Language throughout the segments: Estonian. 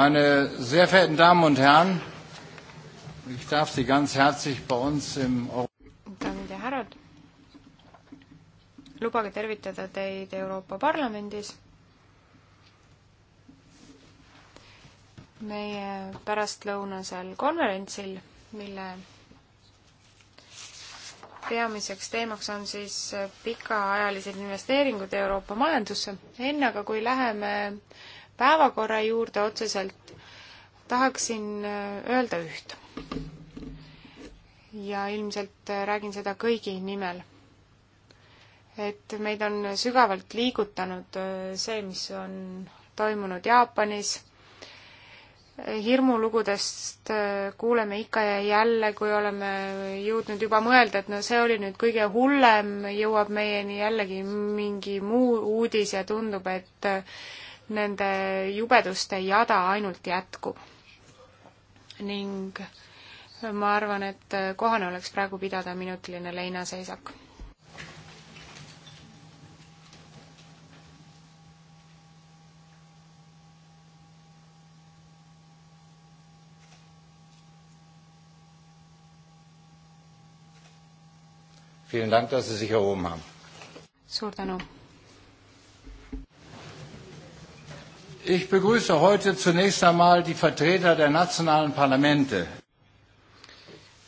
Meine sehr verehrten Damen und Herren, ich darf Sie ganz herzlich bei uns im Daamid ja härrad, lubage tervitada teid Euroopa Parlamendis. meie pärastlõunasel konverentsil, mille peamiseks teemaks on siis pikaajalised investeeringud Euroopa majandusse. enne aga, kui läheme äh, päevakorra juurde otseselt, tahaksin äh, öelda üht. ja ilmselt äh, räägin seda kõigi nimel. et meid on sügavalt liigutanud äh, see, mis on toimunud Jaapanis hirmulugudest kuuleme ikka ja jälle, kui oleme jõudnud juba mõelda, et no see oli nüüd kõige hullem, jõuab meieni jällegi mingi muu uudis ja tundub, et nende jubeduste jada ainult jätkub. ning ma arvan, et kohane oleks praegu pidada minutiline leinaseisak Vielen Dank, dass Sie sich erhoben haben. Suur tänu. Ich begrüße heute zunächst einmal die Vertreter der nationalen Parlamente.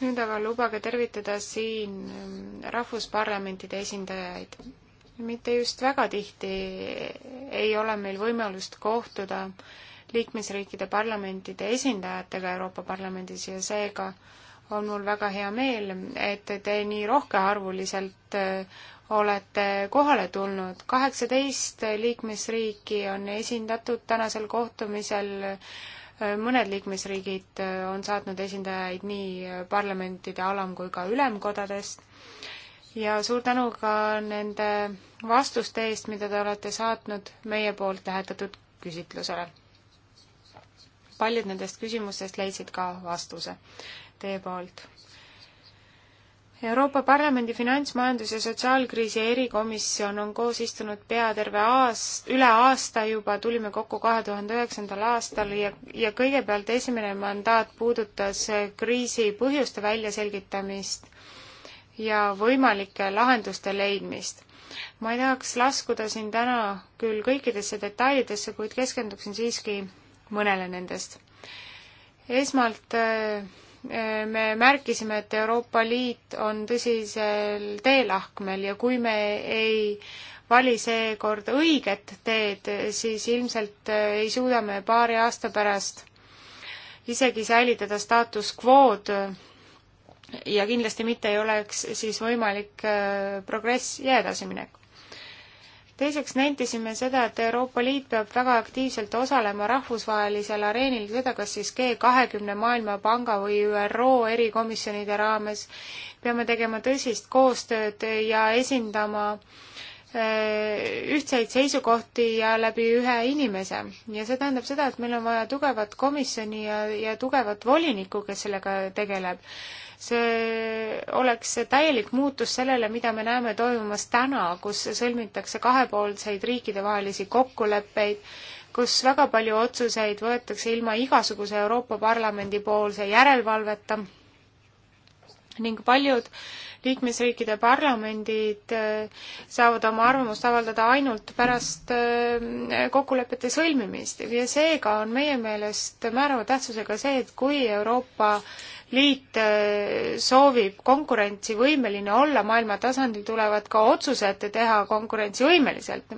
nüüd aga lubage tervitada siin ähm, rahvusparlamentide esindajaid. mitte just väga tihti ei ole meil võimalust kohtuda liikmesriikide parlamentide esindajatega Euroopa Parlamendis ja seega on mul väga hea meel, et te nii rohkearvuliselt äh, olete kohale tulnud. kaheksateist liikmesriiki on esindatud tänasel kohtumisel, mõned liikmesriigid on saatnud esindajaid nii parlamentide alam- kui ka ülemkodadest ja suur tänu ka nende vastuste eest, mida te olete saatnud meie poolt lähetatud küsitlusele. paljud nendest küsimustest leidsid ka vastuse teie poolt Euroopa Parlamendi finantsmajandus- ja sotsiaalkriisi erikomisjon on koos istunud pea terve aas-, üle aasta juba, tulime kokku kahe tuhande üheksandal aastal ja, ja kõigepealt esimene mandaat puudutas kriisi põhjuste väljaselgitamist ja võimalike lahenduste leidmist. ma ei tahaks laskuda siin täna küll kõikidesse detailidesse, kuid keskenduksin siiski mõnele nendest. esmalt äh, me märkisime, et Euroopa Liit on tõsisel teelahkmel ja kui me ei vali seekord õiget teed, siis ilmselt äh, ei suuda me paari aasta pärast isegi säilitada status quo'd ja kindlasti mitte ei oleks siis võimalik äh, progress ja edasiminek teiseks nentisime seda, et Euroopa Liit peab väga aktiivselt osalema rahvusvahelisel areenil, seda kas siis G kahekümne Maailmapanga või ÜRO erikomisjonide raames. peame tegema tõsist koostööd ja esindama eh, ühtseid seisukohti ja läbi ühe inimese ja see tähendab seda, et meil on vaja tugevat komisjoni ja, ja tugevat volinikku, kes sellega tegeleb see oleks täielik muutus sellele, mida me näeme toimumas täna, kus sõlmitakse kahepoolseid riikidevahelisi kokkuleppeid, kus väga palju otsuseid võetakse ilma igasuguse Euroopa Parlamendi poolse järelevalveta ning paljud liikmesriikide parlamendid äh, saavad oma arvamust avaldada ainult pärast äh, kokkulepete sõlmimist ja seega on meie meelest määrava tähtsusega see, et kui Euroopa liit eh, soovib konkurentsivõimeline olla maailma tasandil, tulevad ka otsused teha konkurentsivõimeliselt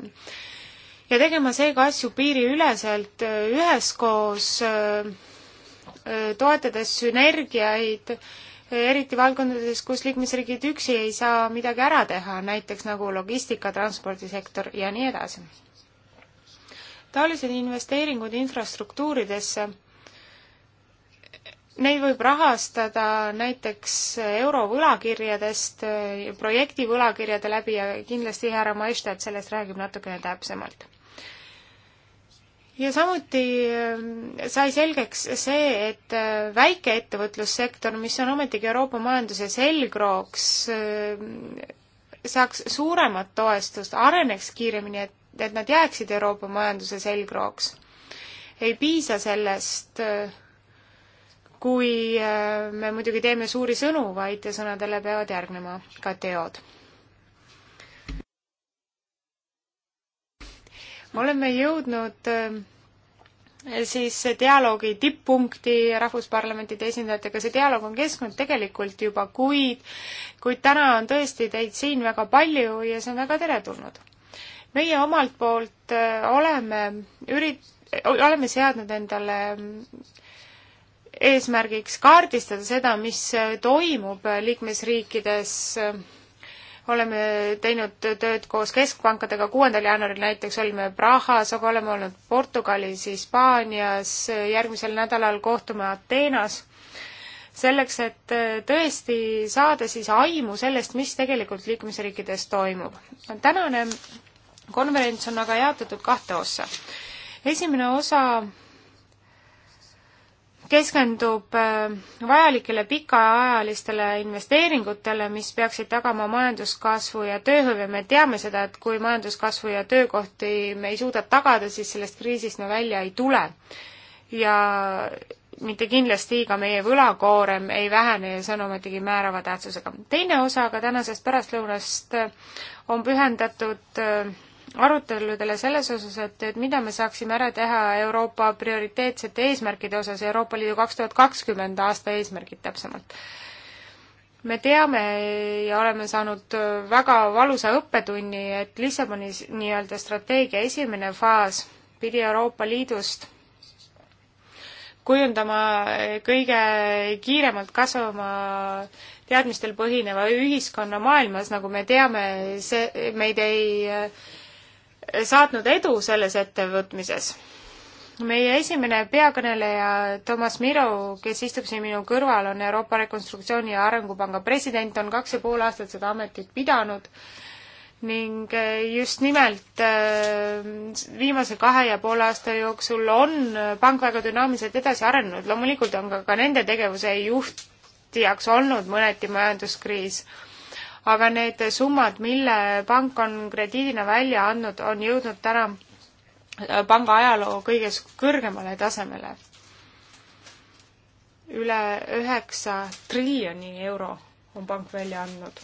ja tegema seega asju piiriüleselt eh, üheskoos, eh, toetades sünergiaid, eriti valdkondades, kus liikmesriigid üksi ei saa midagi ära teha, näiteks nagu logistika, transpordisektor ja nii edasi. taolised investeeringud infrastruktuuridesse Neid võib rahastada näiteks eurovõlakirjadest, eh, projektivõlakirjade läbi ja kindlasti härra Maistad sellest räägib natukene täpsemalt. ja samuti eh, sai selgeks see, et eh, väikeettevõtlussektor, mis on ometigi Euroopa majanduse selgrooks, saaks suuremat toestust, areneks kiiremini, et, et nad jääksid Euroopa majanduse selgrooks. ei piisa sellest äh, kui äh, me muidugi teeme suuri sõnu, vaid sõnadele peavad järgnema ka teod. me oleme jõudnud äh, siis dialoogi tipppunkti rahvusparlamentide esindajatega, see dialoog on kestnud tegelikult juba kuid, kuid täna on tõesti teid siin väga palju ja see on väga teretulnud. meie omalt poolt äh, oleme ürit-, oleme seadnud endale eesmärgiks kaardistada seda, mis toimub liikmesriikides. oleme teinud tööd koos keskpankadega, kuuendal jaanuaril näiteks olime Prahas, aga oleme olnud Portugalis, Hispaanias, järgmisel nädalal kohtume Ateenas selleks, et tõesti saada siis aimu sellest, mis tegelikult liikmesriikides toimub. tänane konverents on aga jaotatud kahte ossa. esimene osa keskendub äh, vajalikele pikaajalistele investeeringutele, mis peaksid tagama majanduskasvu ja tööhõive. me teame seda, et kui majanduskasvu ja töökohti me ei suuda tagada, siis sellest kriisist me välja ei tule. ja mitte kindlasti ka meie võlakoorem ei vähene ja see on ometigi määrava tähtsusega. teine osa aga tänasest pärastlõunast äh, on pühendatud äh, aruteludele selles osas, et, et mida me saaksime ära teha Euroopa prioriteetsete eesmärkide osas, Euroopa Liidu kaks tuhat kakskümmend aasta eesmärgid täpsemalt. me teame ja oleme saanud väga valusa õppetunni, et Lissaboni nii-öelda strateegia esimene faas pidi Euroopa Liidust kujundama kõige kiiremalt kasvama teadmistel põhineva ühiskonna maailmas, nagu me teame, see, meid ei saatnud edu selles ettevõtmises. meie esimene peakõneleja Toomas Miro, kes istub siin minu kõrval, on Euroopa Rekonstruktsiooni ja Arengupanga president, on kaks ja pool aastat seda ametit pidanud ning eh, just nimelt eh, viimase kahe ja poole aasta jooksul on pank väga dünaamiliselt edasi arenenud, loomulikult on ka, ka nende tegevuse juhtijaks olnud mõneti majanduskriis aga need summad, mille pank on krediidina välja andnud, on jõudnud täna äh, panga ajaloo kõige kõrgemale tasemele. üle üheksa triljoni euro on pank välja andnud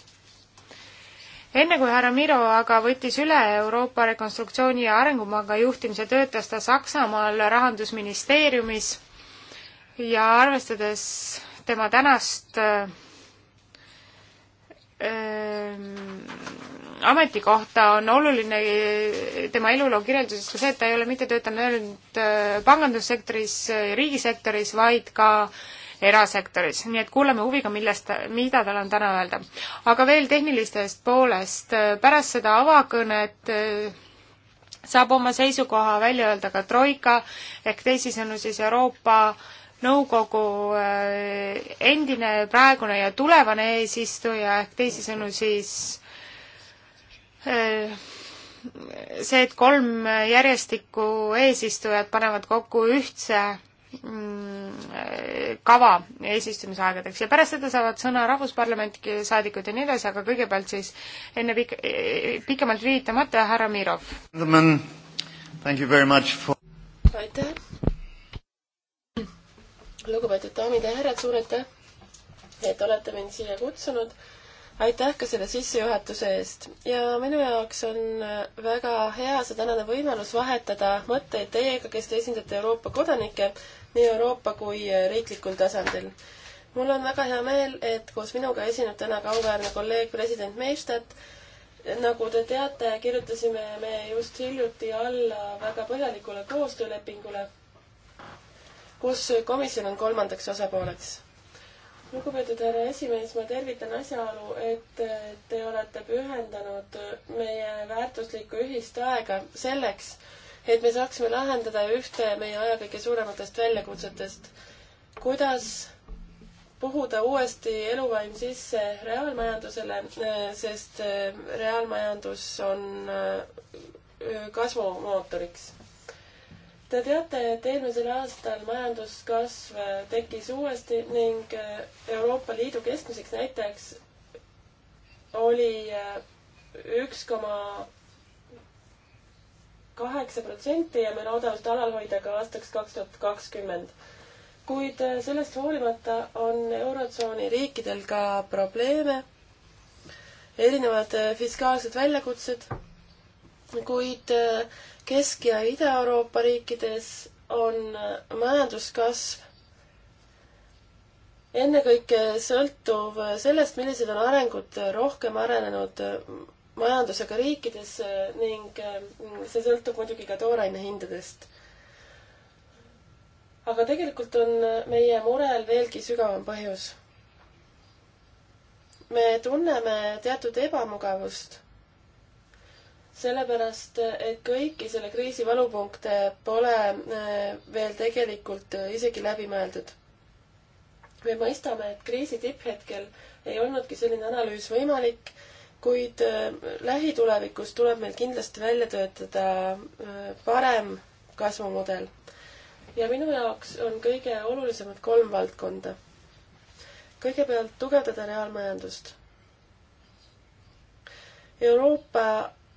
enne kui härra Miro aga võttis üle Euroopa Rekonstruktsiooni ja Arengupanga juhtimise, töötas ta Saksamaal rahandusministeeriumis ja arvestades tema tänast äh, Ehm, ametikohta on oluline tema eluloo kirjelduses ka see, et ta ei ole mitte töötanud ainult äh, pangandussektoris, äh, riigisektoris, vaid ka erasektoris, nii et kuulame huviga, millest, mida tal on täna öelda. aga veel tehnilistest poolest, äh, pärast seda avakõnet saab oma seisukoha välja öelda ka Troika ehk teisisõnu siis Euroopa äh, nõukogu äh, endine, praegune ja tulevane eesistuja ehk teisisõnu siis äh, see, et kolm järjestikku eesistujat panevad kokku ühtse mm, äh, kava eesistumisaegadeks ja pärast seda saavad sõna rahvusparlamenti saadikud ja nii edasi, aga kõigepealt siis enne pik-, pikemalt viivitamata härra Mirov. aitäh lugupeetud daamid ja härrad, suur aitäh, et olete mind siia kutsunud. aitäh ka selle sissejuhatuse eest ja minu jaoks on väga hea see tänane võimalus vahetada mõtteid teiega, kes te esindate Euroopa kodanikke nii Euroopa kui riiklikul tasandil mul on väga hea meel, et koos minuga esineb täna ka auväärne kolleeg president Meistat. nagu te teate, kirjutasime me just hiljuti alla väga põhjalikule koostöölepingule kus komisjon on kolmandaks osapooleks. lugupeetud härra esimees, ma tervitan asjaolu, et te olete pühendanud meie väärtuslikku ühist aega selleks, et me saaksime lahendada ühte meie aja kõige suurematest väljakutsetest. kuidas puhuda uuesti eluvaim sisse reaalmajandusele, sest reaalmajandus on äh, kasvumootoriks Te teate, et eelmisel aastal majanduskasv tekkis uuesti ning äh, Euroopa Liidu keskmiseks näitajaks oli äh, üks koma kaheksa protsenti ja me loodame seda alal hoida ka aastaks kaks tuhat kakskümmend. kuid äh, sellest hoolimata on Eurotsooni riikidel ka probleeme, erinevad fiskaalsed väljakutsed, kuid äh, Kesk- ja Ida-Euroopa riikides on äh, majanduskasv ennekõike sõltuv sellest, millised on arengud rohkem arenenud äh, majandusega riikides äh, ning see sõltub muidugi ka tooraine hindadest. aga tegelikult on meie murel veelgi sügavam põhjus. me tunneme teatud ebamugavust sellepärast, et kõiki selle kriisi valupunkte pole äh, veel tegelikult äh, isegi läbi mõeldud. me mõistame, et kriisi tipphetkel ei olnudki selline analüüs võimalik, kuid äh, lähitulevikus tuleb meil kindlasti välja töötada parem kasvumudel. ja minu jaoks on kõige olulisemad kolm valdkonda. kõigepealt tugevdada reaalmajandust. Euroopa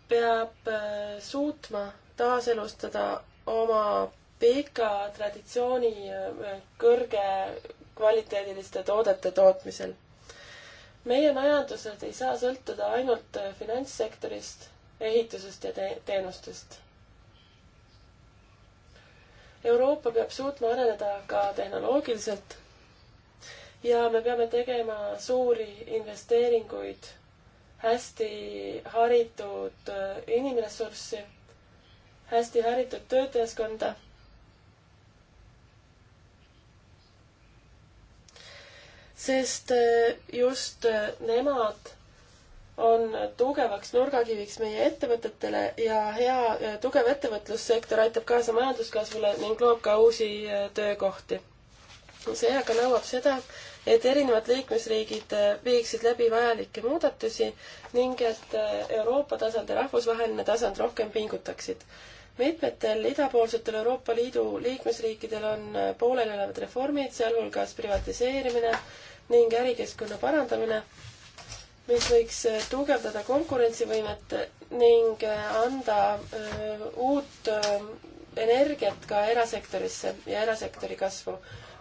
peab äh, suutma taaselustada oma pika traditsiooni äh, kõrge kvaliteediliste toodete tootmisel. meie majandused ei saa sõltuda ainult äh, finantssektorist, ehitusest ja te teenustest. Euroopa peab suutma areneda ka tehnoloogiliselt ja me peame tegema suuri investeeringuid hästi haritud äh, inimressurssi, hästi haritud töötajaskonda. sest äh, just äh, nemad on tugevaks nurgakiviks meie ettevõtetele ja hea tugev ettevõtlussektor aitab kaasa majanduskasvule ning loob ka uusi töökohti. see aga nõuab seda, et erinevad liikmesriigid äh, viiksid läbi vajalikke muudatusi ning et äh, Euroopa tasand ja rahvusvaheline tasand rohkem pingutaksid. mitmetel idapoolsetel Euroopa Liidu liikmesriikidel on äh, pooleliolevad reformid, sealhulgas privatiseerimine ning ärikeskkonna parandamine, mis võiks tugevdada konkurentsivõimet ning anda öö, uut öö, energiat ka erasektorisse ja erasektori kasvu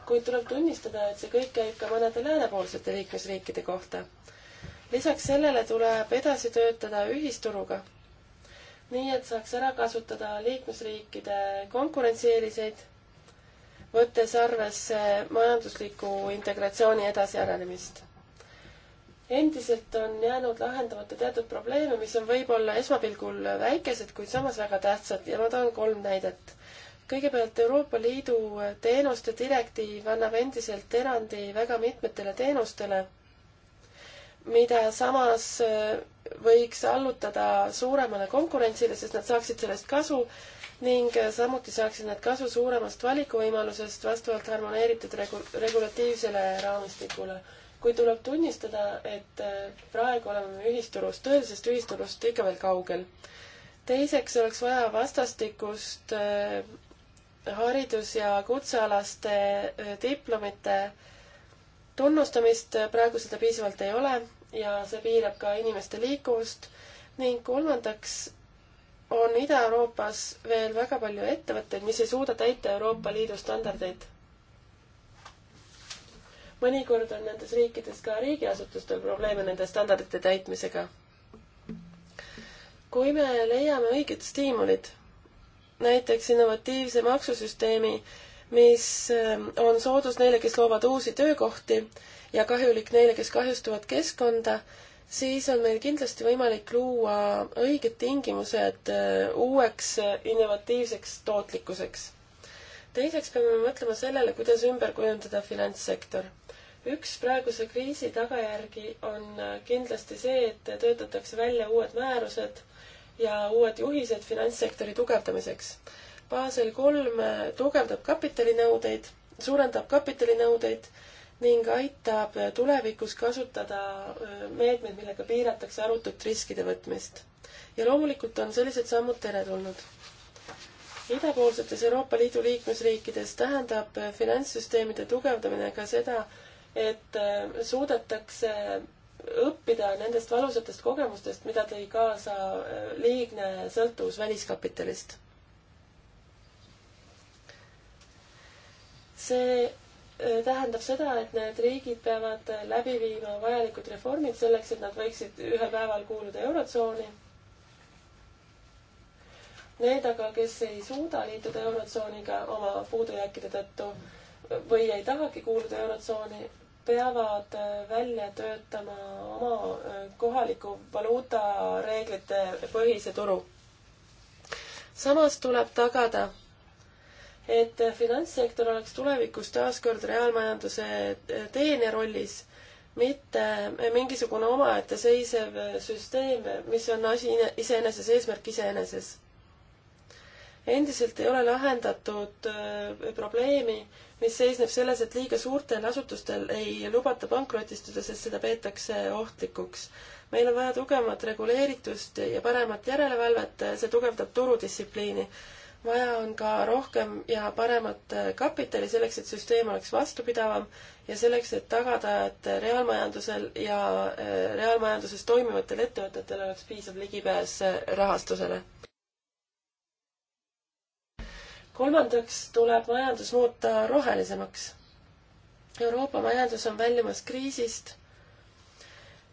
kuid tuleb tunnistada, et see kõik käib ka mõnede läänepoolsete liikmesriikide kohta. lisaks sellele tuleb edasi töötada ühisturuga, nii et saaks ära kasutada liikmesriikide konkurentsieeliseid, võttes arvesse majandusliku integratsiooni edasiarenemist. endiselt on jäänud lahendamata teatud probleeme, mis on võib-olla esmapilgul väikesed, kuid samas väga tähtsad ja ma toon kolm näidet kõigepealt Euroopa Liidu teenuste direktiiv annab endiselt erandi väga mitmetele teenustele, mida samas äh, võiks allutada suuremale konkurentsile, sest nad saaksid sellest kasu ning äh, samuti saaksid nad kasu suuremast valikuvõimalusest vastavalt harmoneeritud regu-, regulatiivsele raamistikule. kuid tuleb tunnistada, et äh, praegu oleme ühisturust, tõelisest ühisturust ikka veel kaugel. teiseks oleks vaja vastastikust haridus- ja kutsealaste diplomite tunnustamist praegu seda piisavalt ei ole ja see piirab ka inimeste liikuvust ning kolmandaks on Ida-Euroopas veel väga palju ettevõtteid, mis ei suuda täita Euroopa Liidu standardeid. mõnikord on nendes riikides ka riigiasutustel probleeme nende standardite täitmisega. kui me leiame õiged stiimulid näiteks innovatiivse maksusüsteemi, mis ähm, on soodus neile, kes loovad uusi töökohti ja kahjulik neile, kes kahjustavad keskkonda, siis on meil kindlasti võimalik luua õiged tingimused äh, uueks äh, innovatiivseks tootlikkuseks. teiseks peame mõtlema sellele, kuidas ümber kujundada finantssektor. üks praeguse kriisi tagajärgi on äh, kindlasti see, et töötatakse välja uued määrused ja uued juhised finantssektori tugevdamiseks. Basel kolm tugevdab kapitalinõudeid, suurendab kapitalinõudeid ning aitab tulevikus kasutada meetmeid, millega piiratakse arutut riskide võtmist. ja loomulikult on sellised sammud teretulnud. idapoolsetes Euroopa Liidu liikmesriikides tähendab finantssüsteemide tugevdamine ka seda, et suudetakse õppida nendest valusatest kogemustest, mida tõi kaasa äh, liigne sõltuvus väliskapitalist. see äh, tähendab seda, et need riigid peavad äh, läbi viima vajalikud reformid selleks, et nad võiksid ühel päeval kuuluda Eurotsooni. Need aga, kes ei suuda liituda Eurotsooniga oma puudujääkide tõttu või ei tahagi kuuluda Eurotsooni, peavad äh, välja töötama oma äh, kohaliku valuuta reeglite põhise turu. samas tuleb tagada, et finantssektor oleks tulevikus taaskord reaalmajanduse äh, teenija rollis, mitte mingisugune omaette seisev süsteem, mis on asi iseeneses, eesmärk iseeneses endiselt ei ole lahendatud äh, probleemi, mis seisneb selles, et liiga suurtel asutustel ei lubata pankrotistuda, sest seda peetakse ohtlikuks. meil on vaja tugevamat reguleeritust ja paremat järelevalvet, äh, see tugevdab turudistsipliini. vaja on ka rohkem ja paremat äh, kapitali selleks, et süsteem oleks vastupidavam ja selleks, et tagada, et reaalmajandusel ja reaalmajanduses toimivatel ettevõtetel oleks piisav ligipääs rahastusele kolmandaks tuleb majandus muuta rohelisemaks. Euroopa majandus on väljumas kriisist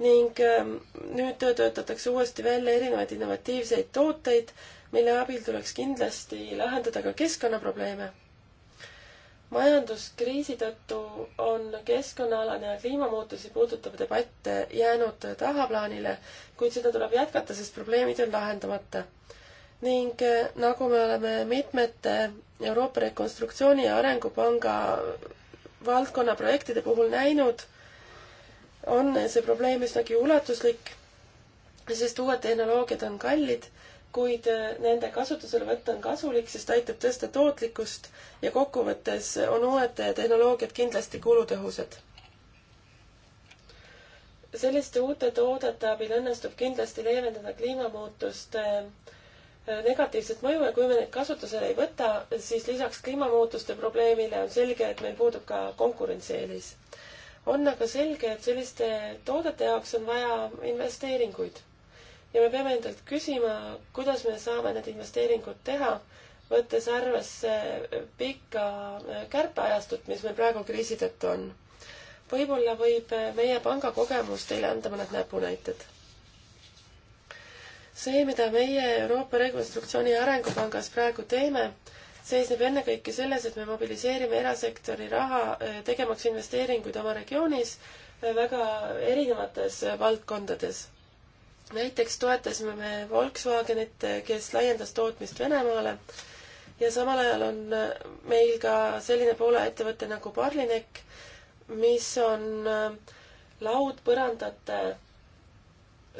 ning ähm, nüüd töötatakse uuesti välja erinevaid innovatiivseid tooteid, mille abil tuleks kindlasti lahendada ka keskkonnaprobleeme. majanduskriisi tõttu on keskkonnaalane ja kliimamuutusi puudutav debatt jäänud tahaplaanile, kuid seda tuleb jätkata, sest probleemid on lahendamata ning eh, nagu me oleme mitmete Euroopa Rekonstruktsiooni ja Arengupanga valdkonna projektide puhul näinud, on see probleem üsnagi ulatuslik, sest uued tehnoloogiad on kallid, kuid eh, nende kasutuselevõtt on kasulik, sest aitab tõsta tootlikkust ja kokkuvõttes on uued tehnoloogiad kindlasti kulutõhusad. selliste uute toodete abil õnnestub kindlasti leevendada kliimamuutuste äh, Äh, negatiivset mõju ja kui me neid kasutusele ei võta, siis lisaks kliimamuutuste probleemile on selge, et meil puudub ka konkurentsieelis. on aga selge, et selliste toodete jaoks on vaja investeeringuid. ja me peame endalt küsima, kuidas me saame need investeeringud teha, võttes arvesse pikka äh, kärpeajastut, mis meil praegu kriisi tõttu on. võib-olla võib äh, meie panga kogemus teile anda mõned näpunäited see, mida meie Euroopa Rekonstruktsiooni ja Arengupangas praegu teeme, seisneb ennekõike selles, et me mobiliseerime erasektori raha, eh, tegemaks investeeringuid oma regioonis eh, väga erinevates eh, valdkondades. näiteks toetasime me Volkswagenit, kes laiendas tootmist Venemaale ja samal ajal on meil ka selline Poola ettevõte nagu Barlinek, mis on laudpõrandate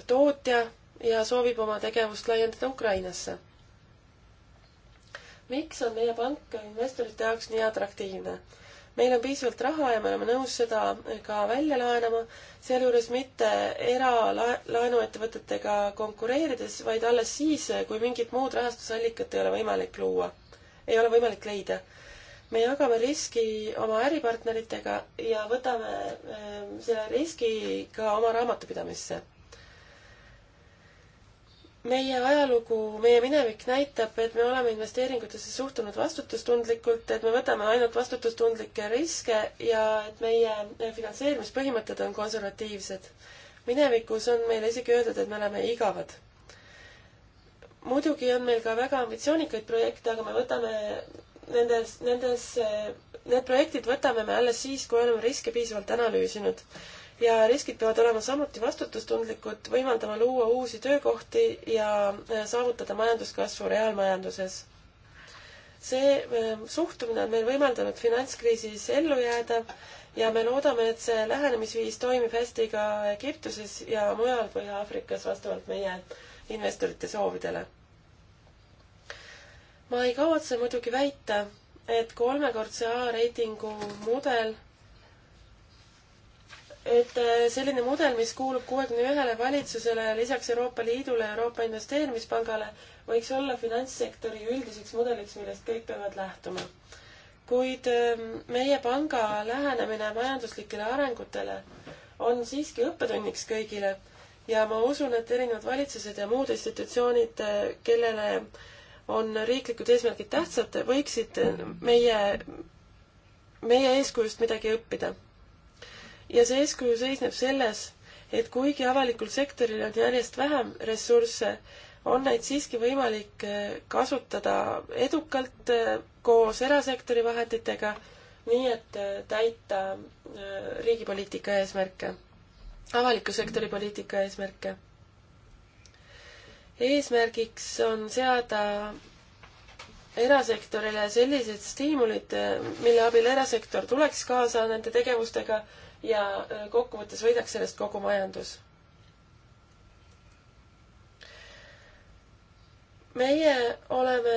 tootja ja soovib oma tegevust laiendada Ukrainasse. miks on meie pank investorite jaoks nii atraktiivne? meil on piisavalt raha ja me oleme nõus seda ka välja laenama, sealjuures mitte eralaenuettevõtetega konkureerides, vaid alles siis, kui mingit muud rahastusallikat ei ole võimalik luua, ei ole võimalik leida. me jagame riski oma äripartneritega ja võtame eh, selle riski ka oma raamatupidamisse meie ajalugu, meie minevik näitab, et me oleme investeeringutesse suhtunud vastutustundlikult, et me võtame ainult vastutustundlikke riske ja et meie finantseerimispõhimõtted on konservatiivsed. minevikus on meile isegi öeldud, et me oleme igavad. muidugi on meil ka väga ambitsioonikaid projekte, aga me võtame nendes, nendes, need projektid võtame me alles siis, kui oleme riske piisavalt analüüsinud ja riskid peavad olema samuti vastutustundlikud, võimaldama luua uusi töökohti ja äh, saavutada majanduskasvu reaalmajanduses. see äh, suhtumine on meil võimaldanud finantskriisis ellu jääda ja me loodame, et see lähenemisviis toimib hästi ka Egiptuses ja mujal Põhja-Aafrikas vastavalt meie investorite soovidele. ma ei kavatse muidugi väita, et kolmekordse A-reitingu mudel et äh, selline mudel, mis kuulub kuuekümne ühele valitsusele ja lisaks Euroopa Liidule ja Euroopa Investeerimispangale, võiks olla finantssektori üldiseks mudeliks, millest kõik peavad lähtuma. kuid ähm, meie panga lähenemine majanduslikele arengutele on siiski õppetunniks kõigile ja ma usun, et erinevad valitsused ja muud institutsioonid, äh, kellele on riiklikud eesmärgid tähtsad, võiksid äh, meie, meie eeskujust midagi õppida ja see eeskuju seisneb selles, et kuigi avalikul sektoril on järjest vähem ressursse, on neid siiski võimalik eh, kasutada edukalt eh, koos erasektori vahenditega, nii et eh, täita riigi poliitika eesmärke, avaliku sektori poliitika eesmärke. eesmärgiks on seada erasektorile sellised stiimulid, mille abil erasektor tuleks kaasa nende tegevustega ja kokkuvõttes võidaks sellest kogu majandus. meie oleme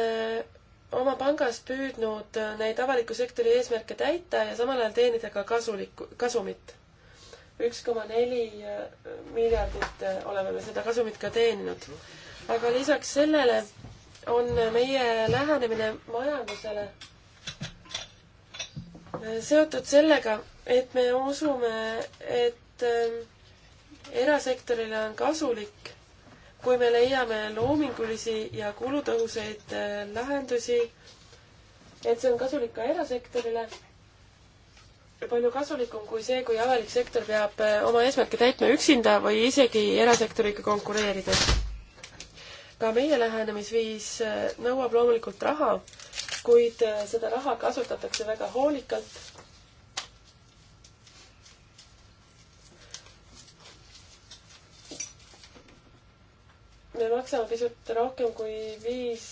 oma pangas püüdnud neid avaliku sektori eesmärke täita ja samal ajal teenida ka kasulikku, kasumit. üks koma neli miljardit oleme me seda kasumit ka teeninud. aga lisaks sellele on meie lähenemine majandusele seotud sellega, et me usume, et ähm, erasektorile on kasulik, kui me leiame loomingulisi ja kulutõhusaid äh, lahendusi, et see on kasulik ka erasektorile, palju kasulikum kui see, kui avalik sektor peab äh, oma eesmärke täitma üksinda või isegi erasektoriga konkureerides. ka meie lähenemisviis äh, nõuab loomulikult raha, kuid seda raha kasutatakse väga hoolikalt me maksame pisut rohkem kui viis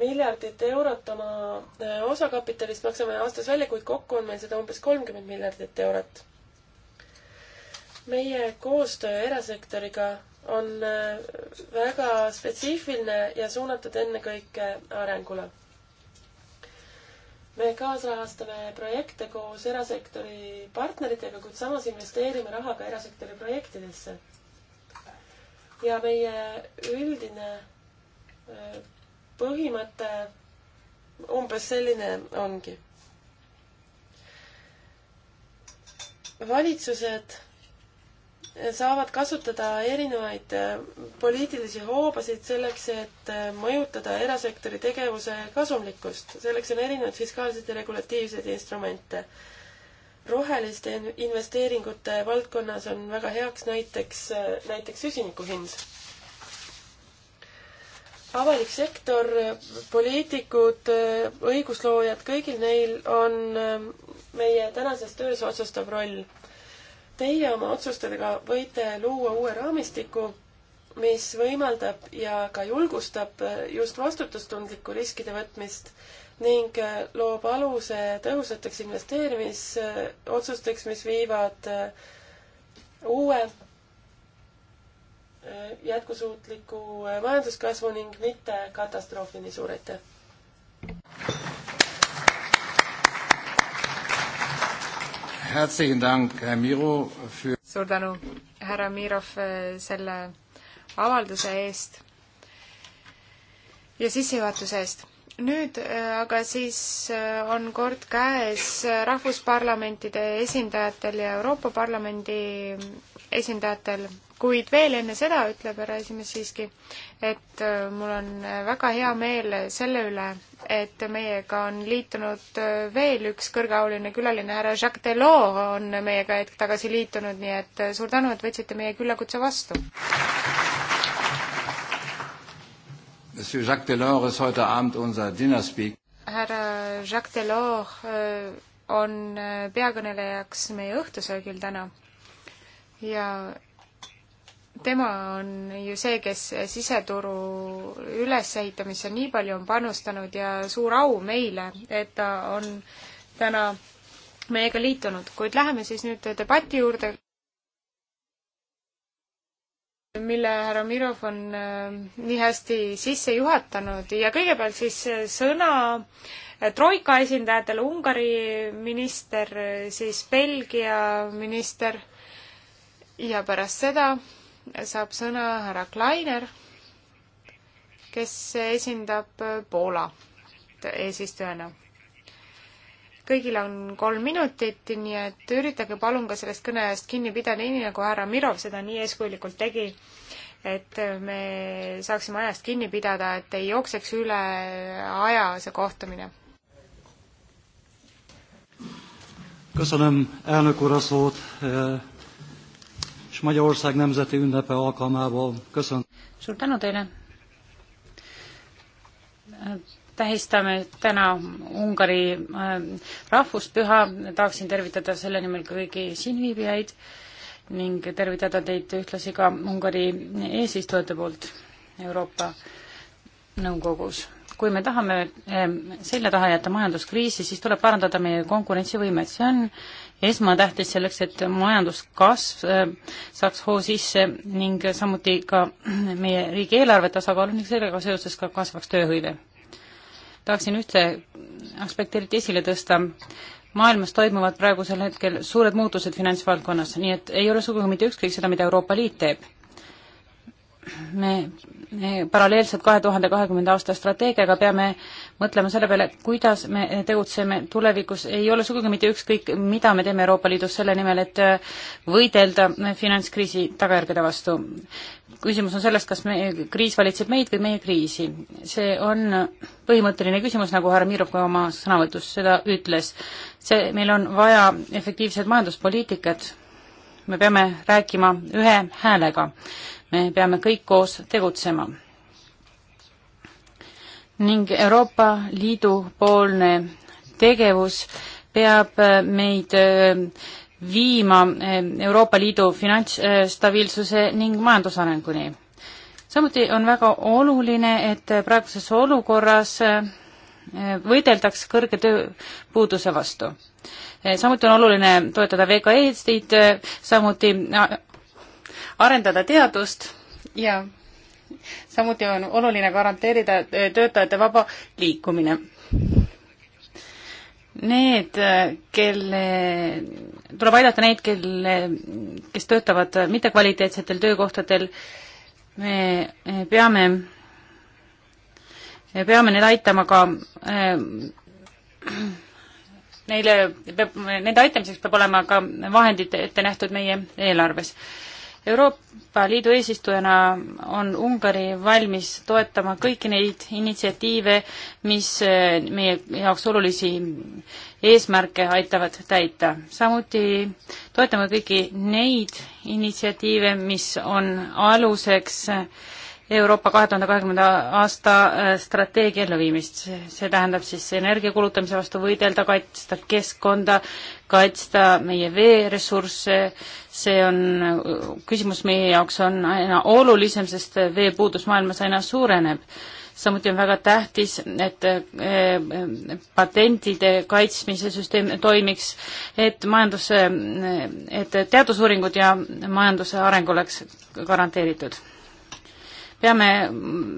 miljardit eurot oma äh, osakapitalist maksame aastas välja, kuid kokku on meil seda umbes kolmkümmend miljardit eurot. meie koostöö erasektoriga on äh, väga spetsiifiline ja suunatud ennekõike arengule. me kaasrahastame projekte koos erasektori partneritega, kuid samas investeerime raha ka erasektori projektidesse ja meie üldine äh, põhimõte umbes selline ongi. valitsused saavad kasutada erinevaid äh, poliitilisi hoobasid selleks, et äh, mõjutada erasektori tegevuse kasumlikkust. selleks on erinevaid fiskaalseid ja regulatiivseid instrumente roheliste investeeringute valdkonnas on väga heaks näiteks, näiteks süsiniku hind. avalik sektor, poliitikud, õigusloojad, kõigil neil on ähm, meie tänases töös otsustav roll. Teie oma otsustega võite luua uue raamistiku, mis võimaldab ja ka julgustab äh, just vastutustundlikku riskide võtmist ning äh, loob aluse tõhusateks investeerimisotsusteks, mis viivad äh, uue äh, jätkusuutliku majanduskasvu ning mitte katastroofini. suur aitäh! suur tänu, härra Mirov, selle avalduse eest ja sissejuhatuse eest nüüd äh, aga siis äh, on kord käes äh, rahvusparlamentide esindajatel ja Euroopa Parlamendi esindajatel, kuid veel enne seda ütleb härra esimees siiski, et mul on väga hea meel selle üle, et meiega on liitunud veel üks kõrgeauline külaline, härra Jacques Delors on meiega hetk tagasi liitunud, nii et suur tänu, et võtsite meie küllakutse vastu. Monsieur Jacques Delors ist heute Abend unser dinner speaker. härra Jacques Delors äh, on äh, peakõnelejaks meie õhtusöögil täna ja tema on ju see, kes siseturu ülesehitamisse nii palju on panustanud ja suur au meile, et ta on täna meiega liitunud, kuid läheme siis nüüd debati juurde mille härra Mirov on äh, nii hästi sisse juhatanud ja kõigepealt siis äh, sõna äh, troika esindajatele, Ungari minister, siis Belgia minister ja pärast seda saab sõna härra Kleiner, kes esindab Poola eesistujana kõigil on kolm minutit, nii et üritage palun ka sellest kõne ajast kinni pidada, nii nagu härra Mirov seda nii eeskujulikult tegi, et me saaksime ajast kinni pidada, et ei jookseks üle aja see kohtumine. köszönöm elnök úr a szót, és Magyarország nemzeti ünnepe alkalmából köszönöm. suur tänu teile tähistame täna Ungari äh, rahvuspüha, tahaksin tervitada selle nimel kõigi siinviibijaid ning tervitada teid ühtlasi ka Ungari eesistujate poolt Euroopa Nõukogus. kui me tahame ähm, selja taha jätta majanduskriisi, siis tuleb parandada meie konkurentsivõimet, see on esmatähtis selleks, et majanduskasv ähm, saaks hoo sisse ning samuti ka meie riigieelarve tasakaalu ning sellega seoses ka kasvaks tööhõive tahaksin ühte aspekti eriti esile tõsta. maailmas toimuvad praegusel hetkel suured muutused finantsvaldkonnas, nii et ei ole sugugi mitte ükskõik seda, mida Euroopa Liit teeb me paralleelselt kahe tuhande kahekümnenda aasta strateegiaga peame mõtlema selle peale, kuidas me tegutseme tulevikus, ei ole sugugi mitte ükskõik, mida me teeme Euroopa Liidus selle nimel, et võidelda finantskriisi tagajärgede vastu. küsimus on selles, kas me, kriis valitseb meid või meie kriisi. see on põhimõtteline küsimus, nagu härra Mirov ka oma sõnavõtus seda ütles. see, meil on vaja efektiivset majanduspoliitikat, me peame rääkima ühe häälega me peame kõik koos tegutsema. ning Euroopa Liidu poolne tegevus peab meid äh, viima äh, Euroopa Liidu finantsstabiilsuse ning majandusarenguni. samuti on väga oluline, et praeguses olukorras äh, võideldaks kõrge tööpuuduse vastu. samuti on oluline toetada VKE-sid, samuti arendada teadust ja samuti on oluline garanteerida äh, töötajate vaba liikumine. Need, kelle, tuleb aidata neid, kelle, kes töötavad mittekvaliteetsetel töökohtadel, me äh, peame, peame neid aitama ka äh, neile peab, nende aitamiseks peab olema ka vahendid ette nähtud meie eelarves Euroopa Liidu eesistujana on Ungari valmis toetama kõiki neid initsiatiive, mis eh, meie jaoks olulisi eesmärke aitavad täita. samuti toetame kõiki neid initsiatiive, mis on aluseks Euroopa kahe tuhande kahekümnenda aasta eh, strateegia elluviimist. see tähendab siis energia kulutamise vastu võidelda, kaitsta keskkonda, kaitsta meie veeressursse, see on, küsimus meie jaoks on aina olulisem, sest veepuudus maailmas aina suureneb. samuti on väga tähtis, et eh, patentide kaitsmise süsteem toimiks, et majanduse, et teadusuuringud ja majanduse areng oleks garanteeritud peame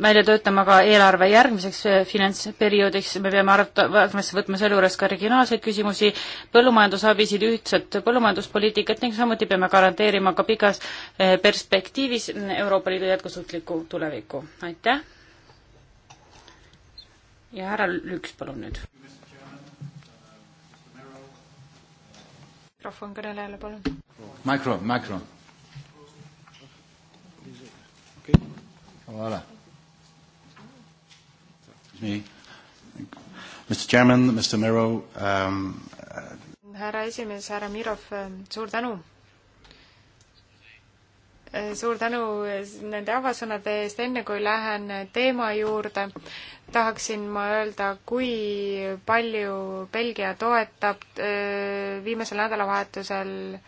välja töötama ka eelarve järgmiseks eh, finantsperioodiks, me peame arvesse võtma selle juures ka regionaalseid küsimusi, põllumajandusabisid, ühtset põllumajanduspoliitikat ning samuti peame garanteerima ka pikas eh, perspektiivis Euroopa Liidu jätkusuutlikku tulevikku. aitäh! ja härra Lüks, palun nüüd. mikrofon kõnelejale, palun. mikro, mikro. Okay. Voilà. nii. Mr Chairman, Mr Miro um,. Uh, härra esimees, härra Mirov, um, suur tänu. Uh, suur tänu nende avasõnade eest, enne kui lähen teema juurde, tahaksin ma öelda, kui palju Belgia toetab uh, viimasel nädalavahetusel äh,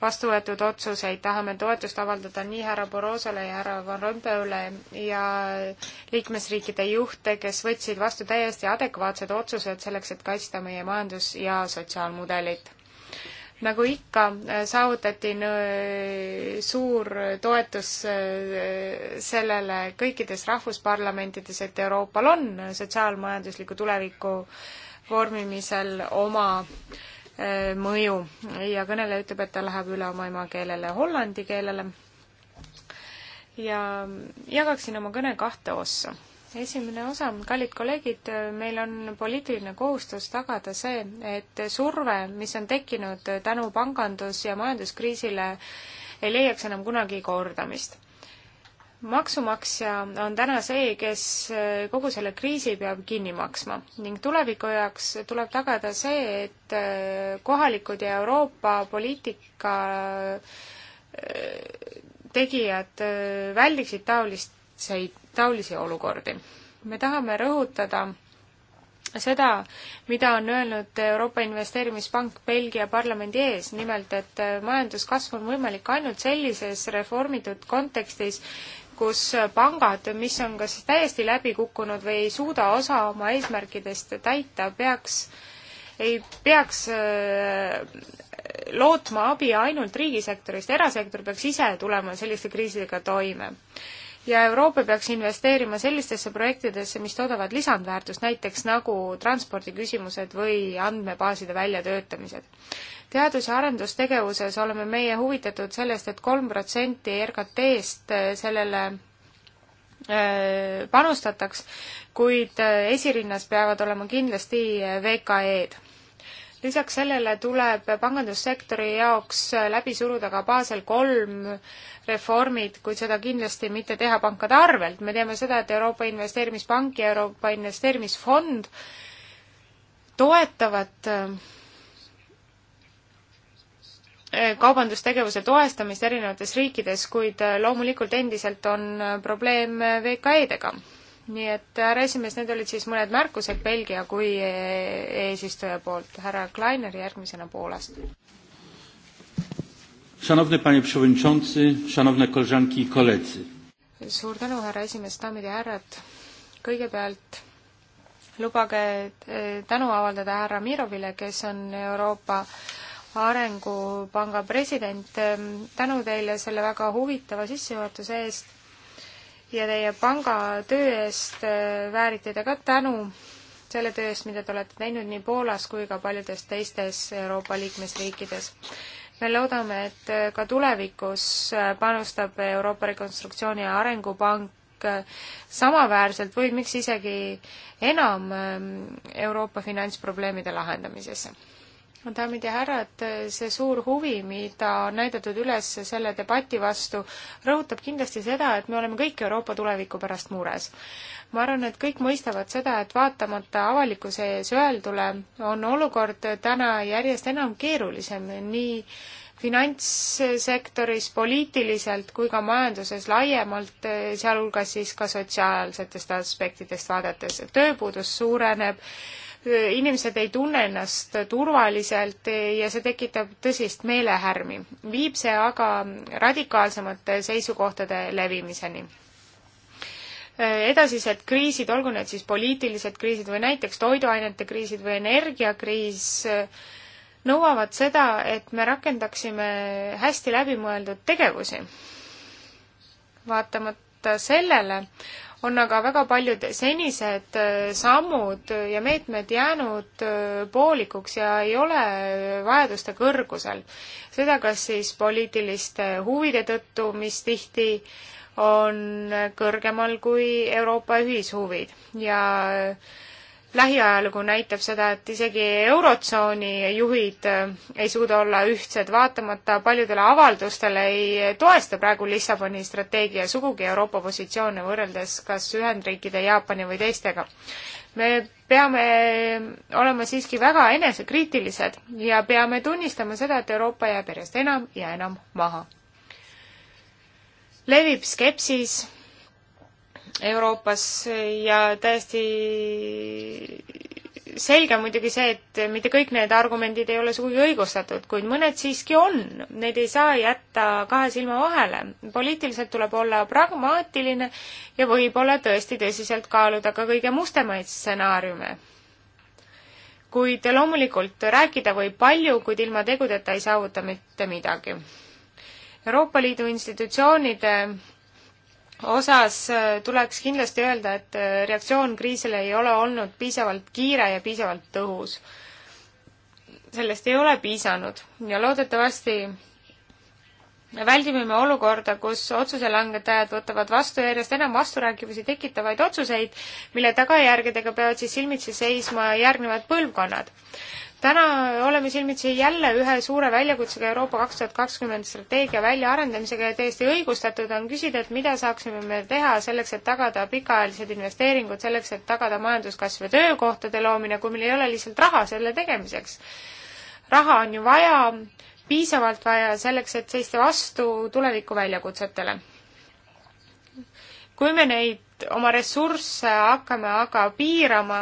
vastu võetud otsuseid, tahame toetust avaldada nii härra Borosole ja härra Van Rompuyle ja liikmesriikide juhte, kes võtsid vastu täiesti adekvaatsed otsused selleks, et kaitsta meie majandus- ja sotsiaalmudelit nagu ikka, äh, saavutati suur toetus äh, sellele kõikides rahvusparlamentides, et Euroopal on sotsiaalmajandusliku tuleviku vormimisel oma äh, Äh, mõju ja kõneleja ütleb, et ta läheb üle oma emakeelele hollandi keelele. ja jagaksin oma kõne kahte ossa. esimene osa, kallid kolleegid, meil on poliitiline kohustus tagada see, et surve, mis on tekkinud tänu pangandus- ja majanduskriisile, ei leiaks enam kunagi kordamist maksumaksja on täna see, kes äh, kogu selle kriisi peab kinni maksma ning tuleviku jaoks tuleb tagada see, et äh, kohalikud ja Euroopa poliitika äh, tegijad väldiksid taoliseid, taolisi olukordi. me tahame rõhutada seda, mida on öelnud Euroopa Investeerimispank Belgia parlamendi ees, nimelt et majanduskasv on võimalik ainult sellises reformitud kontekstis, kus pangad, mis on kas täiesti läbi kukkunud või ei suuda osa oma eesmärkidest täita, peaks, ei peaks äh, lootma abi ainult riigisektorist, erasektor peaks ise tulema selliste kriisidega toime. ja Euroopa peaks investeerima sellistesse projektidesse, mis toodavad lisandväärtust, näiteks nagu transpordiküsimused või andmebaaside väljatöötamised teadus- ja arendustegevuses oleme meie huvitatud sellest et, et kolm protsenti RKT-st äh, sellele äh, panustataks, kuid äh, esirinnas peavad olema kindlasti VKE-d. lisaks sellele tuleb pangandussektori jaoks läbi suruda ka Basel kolm reformid, kuid seda kindlasti mitte teha pankade arvelt. me teame seda, et Euroopa Investeerimispank ja Euroopa Investeerimisfond toetavad Eh, kaubandustegevuse toestamist erinevates riikides, kuid eh, loomulikult endiselt on eh, probleem VKE-dega. nii et härra esimees, need olid siis mõned märkused Belgia kui eesistuja poolt. härra Kleiner järgmisena Poolast. Szanowny panie przewodniczący, szanowne koleżanki i koledzy. Suur tänu, härra esimees, daamid ja härrad. Kõigepealt lubage tänu avaldada härra Mirovile, kes on Euroopa äh, Arengupanga president, ähm, tänu teile selle väga huvitava sissejuhatuse eest ja teie panga töö eest äh, väärite te ka tänu selle töö eest, mida te olete teinud nii Poolas kui ka paljudes teistes Euroopa liikmesriikides. me loodame, et äh, ka tulevikus äh, panustab Euroopa Rekonstruktsiooni ja Arengupank samaväärselt või miks isegi enam ähm, Euroopa finantsprobleemide lahendamisesse daamid ja härrad, see suur huvi, mida on näidatud üles selle debati vastu, rõhutab kindlasti seda, et me oleme kõik Euroopa tuleviku pärast mures. ma arvan, et kõik mõistavad seda, et vaatamata avalikkuse ees öeldule, on olukord täna järjest enam keerulisem nii finantssektoris, poliitiliselt kui ka majanduses laiemalt, sealhulgas siis ka sotsiaalsetest aspektidest vaadates. tööpuudus suureneb inimesed ei tunne ennast turvaliselt ja see tekitab tõsist meelehärmi. viib see aga radikaalsemate seisukohtade levimiseni edasised kriisid, olgu need siis poliitilised kriisid või näiteks toiduainete kriisid või energiakriis, nõuavad seda, et me rakendaksime hästi läbimõeldud tegevusi. vaatamata sellele on aga väga paljud senised äh, sammud ja meetmed jäänud äh, poolikuks ja ei ole vajaduste kõrgusel. seda kas siis poliitiliste huvide tõttu, mis tihti on kõrgemal kui Euroopa ühishuvid ja äh, lähiajalugu näitab seda, et isegi Eurotsooni juhid äh, ei suuda olla ühtsed, vaatamata paljudele avaldustele ei toesta praegu Lissaboni strateegia sugugi Euroopa positsioone võrreldes kas Ühendriikide, Jaapani või teistega. me peame olema siiski väga enesekriitilised ja peame tunnistama seda, et Euroopa jääb järjest enam ja enam maha. levib skepsis Euroopas ja täiesti selge on muidugi see, et mitte kõik need argumendid ei ole sugugi õigustatud, kuid mõned siiski on. Neid ei saa jätta kahe silma vahele. poliitiliselt tuleb olla pragmaatiline ja võib-olla tõesti tõsiselt kaaluda ka kõige mustemaid stsenaariume. kuid loomulikult rääkida võib palju, kuid ilma tegudeta ei saavuta mitte midagi. Euroopa Liidu institutsioonide osas äh, tuleks kindlasti öelda, et äh, reaktsioon kriisile ei ole olnud piisavalt kiire ja piisavalt tõhus. sellest ei ole piisanud ja loodetavasti väldime me olukorda, kus otsuse langetajad võtavad vastu järjest enam vasturääkivusi tekitavaid otsuseid, mille tagajärgedega peavad siis silmitsi seisma järgnevad põlvkonnad täna oleme silmitsi jälle ühe suure väljakutsega Euroopa kaks tuhat kakskümmend strateegia väljaarendamisega ja täiesti õigustatud on küsida, et mida saaksime me teha selleks, et tagada pikaajalised investeeringud, selleks, et tagada majanduskasv ja töökohtade loomine, kui meil ei ole lihtsalt raha selle tegemiseks. raha on ju vaja, piisavalt vaja selleks, et seista vastu tuleviku väljakutsetele. kui me neid oma ressursse hakkame aga piirama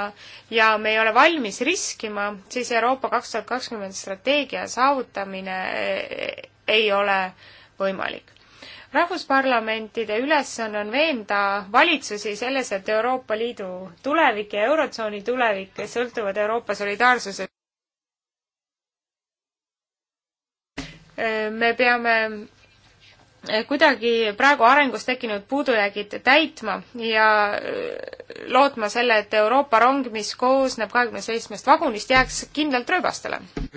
ja me ei ole valmis riskima, siis Euroopa kaks tuhat kakskümmend strateegia saavutamine eh, ei ole võimalik. rahvusparlamentide ülesanne on veenda valitsusi selles, et Euroopa Liidu tulevik ja Eurotsooni tulevik sõltuvad Euroopa solidaarsusest. me peame Äh, kuidagi praegu arengus tekkinud puudujäägid täitma ja äh, lootma selle, et Euroopa rong, mis koosneb kahekümne seitsmest vagunist, jääks kindlalt rööbastele. Äh,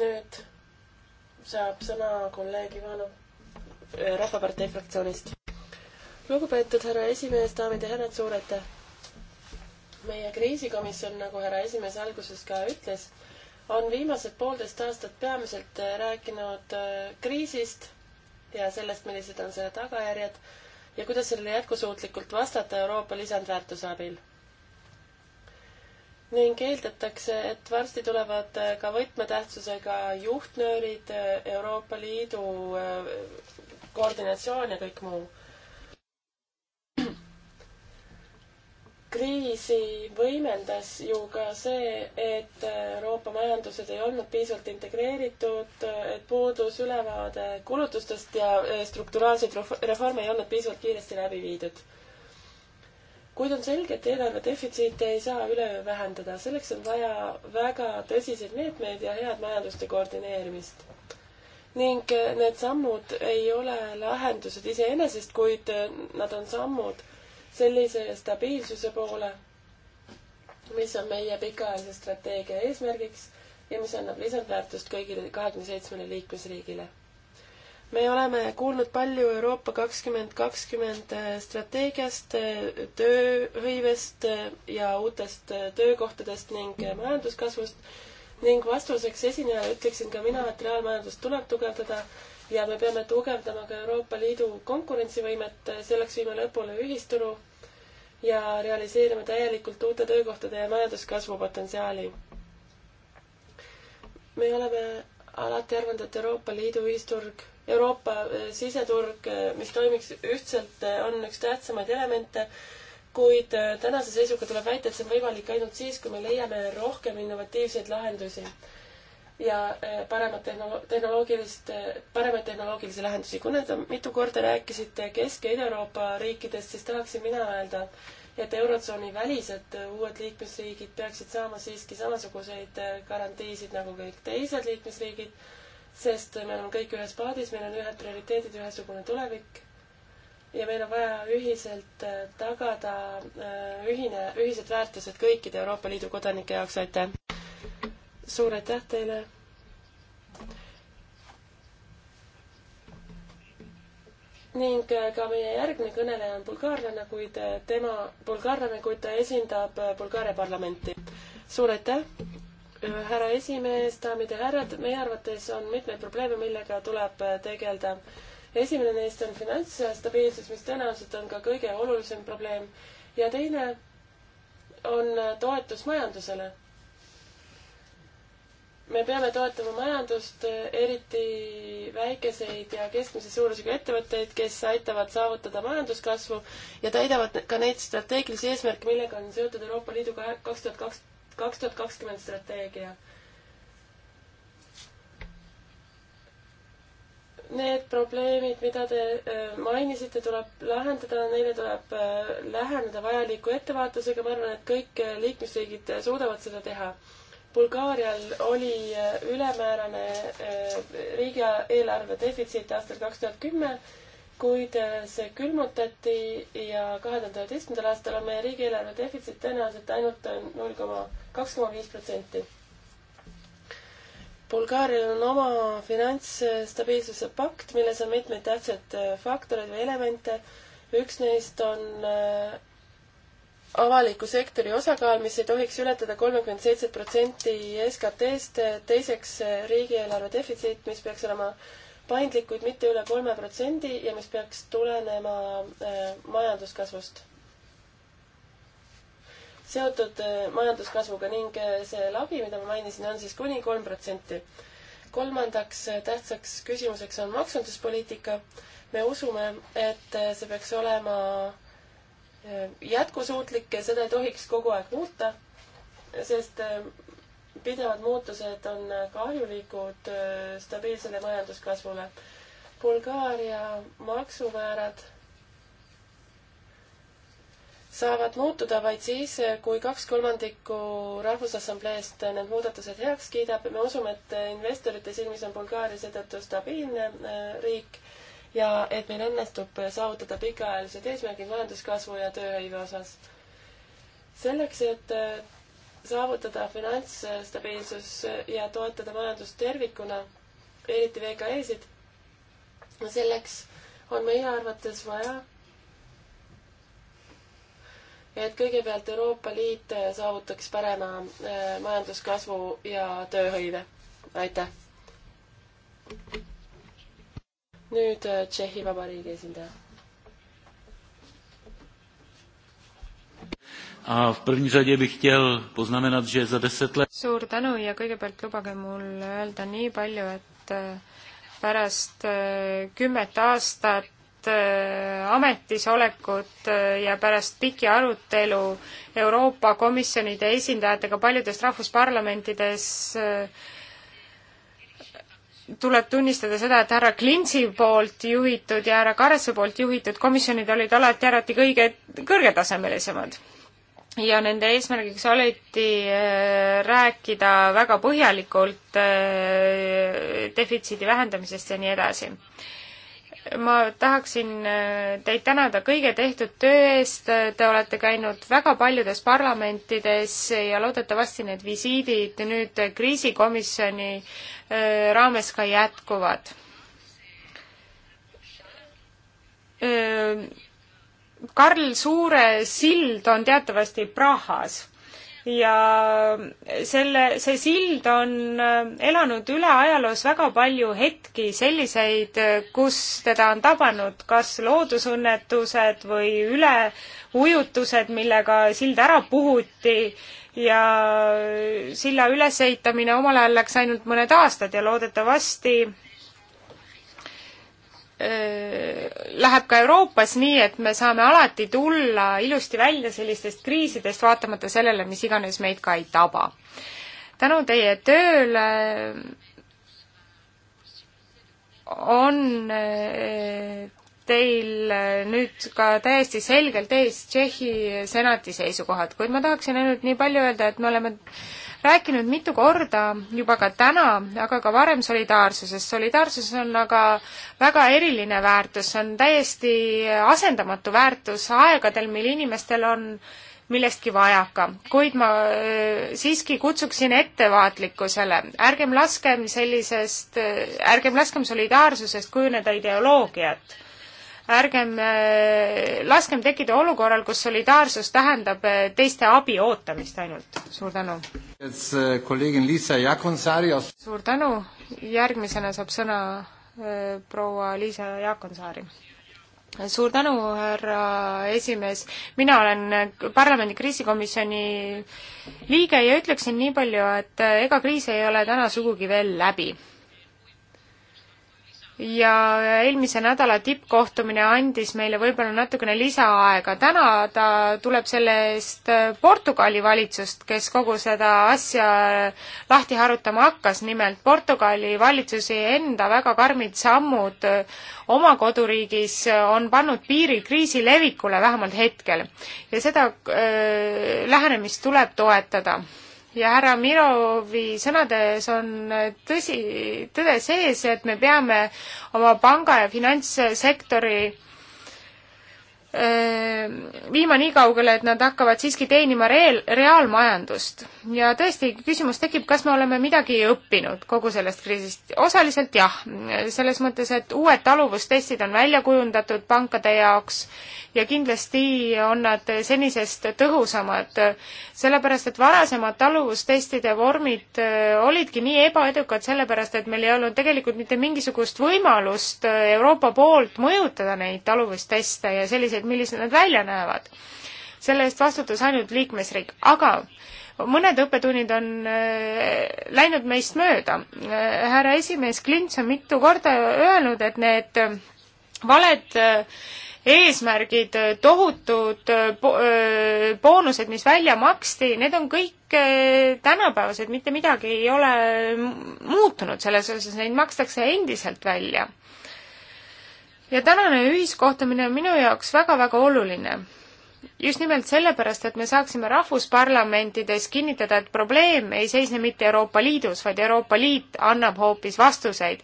nüüd saab sõna kolleeg Ivanov Rahvapartei fraktsioonist. lugupeetud härra esimees, daamid ja härrad, suur aitäh! meie kriisikomisjon, nagu härra esimees alguses ka ütles, on viimased poolteist aastat peamiselt äh, rääkinud äh, kriisist ja sellest, millised on selle tagajärjed ja kuidas sellele jätkusuutlikult vastata Euroopa lisandväärtuse abil. ning eeldatakse, et varsti tulevad äh, ka võtmetähtsusega juhtnöörid, Euroopa Liidu koordinatsioon ja kõik muu kriisi võimendas ju ka see, et Euroopa majandused ei olnud piisavalt integreeritud, et puudus ülevaade kulutustest ja eh, strukturaalseid reforme ei olnud piisavalt kiiresti läbi viidud. kuid on selge, et eelarve defitsiiti ei saa üleöö vähendada, selleks on vaja väga tõsiseid meetmeid ja head majanduste koordineerimist ning eh, need sammud ei ole lahendused iseenesest, kuid eh, nad on sammud sellise stabiilsuse poole, mis on meie pikaajalise strateegia eesmärgiks ja mis annab lisandväärtust kõigile kahekümne seitsmele liikmesriigile. me oleme kuulnud palju Euroopa kakskümmend kakskümmend strateegiast, tööhõivest ja uutest töökohtadest ning majanduskasvust ning vastuseks esinejale ütleksin ka mina, et reaalmajandust tuleb tugevdada ja me peame tugevdama ka Euroopa Liidu konkurentsivõimet, selleks viime lõpule ühisturu ja realiseerime täielikult uute töökohtade ja majanduskasvu potentsiaali. me oleme alati arvanud, et Euroopa Liidu ühisturg, Euroopa eh, siseturg, eh, mis toimiks ühtselt, eh, on üks tähtsamaid elemente, kuid tänase seisuga tuleb väita, et see on võimalik ainult siis, kui me leiame rohkem innovatiivseid lahendusi ja eh, paremat tehnolo-, tehnoloogilist, eh, paremaid tehnoloogilisi lahendusi. kuna te mitu korda rääkisite Kesk- ja Ida-Euroopa riikidest, siis tahaksin mina öelda, et Eurotsooni välised eh, uued liikmesriigid peaksid saama siiski samasuguseid garantiisid nagu kõik teised liikmesriigid, sest me oleme kõik ühes paadis, meil on ühed prioriteedid, ühesugune tulevik ja meil on vaja ühiselt tagada ühine, ühised väärtused kõikide Euroopa Liidu kodanike jaoks, aitäh! suur aitäh teile. ning äh, ka meie järgmine kõneleja on bulgaarlane, kuid äh, tema, bulgaarlane, kuid ta esindab äh, Bulgaaria parlamenti. suur aitäh, härra esimees, daamid ja härrad, meie arvates on mitmeid probleeme, millega tuleb tegeleda. esimene neist on finantsstabiilsus, mis tõenäoliselt on ka kõige olulisem probleem ja teine on toetus majandusele me peame toetama majandust, eriti väikeseid ja keskmise suurusega ettevõtteid, kes aitavad saavutada majanduskasvu ja täidavad ka neid strateegilisi eesmärke, millega on seotud Euroopa Liidu kaks tuhat kaks, kaks tuhat kakskümmend strateegia. Need probleemid, mida te äh, mainisite, tuleb lahendada, neile tuleb äh, läheneda vajaliku ettevaatusega, ma arvan, et kõik äh, liikmesriigid suudavad seda teha Bulgaarial oli äh, ülemäärane äh, riigieelarve defitsiit aastal kaks tuhat kümme, kuid äh, see külmutati ja kahe tuhande üheteistkümnendal aastal on meie riigieelarve defitsiit tõenäoliselt ainult null koma kaks koma viis protsenti. Bulgaarial on oma finantsstabiilsuse pakt, milles on mitmeid tähtsaid faktoreid või elemente. üks neist on avaliku sektori osakaal, mis ei tohiks ületada kolmekümmend seitse protsenti SKT-st, teiseks riigieelarve defitsiit, mis peaks olema paindlik, kuid mitte üle kolme protsendi ja mis peaks tulenema äh, majanduskasvust. seotud äh, majanduskasvuga ning äh, see lagi, mida ma mainisin, on siis kuni kolm protsenti. kolmandaks tähtsaks küsimuseks on maksunduspoliitika. me usume, et see peaks olema jätkusuutlik ja seda ei tohiks kogu aeg muuta, sest eh, pidevad muutused on kahjulikud eh, stabiilsele majanduskasvule. Bulgaaria maksumäärad saavad muutuda vaid siis, kui kaks kolmandikku Rahvusassambleest need muudatused heaks kiidab. me usume, et investorite silmis on Bulgaaria seetõttu stabiilne eh, riik ja et meil õnnestub saavutada pikaajalised eesmärgid majanduskasvu ja tööhõive osas. selleks, et äh, saavutada finantsstabiilsus ja toetada majandust tervikuna, eriti VKE-sid, selleks on meie arvates vaja, et kõigepealt Euroopa Liit äh, saavutaks parema äh, majanduskasvu ja tööhõive. aitäh! nüüd äh, Tšehhi Vabariigi esindaja. A v první řadě bych chtěl poznamenat, že za deset let... Suur tänu ja kõigepealt lubage mul öelda nii palju, et äh, pärast äh, kümmet aastat ametisolekut ja pärast piki arutelu Euroopa Komisjonide esindajatega paljudes rahvusparlamentides äh, tuleb tunnistada seda, et härra Klintsi poolt juhitud ja härra Karese poolt juhitud komisjonid olid alati alati kõige kõrgetasemelisemad. ja nende eesmärgiks oliti äh, rääkida väga põhjalikult äh, defitsiidi vähendamisest ja nii edasi ma tahaksin äh, teid tänada kõige tehtud töö eest, te olete käinud väga paljudes parlamentides ja loodetavasti need visiidid nüüd kriisikomisjoni äh, raames ka jätkuvad. Äh, Karl Suure sild on teatavasti Prahas ja selle, see sild on äh, elanud üle ajaloos väga palju hetki, selliseid, äh, kus teda on tabanud kas loodusõnnetused või üleujutused, millega sild ära puhuti ja äh, silla ülesehitamine omal ajal läks ainult mõned aastad ja loodetavasti läheb ka Euroopas nii, et me saame alati tulla ilusti välja sellistest kriisidest, vaatamata sellele, mis iganes meid ka ei taba. tänu teie tööle on teil nüüd ka täiesti selgelt ees Tšehhi senati seisukohad, kuid ma tahaksin ainult nii palju öelda, et me oleme rääkinud mitu korda juba ka täna, aga ka varem solidaarsusest. solidaarsus on aga väga eriline väärtus, see on täiesti asendamatu väärtus aegadel, mil inimestel on millestki vajaka, kuid ma äh, siiski kutsuksin ettevaatlikkusele. ärgem laskem sellisest, äh, ärgem laskem solidaarsusest kujuneda ideoloogiat ärgem, äh, laskem tekkida olukorral, kus solidaarsus tähendab äh, teiste abi ootamist ainult. suur tänu! Äh, suur tänu, järgmisena saab sõna proua Liisa Jaakonsaari suur tänu, härra esimees. mina olen parlamendi kriisikomisjoni liige ja ütleksin nii palju, et ega kriis ei ole täna sugugi veel läbi ja eelmise nädala tippkohtumine andis meile võib-olla natukene lisaaega. täna ta tuleb selle eest Portugali valitsust, kes kogu seda asja lahti harutama hakkas. nimelt Portugali valitsuse enda väga karmid sammud oma koduriigis on pannud piiri kriisi levikule vähemalt hetkel ja seda öö, äh, lähenemist tuleb toetada ja härra Mirovi sõnades on tõsi, tõde sees, et me peame oma panga ja finantssektori viima nii kaugele, et nad hakkavad siiski teenima reel, reaalmajandust. ja tõesti, küsimus tekib, kas me oleme midagi õppinud kogu sellest kriisist. osaliselt jah, selles mõttes, et uued taluvustestid on välja kujundatud pankade jaoks ja kindlasti on nad senisest tõhusamad, sellepärast et varasemad taluvustestide vormid olidki nii ebaedukad, sellepärast et meil ei olnud tegelikult mitte mingisugust võimalust Euroopa poolt mõjutada neid taluvusteste ja selliseid et millised nad välja näevad. selle eest vastutas ainult liikmesriik, aga mõned õppetunnid on äh, läinud meist mööda. Äh, härra esimees Klints on mitu korda öelnud, et need äh, valed eesmärgid, tohutud boonused, mis välja maksti, need on kõik tänapäevased, mitte midagi ei ole muutunud selles osas, neid makstakse endiselt välja ja tänane ühiskohtumine on minu jaoks väga-väga oluline. just nimelt sellepärast, et me saaksime rahvusparlamentides kinnitada, et probleem ei seisne mitte Euroopa Liidus, vaid Euroopa Liit annab hoopis vastuseid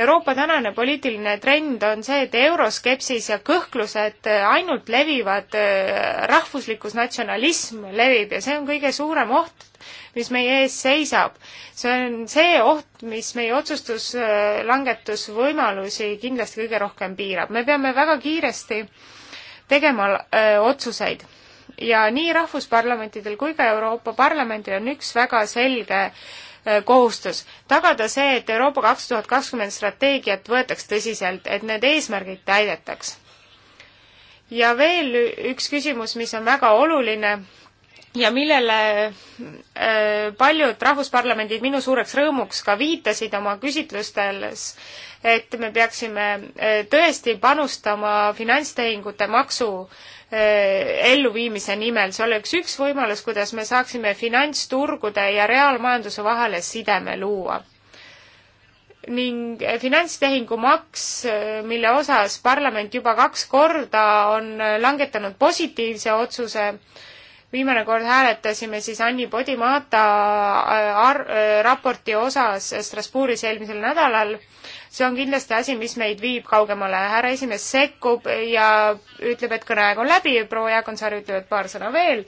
Euroopa tänane poliitiline trend on see, et euroskepsis ja kõhklused ainult levivad, rahvuslikus natsionalism levib ja see on kõige suurem oht, mis meie ees seisab. see on see oht, mis meie otsustuslangetusvõimalusi kindlasti kõige rohkem piirab. me peame väga kiiresti tegema öö, otsuseid ja nii rahvusparlamentidel kui ka Euroopa Parlamendil on üks väga selge öö, Äh, kohustus. tagada see, et Euroopa kaks tuhat kakskümmend strateegiat võetaks tõsiselt, et need eesmärgid täidetaks. ja veel üks küsimus, mis on väga oluline ja millele äh, paljud rahvusparlamendid minu suureks rõõmuks ka viitasid oma küsitlustes, et me peaksime äh, tõesti panustama finantstehingute maksu äh, Eh, elluviimise nimel, see oleks üks võimalus, kuidas me saaksime finantsturgude ja reaalmajanduse vahele sideme luua. ning eh, finantstehingumaks, eh, mille osas parlament juba kaks korda on langetanud positiivse otsuse, viimane kord hääletasime siis Anni Podimata ar-, raporti osas Strasbourgis eelmisel nädalal see on kindlasti asi, mis meid viib kaugemale. härra esimees sekkub ja ütleb, et kõneaeg on läbi, proua Jaakonsaar ütleb, et paar sõna veel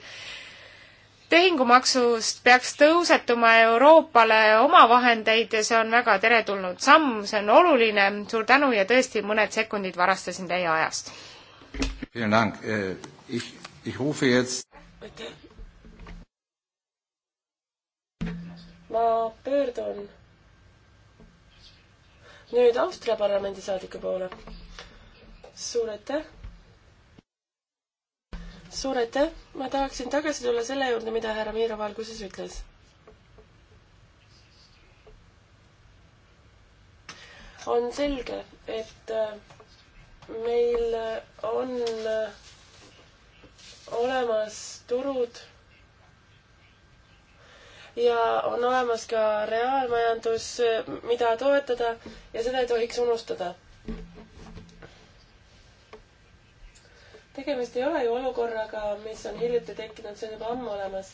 tehingumaksust peaks tõusetuma Euroopale omavahendeid ja see on väga teretulnud samm, see on oluline, suur tänu ja tõesti mõned sekundid varastasin teie ajast. Äh, ma pöördun nüüd Austria parlamendi saadiku poole. suur aitäh! suur aitäh! ma tahaksin tagasi tulla selle juurde, mida härra Miirov alguses ütles. on selge, et äh, meil on äh, olemas turud ja on olemas ka reaalmajandus, mida toetada ja seda ei tohiks unustada. tegemist ei ole ju olukorraga, mis on hiljuti tekkinud, see on juba ammu olemas.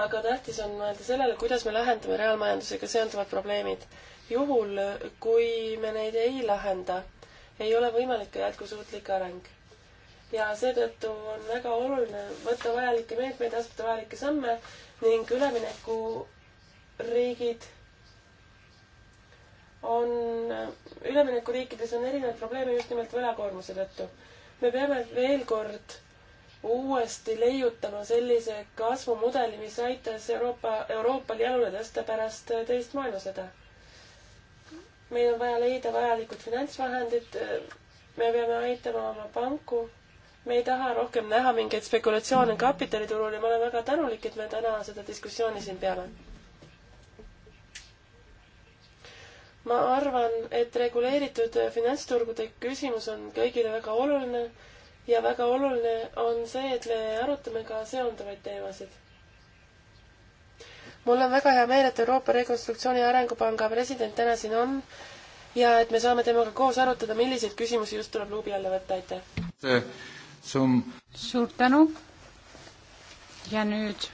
aga tähtis on mõelda sellele, kuidas me lahendame reaalmajandusega seonduvad probleemid. juhul, kui me neid ei lahenda, ei ole võimalik ka jätkusuutlik areng ja seetõttu on väga oluline võtta vajalikke meetmeid, astuda vajalikke samme ning üleminekuriigid on, üleminekuriikides on erinevaid probleeme just nimelt võlakoormuse tõttu. me peame veel kord uuesti leiutama sellise kasvumudeli, mis aitas Euroopa, Euroopal jalule tõsta pärast teist maailmasõda. meil on vaja leida vajalikud finantsvahendid, me peame aitama oma panku me ei taha rohkem näha mingeid spekulatsioone kapitaliturul ja ma olen väga tänulik, et me täna seda diskussiooni siin peame. ma arvan, et reguleeritud finantsturgude küsimus on kõigile väga oluline ja väga oluline on see, et me arutame ka seonduvaid teemasid. mul on väga hea meel, et Euroopa Rekonstruktsiooni ja Arengupanga president täna siin on ja et me saame temaga koos arutada, milliseid küsimusi just tuleb luubi alla võtta, aitäh! zum suur tänu ja nüüd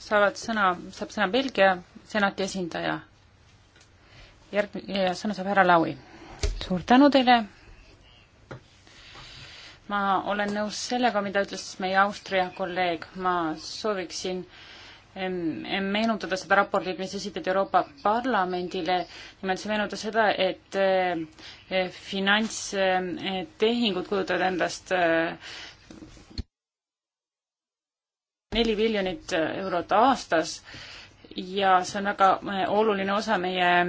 saavad sõna, saab sõna Belgia senati esindaja. järg-, ja sõna saab härra Laui. suur tänu teile. ma olen nõus sellega, mida ütles meie Austria kolleeg, ma sooviksin meenutada seda raportit, mis esitati Euroopa Parlamendile, nimelt see meenutas seda, et eh, eh, finantstehingud eh, kujutavad endast äh, neli miljonit äh, eurot aastas ja see on väga äh, oluline osa meie äh,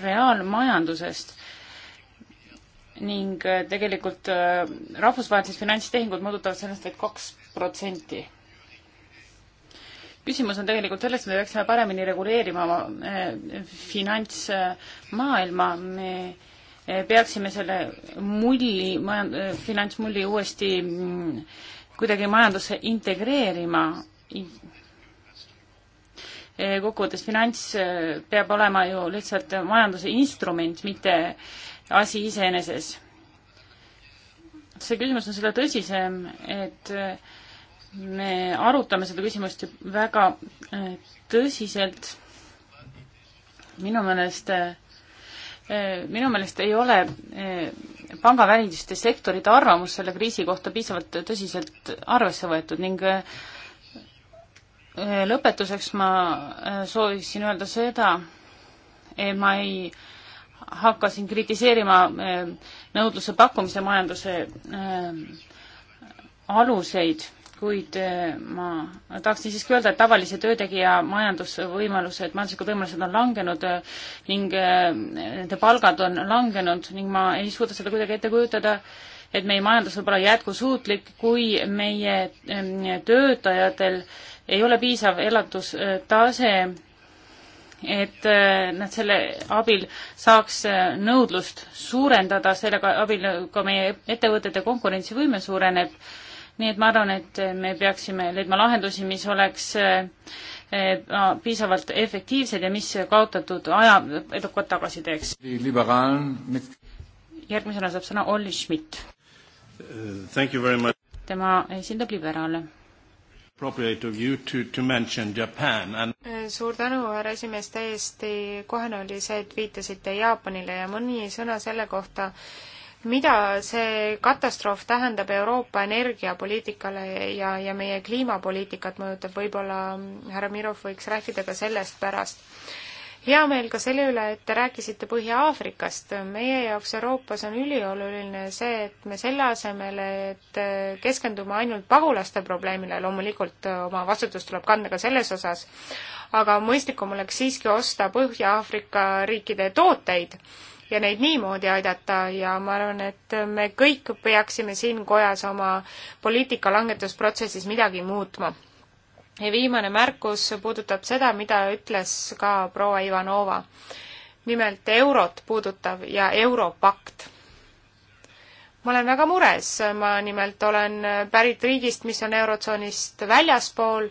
reaalmajandusest ning tegelikult rahvusvahelised finantstehingud moodutavad sellest vaid kaks protsenti. küsimus on tegelikult selles, et me peaksime paremini reguleerima oma finantsmaailma, me peaksime selle mulli, finantsmulli uuesti mm, kuidagi majandusse integreerima. kokkuvõttes finants eh, peab olema ju lihtsalt majanduse instrument, mitte asi iseeneses. see küsimus on seda tõsisem, et eh, me arutame seda küsimust ju väga eh, tõsiselt. minu meelest, minu meelest ei ole pangaväliste sektorite arvamus selle kriisi kohta piisavalt tõsiselt arvesse võetud ning äh, lõpetuseks ma äh, sooviksin öelda seda, et ma ei hakka siin kritiseerima äh, nõudluse pakkumise majanduse aluseid kuid eh, ma tahaksin siiski öelda, et tavalise töötegija majandusvõimalused, majanduslikud võimalused on langenud eh, ning eh, nende palgad on langenud ning ma ei suuda seda kuidagi ette kujutada, et meie majandus võib olla jätkusuutlik, kui meie töötajatel ei ole piisav elatustase, et nad selle abil saaks nõudlust suurendada, sellega abil ka meie ettevõtete konkurentsivõime suureneb nii et ma arvan, et me peaksime leidma lahendusi, mis oleks eh, eh, piisavalt efektiivsed ja mis kaotatud aja edukalt tagasi teeks. järgmisena saab sõna Olli Schmidt. Uh, tema esindab liberaale appropriate of you to, to mention Japan and eh, suur tänu, härra esimees, täiesti kohane oli see, et viitasite Jaapanile ja mõni sõna selle kohta, mida see katastroof tähendab Euroopa energiapoliitikale ja, ja meie kliimapoliitikat mõjutab, võib-olla mm, härra Mirov võiks rääkida ka sellest pärast. hea meel ka selle üle, et te rääkisite Põhja-Aafrikast. meie jaoks Euroopas on ülioluline see, et me selle asemel, et keskendume ainult pagulaste probleemile, loomulikult oma vastutust tuleb kanda ka selles osas, aga mõistlikum oleks siiski osta Põhja-Aafrika riikide tooteid ja neid niimoodi aidata ja ma arvan, et me kõik peaksime siin kojas oma poliitika langetusprotsessis midagi muutma. ja viimane märkus puudutab seda, mida ütles ka proua Ivanova. nimelt eurot puudutav ja Europakt ma olen väga mures, ma nimelt olen pärit riigist, mis on Eurotsoonist väljaspool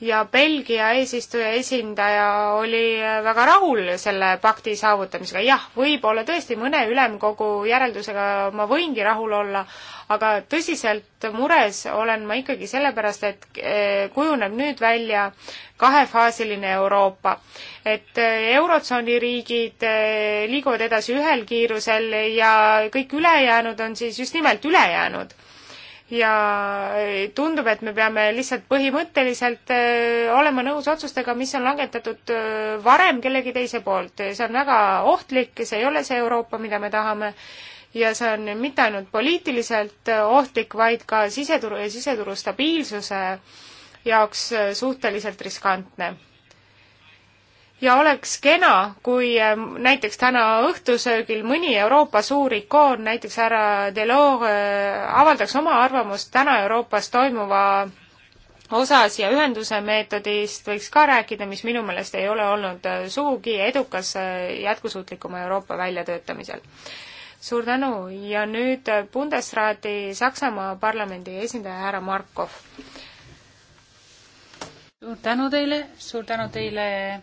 ja Belgia eesistuja esindaja oli väga rahul selle pakti saavutamisega. jah, võib-olla tõesti mõne ülemkogu järeldusega ma võingi rahul olla, aga tõsiselt mures olen ma ikkagi sellepärast, et eh, kujuneb nüüd välja kahefaasiline Euroopa. et eh, Eurotsooni riigid eh, liiguvad edasi ühel kiirusel ja kõik ülejäänud on siis just nimelt ülejäänud ja eh, tundub, et me peame lihtsalt põhimõtteliselt eh, olema nõus otsustega, mis on langetatud eh, varem kellegi teise poolt. see on väga ohtlik, see ei ole see Euroopa, mida me tahame ja see on mitte ainult poliitiliselt ohtlik, vaid ka siseturu ja siseturu stabiilsuse jaoks suhteliselt riskantne ja oleks kena, kui ähm, näiteks täna õhtusöögil mõni Euroopa suur ikoon, näiteks härra Delors, äh, avaldaks oma arvamust täna Euroopas toimuva osas ja ühenduse meetodist võiks ka rääkida, mis minu meelest ei ole olnud äh, sugugi edukas äh, jätkusuutlikuma Euroopa väljatöötamisel. suur tänu ja nüüd Bundesrati Saksamaa parlamendi esindaja härra Markov. suur tänu teile, suur tänu teile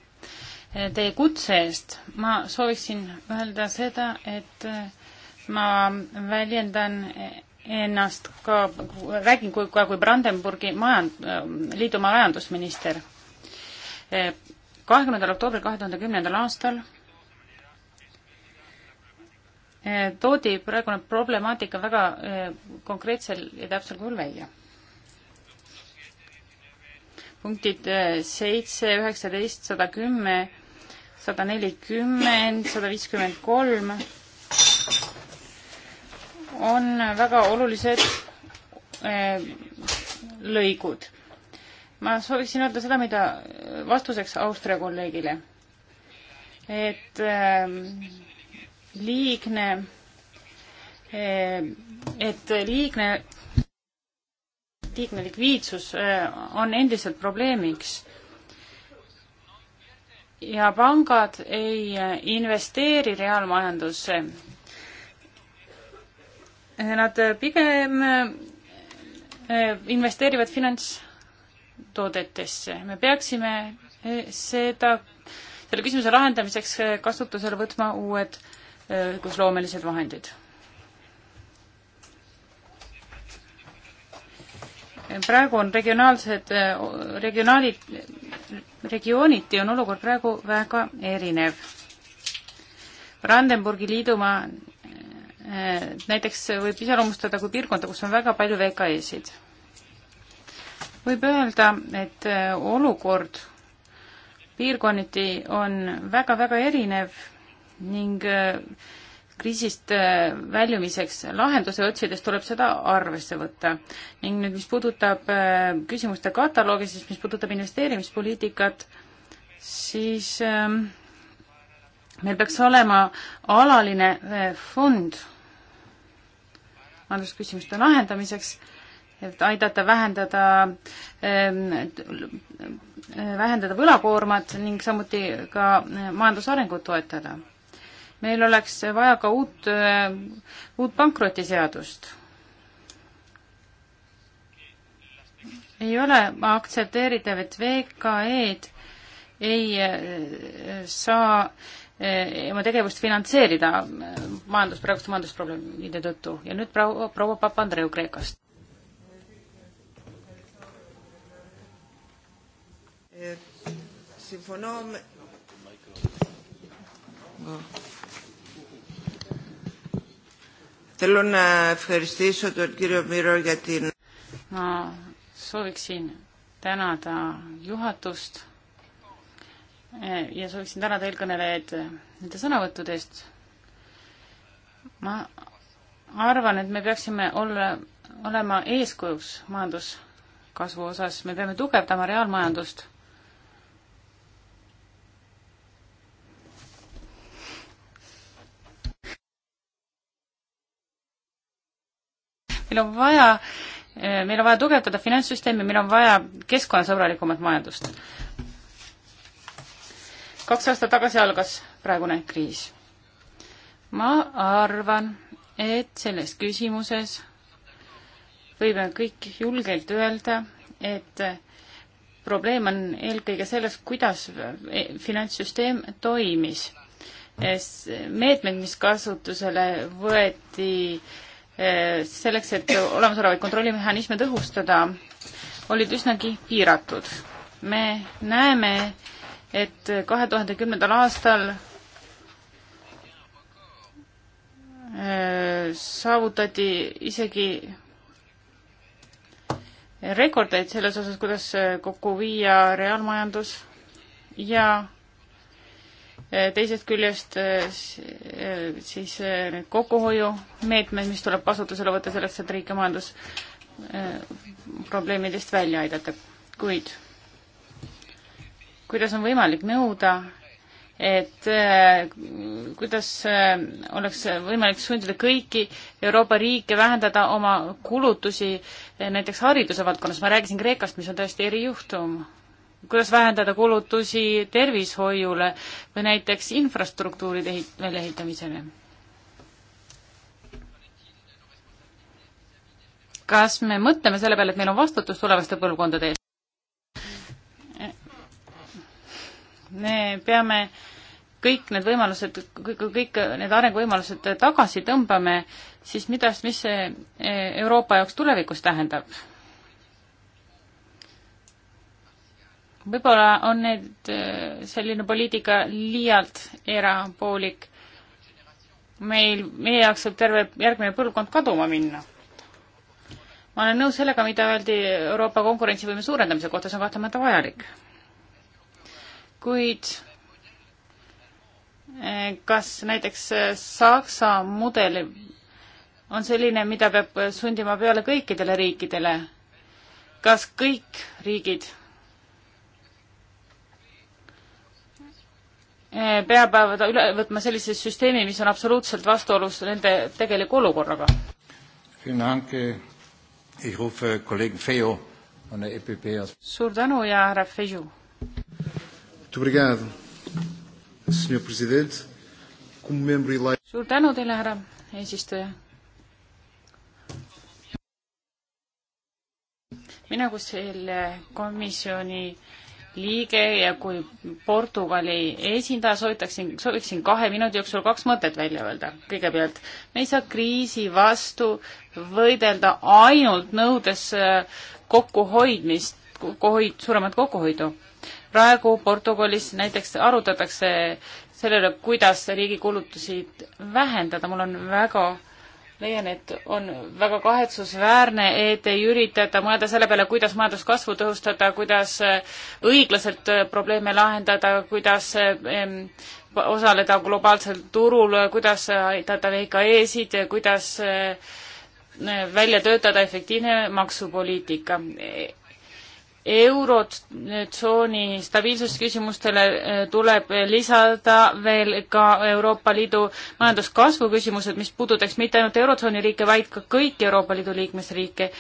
teie kutse eest. ma sooviksin öelda seda, et äh, ma väljendan ennast ka, räägin kui, ka kui Brandenburgi majand-, äh, liidumaa majandusminister. Äh, kahekümnendal oktoobril kahe tuhande kümnendal aastal toodi praegune problemaatika väga konkreetsel ja täpsel kujul välja. punktid seitse, üheksateist, sada kümme sada nelikümmend, sada viiskümmend kolm on väga olulised äh, lõigud. ma sooviksin öelda seda, mida vastuseks Austria kolleegile, et äh, liigne, äh, et liigne, liigne likviidsus on endiselt probleemiks ja pangad ei investeeri reaalmajandusse. Nad pigem eh, investeerivad finantstoodetesse. me peaksime eh, seda, selle küsimuse lahendamiseks eh, kasutusele võtma uued õigusloomelised vahendid praegu on regionaalsed, eh, regionaalid, regiooniti on olukord praegu väga erinev. Brandenburgi liidumaa eh, näiteks võib iseloomustada kui piirkonda, kus on väga palju VKE-sid. võib öelda, et eh, olukord piirkonniti on väga-väga erinev ning äh, kriisist äh, väljumiseks lahenduse otsides tuleb seda arvesse võtta. ning nüüd, mis puudutab äh, küsimuste kataloogi, siis mis puudutab investeerimispoliitikat, siis ähm, meil peaks olema alaline äh, fond majandusküsimuste lahendamiseks, et aidata vähendada, ähm, vähendada võlakoormat ning samuti ka majandusarengut toetada meil oleks vaja ka uut, uut pankrotiseadust. ei ole aktsepteeritav, et VKE-d ei äh, saa äh, oma tegevust finantseerida majandus, praeguste majandusprobleemide tõttu ja nüüd proua, proua Papandreou Kreekast. συμφωνώ eh, με... Θέλω να ευχαριστήσω τον κύριο Μύρο για την... Ma sooviksin tänada juhatust ja sooviksin tänada eelkõnelejaid nende sõnavõttude eest. Ma arvan, et me peaksime olla, olema eeskujuks majanduskasvu osas. Me peame tugevdama reaalmajandust meil on vaja eh, meil on vaja tugevdada finantssüsteemi, meil on vaja keskkonnasõbralikumat majandust. kaks aastat tagasi algas praegune kriis. ma arvan, et selles küsimuses võime kõik julgelt öelda, et probleem on eelkõige selles, kuidas finantssüsteem toimis. meetmed, mis kasutusele võeti, Eh, selleks, et olemasolevaid kontrollimehhanisme tõhustada, olid üsnagi piiratud. me näeme, et kahe tuhande kümnendal aastal eh, saavutati isegi rekordeid selles osas, kuidas eh, kokku viia reaalmajandus ja Eh, teisest küljest eh, eh, siis need kokkuhoiumeetmed, mis tuleb kasutusele võtta selleks, et riike majandus probleemidest välja aidata, kuid kuidas on võimalik nõuda, et kuidas oleks võimalik sundida kõiki Euroopa riike vähendada oma kulutusi näiteks hariduse valdkonnas, ma rääkisin Kreekast, mis on tõesti erijuhtum kuidas vähendada kulutusi tervishoiule või näiteks infrastruktuuride ehit-, väljaehitamisele? kas me mõtleme selle peale, et meil on vastutus tulevaste põlvkondade ees? me peame kõik need võimalused, kõik, kõik need arenguvõimalused tagasi tõmbame, siis mida, mis see e, Euroopa jaoks tulevikus tähendab? võib-olla on need, äh, selline poliitika liialt erapoolik. meil, meie jaoks võib terve järgmine põlvkond kaduma minna. ma olen nõus sellega, mida öeldi Euroopa konkurentsivõime suurendamise kohta, see on kahtlemata vajalik. kuid äh, kas näiteks äh, Saksa mudel on selline, mida peab sundima peale kõikidele riikidele? kas kõik riigid Eh, peab üle võtma sellise süsteemi, mis on absoluutselt vastuolus nende tegeliku olukorraga. E suur tänu ja härra Feio. suur tänu teile, härra eesistuja. mina kui selle komisjoni äh, liige ja kui Portugali esindaja soovitaksin, sooviksin kahe minuti jooksul kaks mõtet välja öelda. kõigepealt, me ei saa kriisi vastu võidelda ainult nõudes äh, kokkuhoidmist, kokkuhoid, suuremat kokkuhoidu. praegu Portugalis näiteks arutatakse selle üle, kuidas riigi kulutusid vähendada, mul on väga leian, et on väga kahetsusväärne, et ei üritata mõelda selle peale, kuidas majanduskasvu tõhustada, kuidas äh, õiglaselt äh, probleeme lahendada, kuidas äh, osaleda globaalsel turul, kuidas aidata VKE-sid, kuidas välja töötada efektiivne maksupoliitika eurotsooni stabiilsusküsimustele eh, tuleb lisada veel ka Euroopa Liidu majanduskasvu küsimused, mis puudutaks mitte ainult eurotsooni riike, vaid ka kõiki Euroopa Liidu liikmesriike.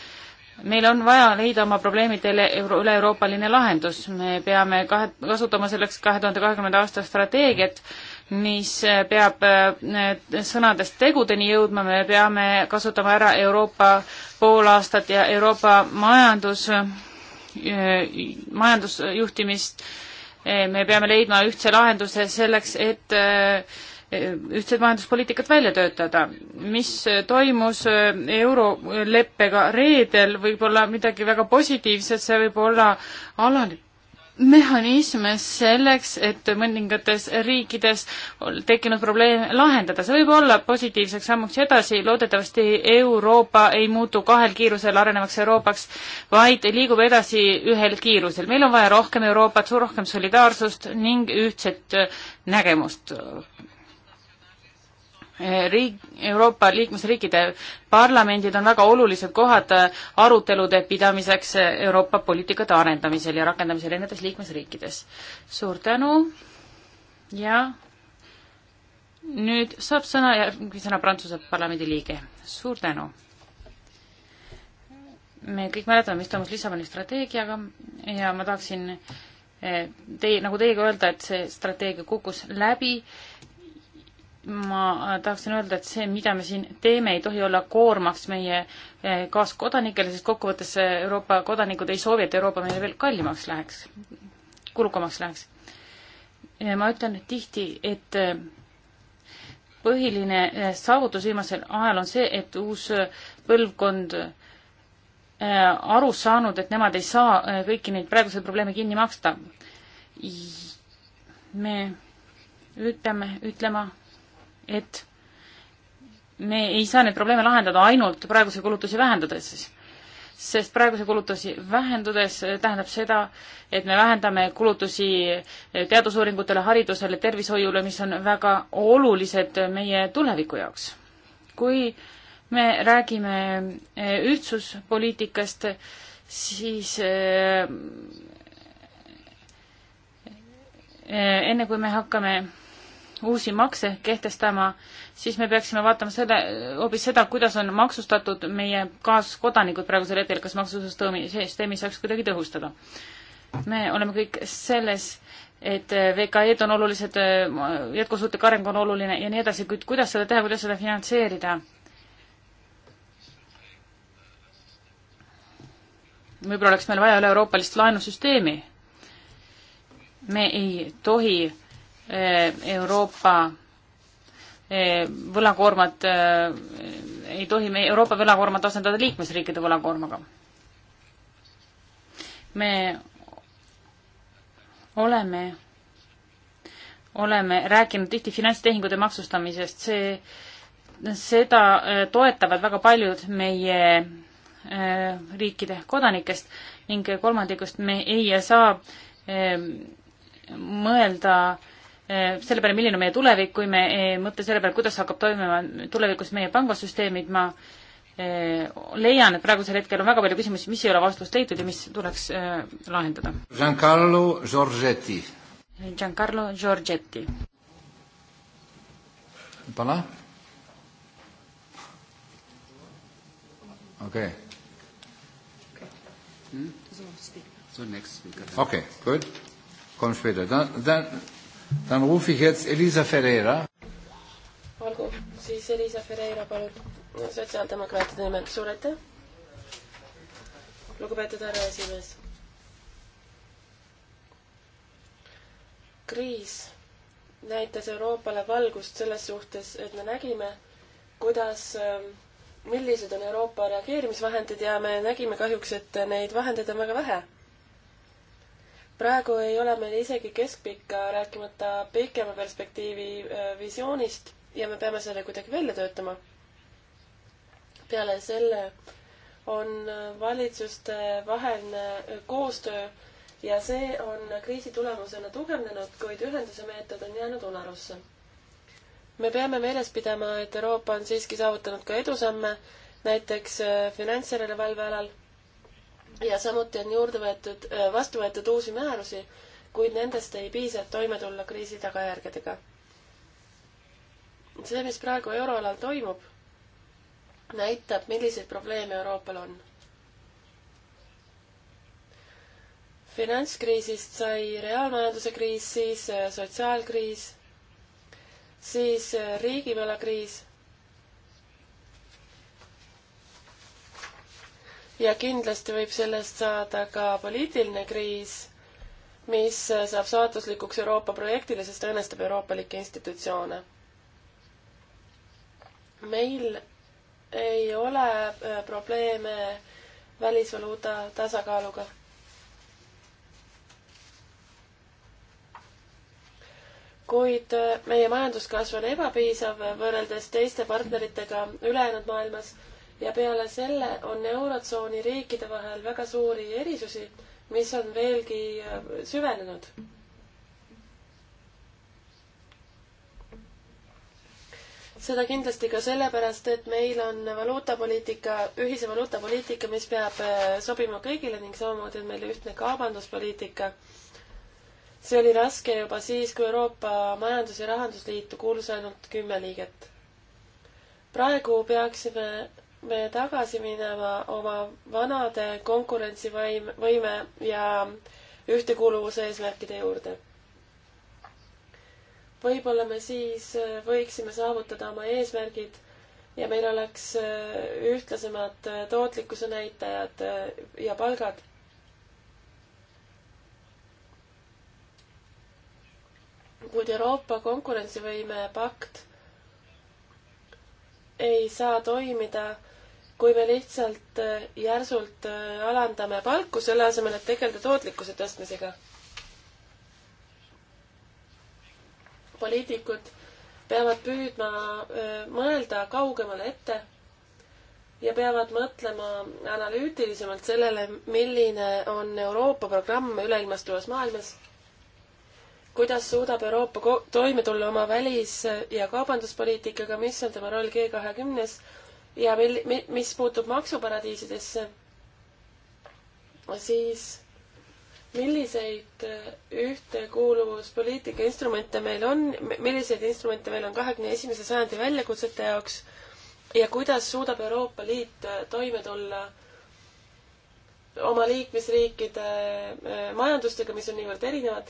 meil on vaja leida oma probleemidele euro, üle-euroopaline lahendus, me peame kahe, kasutama selleks kahe tuhande kahekümnenda aasta strateegiat, mis eh, peab eh, sõnadest tegudeni jõudma, me peame kasutama ära Euroopa poolaastat ja Euroopa majandus- Eh, majandusjuhtimist. Eh, me peame leidma ühtse lahenduse selleks, et eh, ühtset majanduspoliitikat välja töötada. mis toimus euroleppega reedel, võib olla midagi väga positiivset, see võib olla alaline mehhanisme selleks, et mõningates riikides tekkinud probleeme lahendada. see võib olla positiivseks sammuks edasi, loodetavasti Euroopa ei muutu kahel kiirusel arenevaks Euroopaks, vaid liigub edasi ühel kiirusel. meil on vaja rohkem Euroopat, rohkem solidaarsust ning ühtset nägemust riik, Euroopa liikmesriikide parlamendid on väga olulised kohad arutelude pidamiseks Euroopa poliitikate arendamisel ja rakendamisel erinevates liikmesriikides. suur tänu ja nüüd saab sõna järgmisena Prantsuse parlamendi liige. suur tänu! me kõik mäletame, mis toimus Lissaboni strateegiaga ja ma tahaksin eh, teie, nagu teiegi öelda, et see strateegia kukkus läbi ma tahaksin öelda, et see, mida me siin teeme, ei tohi olla koormaks meie eh, kaaskodanikele, sest kokkuvõttes Euroopa kodanikud ei soovi, et Euroopa meile veel kallimaks läheks, kulukamaks läheks. ma ütlen tihti, et eh, põhiline eh, saavutus viimasel ajal on see, et uus põlvkond aru saanud, et nemad ei saa kõiki neid praeguseid probleeme kinni maksta. me ütleme, ütlema et me ei saa neid probleeme lahendada ainult praeguse kulutusi vähendades, sest praeguse kulutusi vähendades tähendab seda, et me vähendame kulutusi teadusuuringutele, haridusele, tervishoiule, mis on väga olulised meie tuleviku jaoks. kui me räägime ühtsuspoliitikast, siis eh, eh, enne kui me hakkame uusi makse kehtestama, siis me peaksime vaatama selle, hoopis seda, kuidas on maksustatud meie kaaskodanikud praegusel hetkel, kas maksusüsteemi, süsteemi saaks kuidagi tõhustada. me oleme kõik selles, et VKE-d on olulised, jätkusuutlik areng on oluline ja nii edasi, kuid kuidas seda teha, kuidas seda finantseerida? võib-olla oleks meil vaja üle-euroopalist laenusüsteemi. me ei tohi Eh, Euroopa eh, võlakoormat eh, ei tohi me Euroopa võlakoormat asendada liikmesriikide võlakoormaga. me oleme, oleme rääkinud tihti finantstehingute maksustamisest, see, seda toetavad väga paljud meie riikide kodanikest ning kolmandikust me ei saa mõelda äh, Eh, selle peale, milline on meie tulevik, kui me ei eh, mõtle selle peale, kuidas hakkab toimima tulevikus meie pangasüsteemid, ma eh, leian, et praegusel hetkel on väga palju küsimusi, mis ei ole vastust leitud ja mis tuleks lahendada. Giancarlo Giorgetti. Giancarlo Giorgetti. Pala? okei okay. okay.. So next speaker. Okay, good. Komm später. Dann, dann Dann rufe ich jetzt Elisa Ferreira. olgu, siis Elisa Ferreira, palun, sotsiaaldemokraatide nimel, suur aitäh. lugupeetud härra esimees. kriis näitas Euroopale valgust selles suhtes, et me nägime, kuidas, ähm, millised on Euroopa reageerimisvahendid ja me nägime kahjuks, et neid vahendeid on väga vähe praegu ei ole meil isegi keskpikka, rääkimata pikema perspektiivi äh, visioonist ja me peame selle kuidagi välja töötama. peale selle on äh, valitsuste vaheline äh, koostöö ja see on kriisi tulemusena tugevnenud, kuid ühenduse meetod on jäänud unarusse. me peame meeles pidama, et Euroopa on siiski saavutanud ka edusamme, näiteks finantsjärelevalve alal ja samuti on juurde võetud, äh, vastu võetud uusi määrusi, kuid nendest ei piisa, et toime tulla kriisi tagajärgedega. see, mis praegu euroalal toimub, näitab, milliseid probleeme Euroopal on. finantskriisist sai reaalmajanduse kriis, siis äh, sotsiaalkriis, siis äh, riigivõlakriis ja kindlasti võib sellest saada ka poliitiline kriis, mis saab saatuslikuks Euroopa projektile, sest õõnestab euroopalikke institutsioone. meil ei ole äh, probleeme välisvaluuta tasakaaluga kuid äh, meie majanduskasv on ebapiisav võrreldes teiste partneritega ülejäänud maailmas ja peale selle on Eurotsooni riikide vahel väga suuri erisusi, mis on veelgi äh, süvenenud. seda kindlasti ka sellepärast, et meil on valuutapoliitika, ühise valuutapoliitika, mis peab äh, sobima kõigile ning samamoodi on meil ühtne kaubanduspoliitika see oli raske juba siis, kui Euroopa Majandus- ja Rahandusliitu kuulus ainult kümme liiget. praegu peaksime me tagasi minema oma vanade konkurentsivaim, võime ja ühtekuuluvuse eesmärkide juurde. võib-olla me siis äh, võiksime saavutada oma eesmärgid ja meil oleks äh, ühtlasemad äh, tootlikkuse näitajad ja palgad. kuid Euroopa konkurentsivõime pakt ei saa toimida kui me lihtsalt äh, järsult äh, alandame palku, selle asemel, et tegeleda tootlikkuse tõstmisega. poliitikud peavad püüdma äh, mõelda kaugemale ette ja peavad mõtlema analüütilisemalt sellele, milline on Euroopa programm üleilmastuvas maailmas, kuidas suudab Euroopa toime tulla oma välis- ja kaubanduspoliitikaga, mis on tema roll G kahekümnes ja mil-, mi-, mis puutub maksuparadiisidesse, siis milliseid äh, ühtekuuluvuspoliitika instrumente meil on, milliseid instrumente meil on kahekümne esimese sajandi väljakutsete jaoks ja kuidas suudab Euroopa Liit äh, toime tulla oma liikmesriikide äh, majandustega, mis on niivõrd erinevad.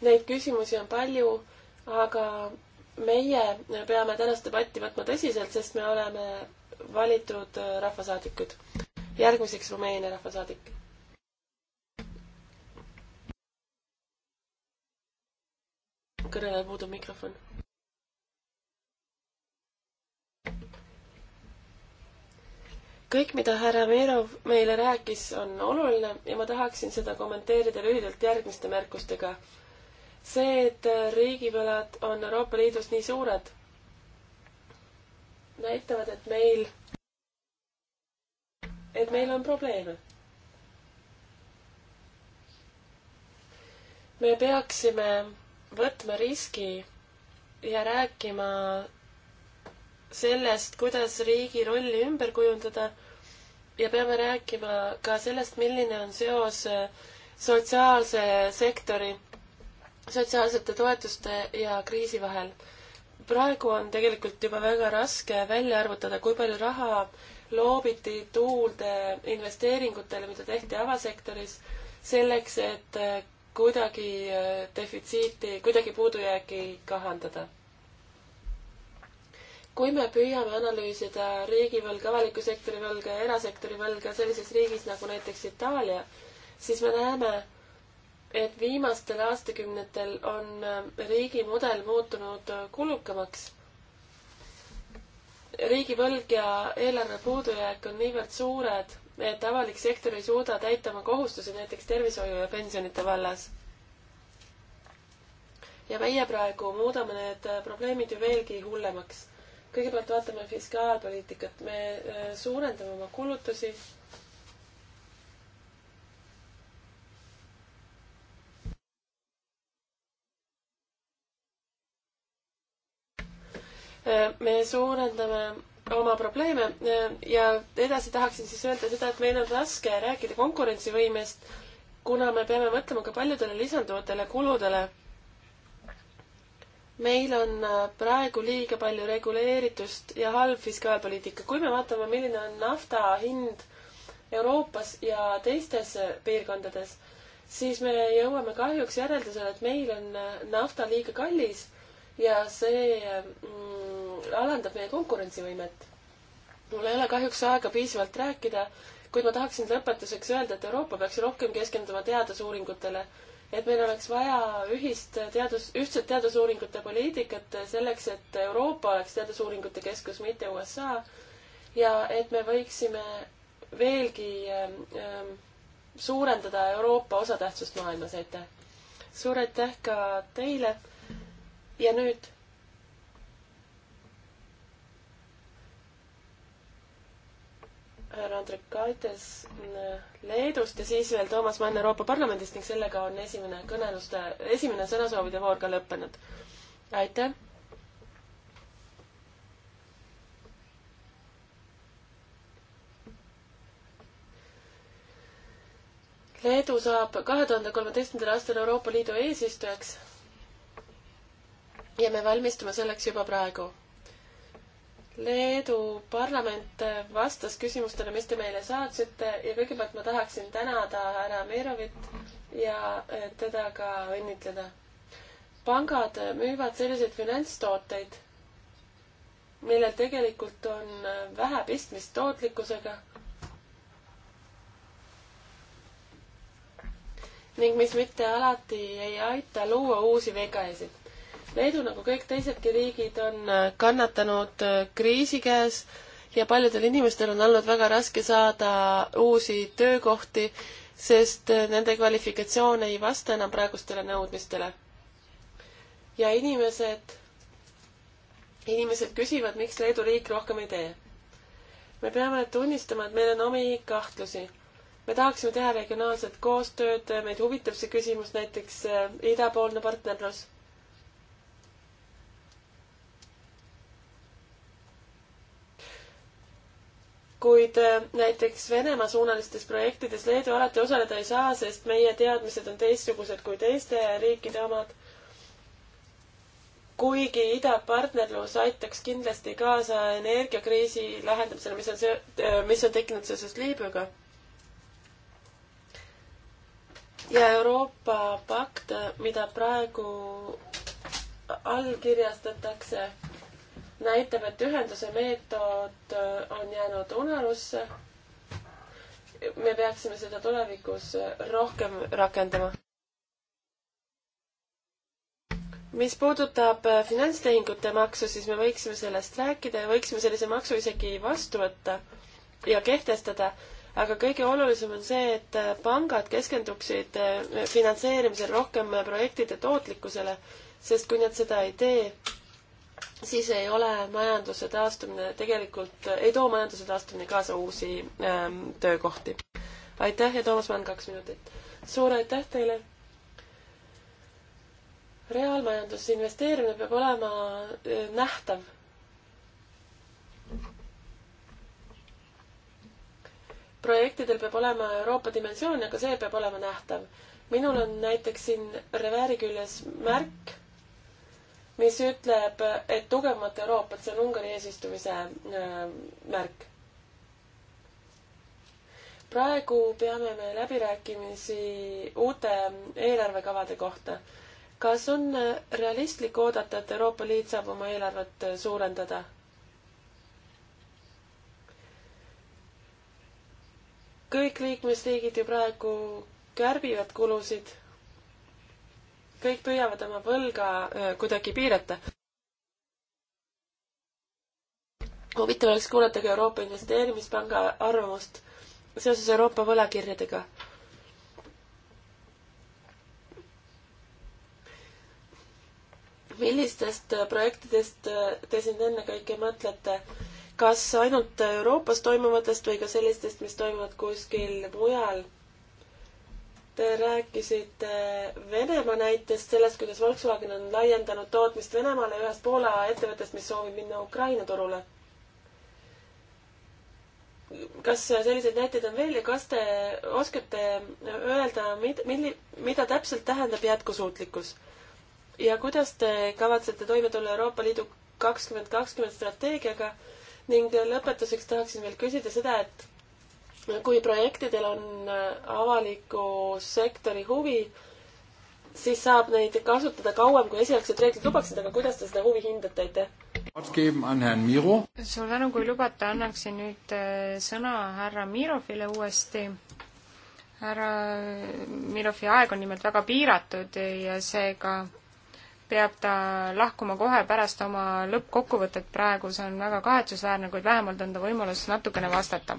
Neid küsimusi on palju, aga meie peame tänast debatti võtma tõsiselt, sest me oleme valitud äh, rahvasaadikud. järgmiseks Rumeenia rahvasaadik. kõnelejal puudub mikrofon. kõik, mida härra Meerov meile rääkis, on oluline ja ma tahaksin seda kommenteerida lühidalt järgmiste märkustega see, et riigivõlad on Euroopa Liidus nii suured, näitavad, et meil, et meil on probleeme. me peaksime võtma riski ja rääkima sellest, kuidas riigi rolli ümber kujundada ja peame rääkima ka sellest, milline on seos sotsiaalse sektori sotsiaalsete toetuste ja kriisi vahel. praegu on tegelikult juba väga raske välja arvutada, kui palju raha loobiti tuulde investeeringutele, mida tehti avasektoris, selleks, et äh, kuidagi äh, defitsiiti, kuidagi puudujääki kahandada kui me püüame analüüsida riigivõlga, avaliku sektori võlga ja erasektori võlga sellises riigis nagu näiteks Itaalia, siis me näeme, et viimastel aastakümnetel on äh, riigi mudel muutunud äh, kulukamaks. riigivõlg ja eelarve puudujääk on niivõrd suured, et avalik sektor ei suuda täita oma kohustusi näiteks tervishoiu ja pensionite vallas. ja meie praegu muudame need äh, probleemid ju veelgi hullemaks. kõigepealt vaatame fiskaalpoliitikat, me suurendame oma kulutusi me suurendame oma probleeme ja edasi tahaksin siis öelda seda, et meil on raske rääkida konkurentsivõimest, kuna me peame mõtlema ka paljudele lisanduvatele kuludele. meil on praegu liiga palju reguleeritust ja halb fiskaalpoliitika. kui me vaatame, milline on nafta hind Euroopas ja teistes piirkondades, siis me jõuame kahjuks järeldusele, et meil on nafta liiga kallis ja see mm, alandab meie konkurentsivõimet. mul ei ole kahjuks aega piisavalt rääkida, kuid ma tahaksin lõpetuseks öelda, et Euroopa peaks rohkem keskenduma teadusuuringutele, et meil oleks vaja ühist teadus, ühtset teadusuuringute poliitikat selleks, et Euroopa oleks teadusuuringute keskus, mitte USA, ja et me võiksime veelgi ähm, ähm suurendada Euroopa osatähtsust maailmas, aitäh! suur aitäh ka teile ja nüüd härra Andrek Kaites äh, Leedust ja siis veel Toomas Mann Euroopa Parlamendist ning sellega on esimene kõneluste, esimene sõnasoovide voor ka lõppenud. aitäh! Leedu saab kahe tuhande kolmeteistkümnendal aastal Euroopa Liidu eesistujaks ja me valmistume selleks juba praegu Leedu parlament vastas küsimustele, mis te meile saatsite ja kõigepealt ma tahaksin tänada härra Mirovit ja eh, teda ka õnnitleda. pangad müüvad selliseid finantstooteid, millel tegelikult on eh, vähe pistmist tootlikkusega ning mis mitte alati ei aita luua uusi vegaesid Leedu, nagu kõik teisedki riigid, on äh, kannatanud äh, kriisi käes ja paljudel inimestel on olnud väga raske saada uusi töökohti, sest äh, nende kvalifikatsioon ei vasta enam praegustele nõudmistele. ja inimesed, inimesed küsivad, miks Leedu riik rohkem ei tee. me peame tunnistama, et meil on omi kahtlusi. me tahaksime teha regionaalset koostööd, meid huvitab see küsimus, näiteks idapoolne partnerlus kuid äh, näiteks Venemaa suunalistes projektides Leedu alati osaleda ei saa, sest meie teadmised on teistsugused kui teiste riikide omad. kuigi idapartnerlus aitaks kindlasti kaasa energiakriisi lahendamisele, mis on see, äh, mis on tekkinud seoses Liibüaga. ja Euroopa pakt, äh, mida praegu allkirjastatakse näitab, et ühenduse meetod äh, on jäänud unarusse. me peaksime seda tulevikus äh, rohkem rakendama. mis puudutab äh, finantstehingute maksu, siis me võiksime sellest rääkida ja võiksime sellise maksu isegi vastu võtta ja kehtestada aga kõige olulisem on see, et pangad keskenduksid finantseerimisel rohkem projektide tootlikkusele, sest kui nad seda ei tee, siis ei ole majanduse taastumine tegelikult, ei too majanduse taastumine kaasa uusi ähm, töökohti. aitäh ja Toomas Mann, kaks minutit. suur aitäh teile! reaalmajandusse investeerimine peab olema äh, nähtav. projektidel peab olema Euroopa dimensioon ja ka see peab olema nähtav. minul on näiteks siin revääri küljes märk mis ütleb, et tugevamat Euroopat, see on Ungari eesistumise äh, märk. praegu peame me läbirääkimisi uute eelarvekavade kohta. kas on realistlik oodata, et Euroopa Liit saab oma eelarvet suurendada? kõik liikmesriigid ju praegu kärbivad kulusid kõik püüavad oma võlga kuidagi piirata. huvitav oleks kuulata ka Euroopa Investeerimispanga arvamust seoses Euroopa võlakirjadega. millistest projektidest te siin ennekõike mõtlete? kas ainult Euroopas toimuvatest või ka sellistest, mis toimuvad kuskil mujal Te rääkisite Venemaa näitest, sellest, kuidas Volkswagen on laiendanud tootmist Venemaale ühest Poola ettevõttest, mis soovib minna Ukraina turule. kas selliseid näiteid on veel ja kas te oskate öelda, mid-, milli-, mida täpselt tähendab jätkusuutlikkus? ja kuidas te kavatsete toime tulla Euroopa Liidu kakskümmend kakskümmend strateegiaga ning lõpetuseks tahaksin veel küsida seda, et kui projektidel on äh, avaliku sektori huvi, siis saab neid kasutada kauem, kui esialgsed reeglid lubaksid, aga kuidas te seda huvi hindate, aitäh? suur tänu, kui lubate, annaksin nüüd äh, sõna härra Mirovile uuesti. härra Mirovi aeg on nimelt väga piiratud ja seega ka peab ta lahkuma kohe pärast oma lõppkokkuvõtet praegu, see on väga kahetsusväärne, kuid vähemalt on ta võimalus natukene vastata.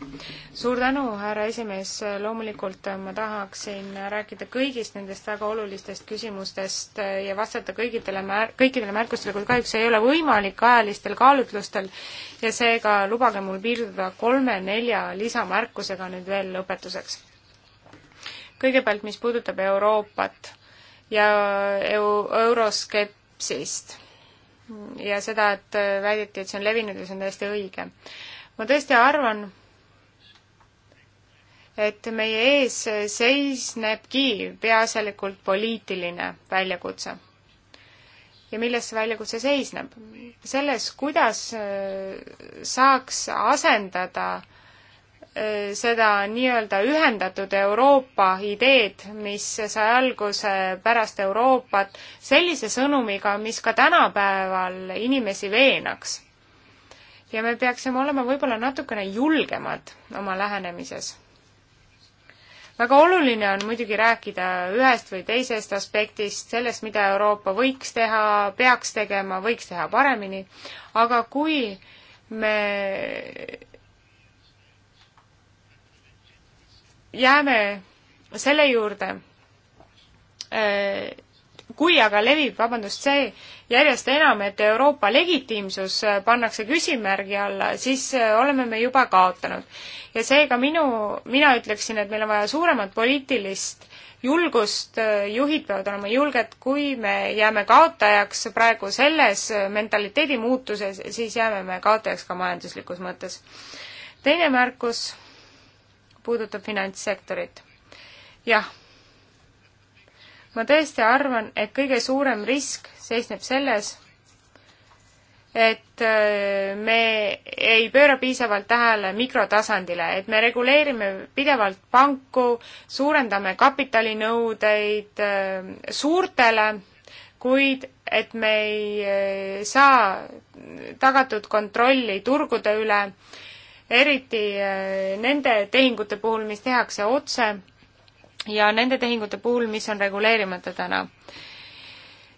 suur tänu, härra esimees, loomulikult ma tahaksin rääkida kõigist nendest väga olulistest küsimustest ja vastata kõigitele mär-, kõikidele märkustele, kuid kahjuks ei ole võimalik ajalistel kaalutlustel ja seega lubage mul piirduda kolme-nelja lisamärkusega nüüd veel lõpetuseks. kõigepealt, mis puudutab Euroopat ja eu-, euroskepsist. ja seda, et väideti, et see on levinud ja see on täiesti õige. ma tõesti arvan, et meie ees seisnebki peaasjalikult poliitiline väljakutse. ja milles see väljakutse seisneb? selles, kuidas äh, saaks asendada äh, Äh, seda nii-öelda ühendatud Euroopa ideed, mis sai alguse pärast Euroopat, sellise sõnumiga, mis ka tänapäeval inimesi veenaks. ja me peaksime olema võib-olla natukene julgemad oma lähenemises. väga oluline on muidugi rääkida ühest või teisest aspektist, sellest, mida Euroopa võiks teha, peaks tegema, võiks teha paremini, aga kui me jääme selle juurde, äh, kui aga levib, vabandust, see järjest enam, et Euroopa legitiimsus äh, pannakse küsimärgi alla, siis äh, oleme me juba kaotanud. ja seega minu, mina ütleksin, et meil on vaja suuremat poliitilist julgust, juhid peavad olema julged, kui me jääme kaotajaks praegu selles mentaliteedi muutuses, siis jääme me kaotajaks ka majanduslikus mõttes. teine märkus puudutab finantssektorit. jah, ma tõesti arvan, et kõige suurem risk seisneb selles, et äh, me ei pööra piisavalt tähele mikrotasandile, et me reguleerime pidevalt panku, suurendame kapitalinõudeid äh, suurtele, kuid et me ei äh, saa tagatud kontrolli turgude üle eriti eh, nende tehingute puhul, mis tehakse otse ja nende tehingute puhul, mis on reguleerimata täna.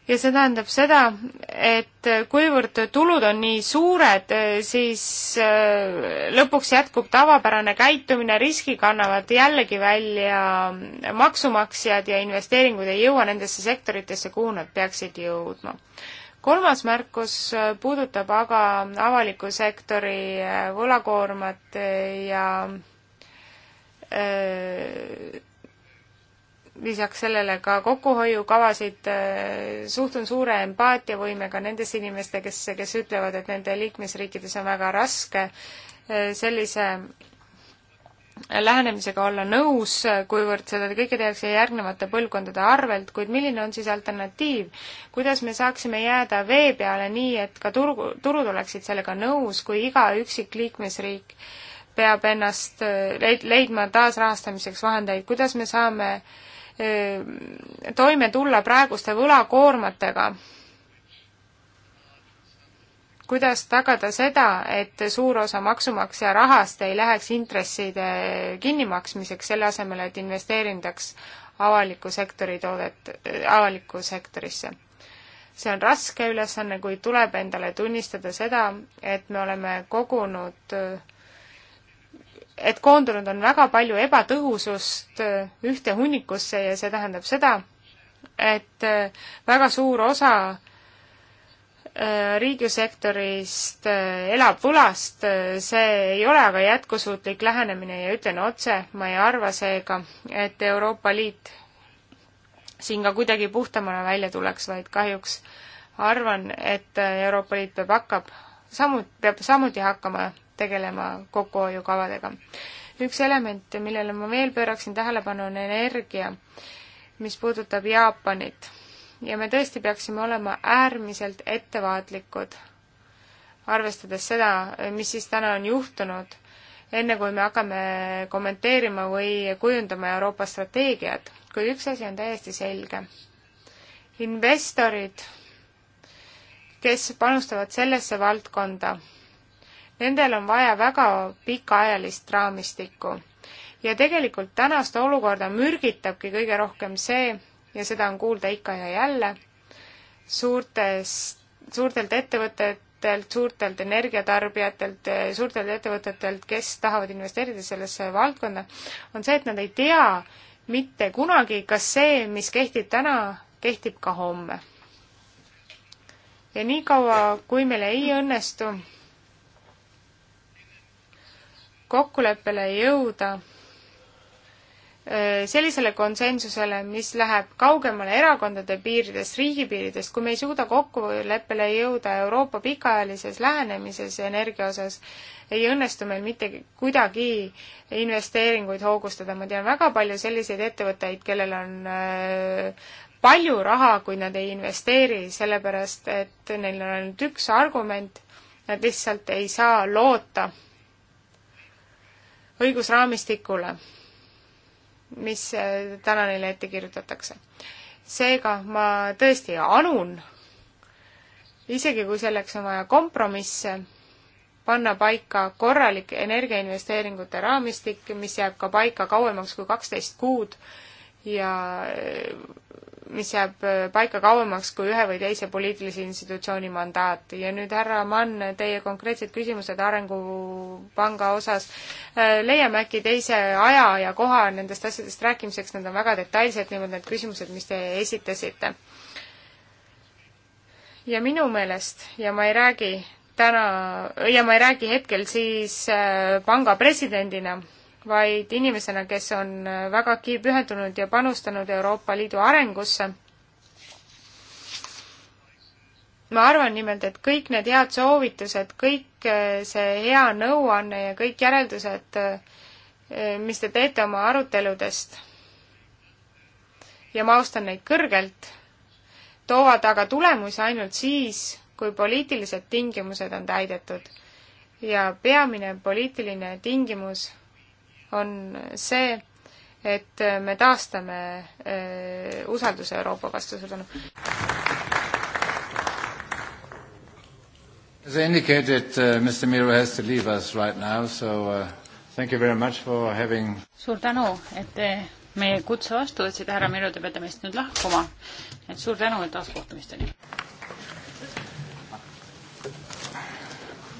ja see tähendab seda, et kuivõrd tulud on nii suured, eh, siis eh, lõpuks jätkub tavapärane käitumine, riski kannavad jällegi välja maksumaksjad ja investeeringud ei jõua nendesse sektoritesse, kuhu nad peaksid jõudma kolmas märkus äh, puudutab aga avaliku sektori äh, võlakoormat äh, ja öö, lisaks sellele ka kokkuhoiukavasid, suhtun suure empaatiavõimega nendesse inimeste, kes, kes ütlevad, et nende liikmesriikides on väga raske sellise lähenemisega olla nõus, kuivõrd seda kõike tehakse järgnevate põlvkondade arvelt, kuid milline on siis alternatiiv? kuidas me saaksime jääda vee peale nii, et ka turgu, turud oleksid sellega nõus, kui iga üksik liikmesriik peab ennast äh, leid-, leidma taasrahastamiseks vahendeid, kuidas me saame öö, äh, toime tulla praeguste võlakoormatega? kuidas tagada seda, et suur osa maksumaksja rahast ei läheks intresside kinnimaksmiseks, selle asemel, et investeerindaks avaliku sektori toodet, avalikku sektorisse. see on raske ülesanne, kuid tuleb endale tunnistada seda, et me oleme kogunud, et koondunud on väga palju ebatõhusust ühte hunnikusse ja see tähendab seda, et väga suur osa Äh, riigisektorist äh, elab võlast, äh, see ei ole aga jätkusuutlik lähenemine ja ütlen otse, ma ei arva seega, et Euroopa Liit siin ka kuidagi puhtamana välja tuleks, vaid kahjuks arvan, et Euroopa Liit peab hakkab, samu-, peab samuti hakkama tegelema kokkuhoiukavadega. üks element, millele ma veel pööraksin tähelepanu, on energia, mis puudutab Jaapanit ja me tõesti peaksime olema äärmiselt ettevaatlikud, arvestades seda, mis siis täna on juhtunud, enne kui me hakkame kommenteerima või kujundama Euroopa strateegiat, kuid üks asi on täiesti selge. investorid, kes panustavad sellesse valdkonda, nendel on vaja väga pikaajalist raamistikku ja tegelikult tänast olukorda mürgitabki kõige rohkem see, ja seda on kuulda ikka ja jälle, suurtest, suurtelt ettevõtetelt, suurtelt energiatarbijatelt, suurtelt ettevõtetelt, kes tahavad investeerida sellesse valdkonda, on see, et nad ei tea mitte kunagi, kas see, mis kehtib täna, kehtib ka homme. ja niikaua, kui meil ei õnnestu kokkuleppele jõuda Äh, sellisele konsensusele, mis läheb kaugemale erakondade piiridest, riigipiiridest, kui me ei suuda kokkuleppele jõuda Euroopa pikaajalises lähenemises energia osas, ei õnnestu meil mitte kuidagi investeeringuid hoogustada, ma tean väga palju selliseid ettevõtteid, kellel on äh, palju raha, kui nad ei investeeri, sellepärast et neil on ainult üks argument, nad lihtsalt ei saa loota õigusraamistikule mis äh, täna neile ette kirjutatakse. seega ma tõesti alun, isegi kui selleks on vaja kompromisse, panna paika korralik energiainvesteeringute raamistik, mis jääb ka paika kauemaks kui kaksteist kuud ja mis jääb äh, paika kauemaks kui ühe või teise poliitilise institutsiooni mandaat. ja nüüd, härra Mann, teie konkreetsed küsimused Arengupanga osas. Äh, leiame äkki teise aja ja koha nendest asjadest rääkimiseks, need on väga detailsed, niimoodi need küsimused, mis te esitasite. ja minu meelest, ja ma ei räägi täna, ja ma ei räägi hetkel siis äh, panga presidendina, vaid inimesena, kes on vägagi pühendunud ja panustanud Euroopa Liidu arengusse. ma arvan nimelt, et kõik need head soovitused, kõik äh, see hea nõuanne ja kõik järeldused, äh, mis te teete oma aruteludest, ja ma austan neid kõrgelt, toovad aga tulemusi ainult siis, kui poliitilised tingimused on täidetud. ja peamine poliitiline tingimus on see, et me taastame eh, usalduse Euroopa vastu, suur tänu. As I indicated uh,, Mr Miro has to leave us right now, so uh, thank you very much for having suur tänu, et te meie kutse vastu võtsite, härra Miro, te peate meist nüüd lahkuma. et suur tänu, et taas kohtumisteni.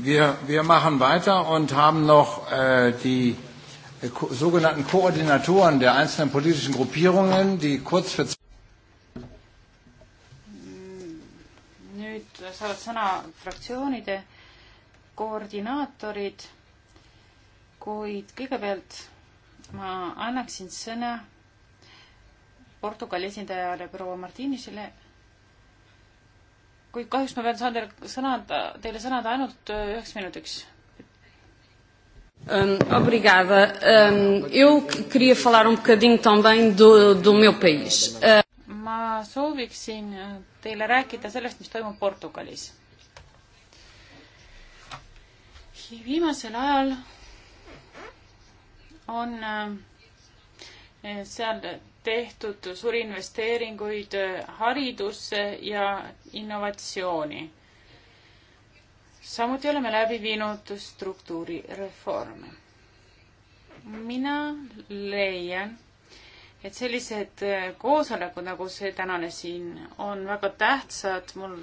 Wir, wir machen weiter und haben noch äh, die Äh, sogenannten Koordinatoren der einzelnen politischen Gruppierungen, die kurz für nüüd saavad sõna fraktsioonide koordinaatorid, kuid kõigepealt ma annaksin sõna Portugali esindajale proua Martinisele, kuid kahjuks ma pean saan teile sõna anda, teile sõna anda ainult äh, üheks minutiks Um, obrigada. Um, eu queria falar um bocadinho também do, do meu país. Uh... ma sooviksin teile rääkida sellest, mis toimub Portugalis. viimasel ajal on eh, seal tehtud suuri investeeringuid haridusse ja innovatsiooni samuti oleme läbi viinud struktuurireforme. mina leian, et sellised koosolekud, nagu see tänane siin, on väga tähtsad. mul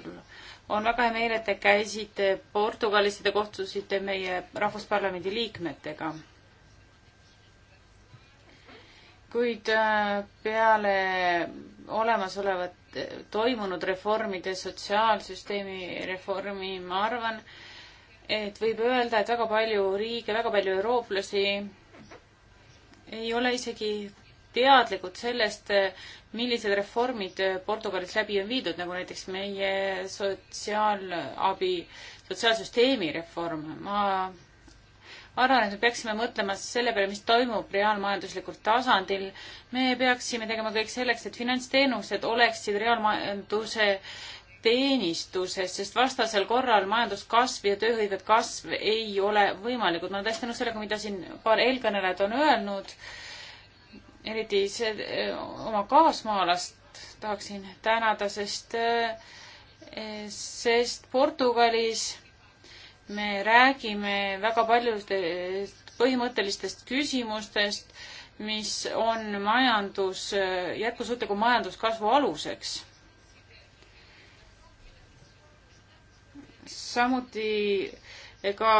on väga hea meel, et te käisite Portugalis ja te kohtusite meie Rahvusparlamendi liikmetega. kuid äh, peale olemasolevat toimunud reformide, sotsiaalsüsteemi reformi, ma arvan, et võib öelda, et väga palju riike, väga palju eurooplasi ei ole isegi teadlikud sellest, millised reformid Portugalis läbi on viidud, nagu näiteks meie sotsiaalabi, sotsiaalsüsteemi reform. ma arvan, et me peaksime mõtlema selle peale, mis toimub reaalmajanduslikul tasandil. me peaksime tegema kõik selleks, et finantsteenused oleksid reaalmajanduse teenistuses, sest vastasel korral majanduskasv ja tööhõivet kasv ei ole võimalikud. ma olen täiesti nõus sellega, mida siin paar eelkõnelejat on öelnud, eriti see eh, oma kaasmaalast tahaksin tänada, sest, eh, sest Portugalis me räägime väga paljudest põhimõttelistest küsimustest, mis on majandus, jätkusuutliku majanduskasvu aluseks. samuti ka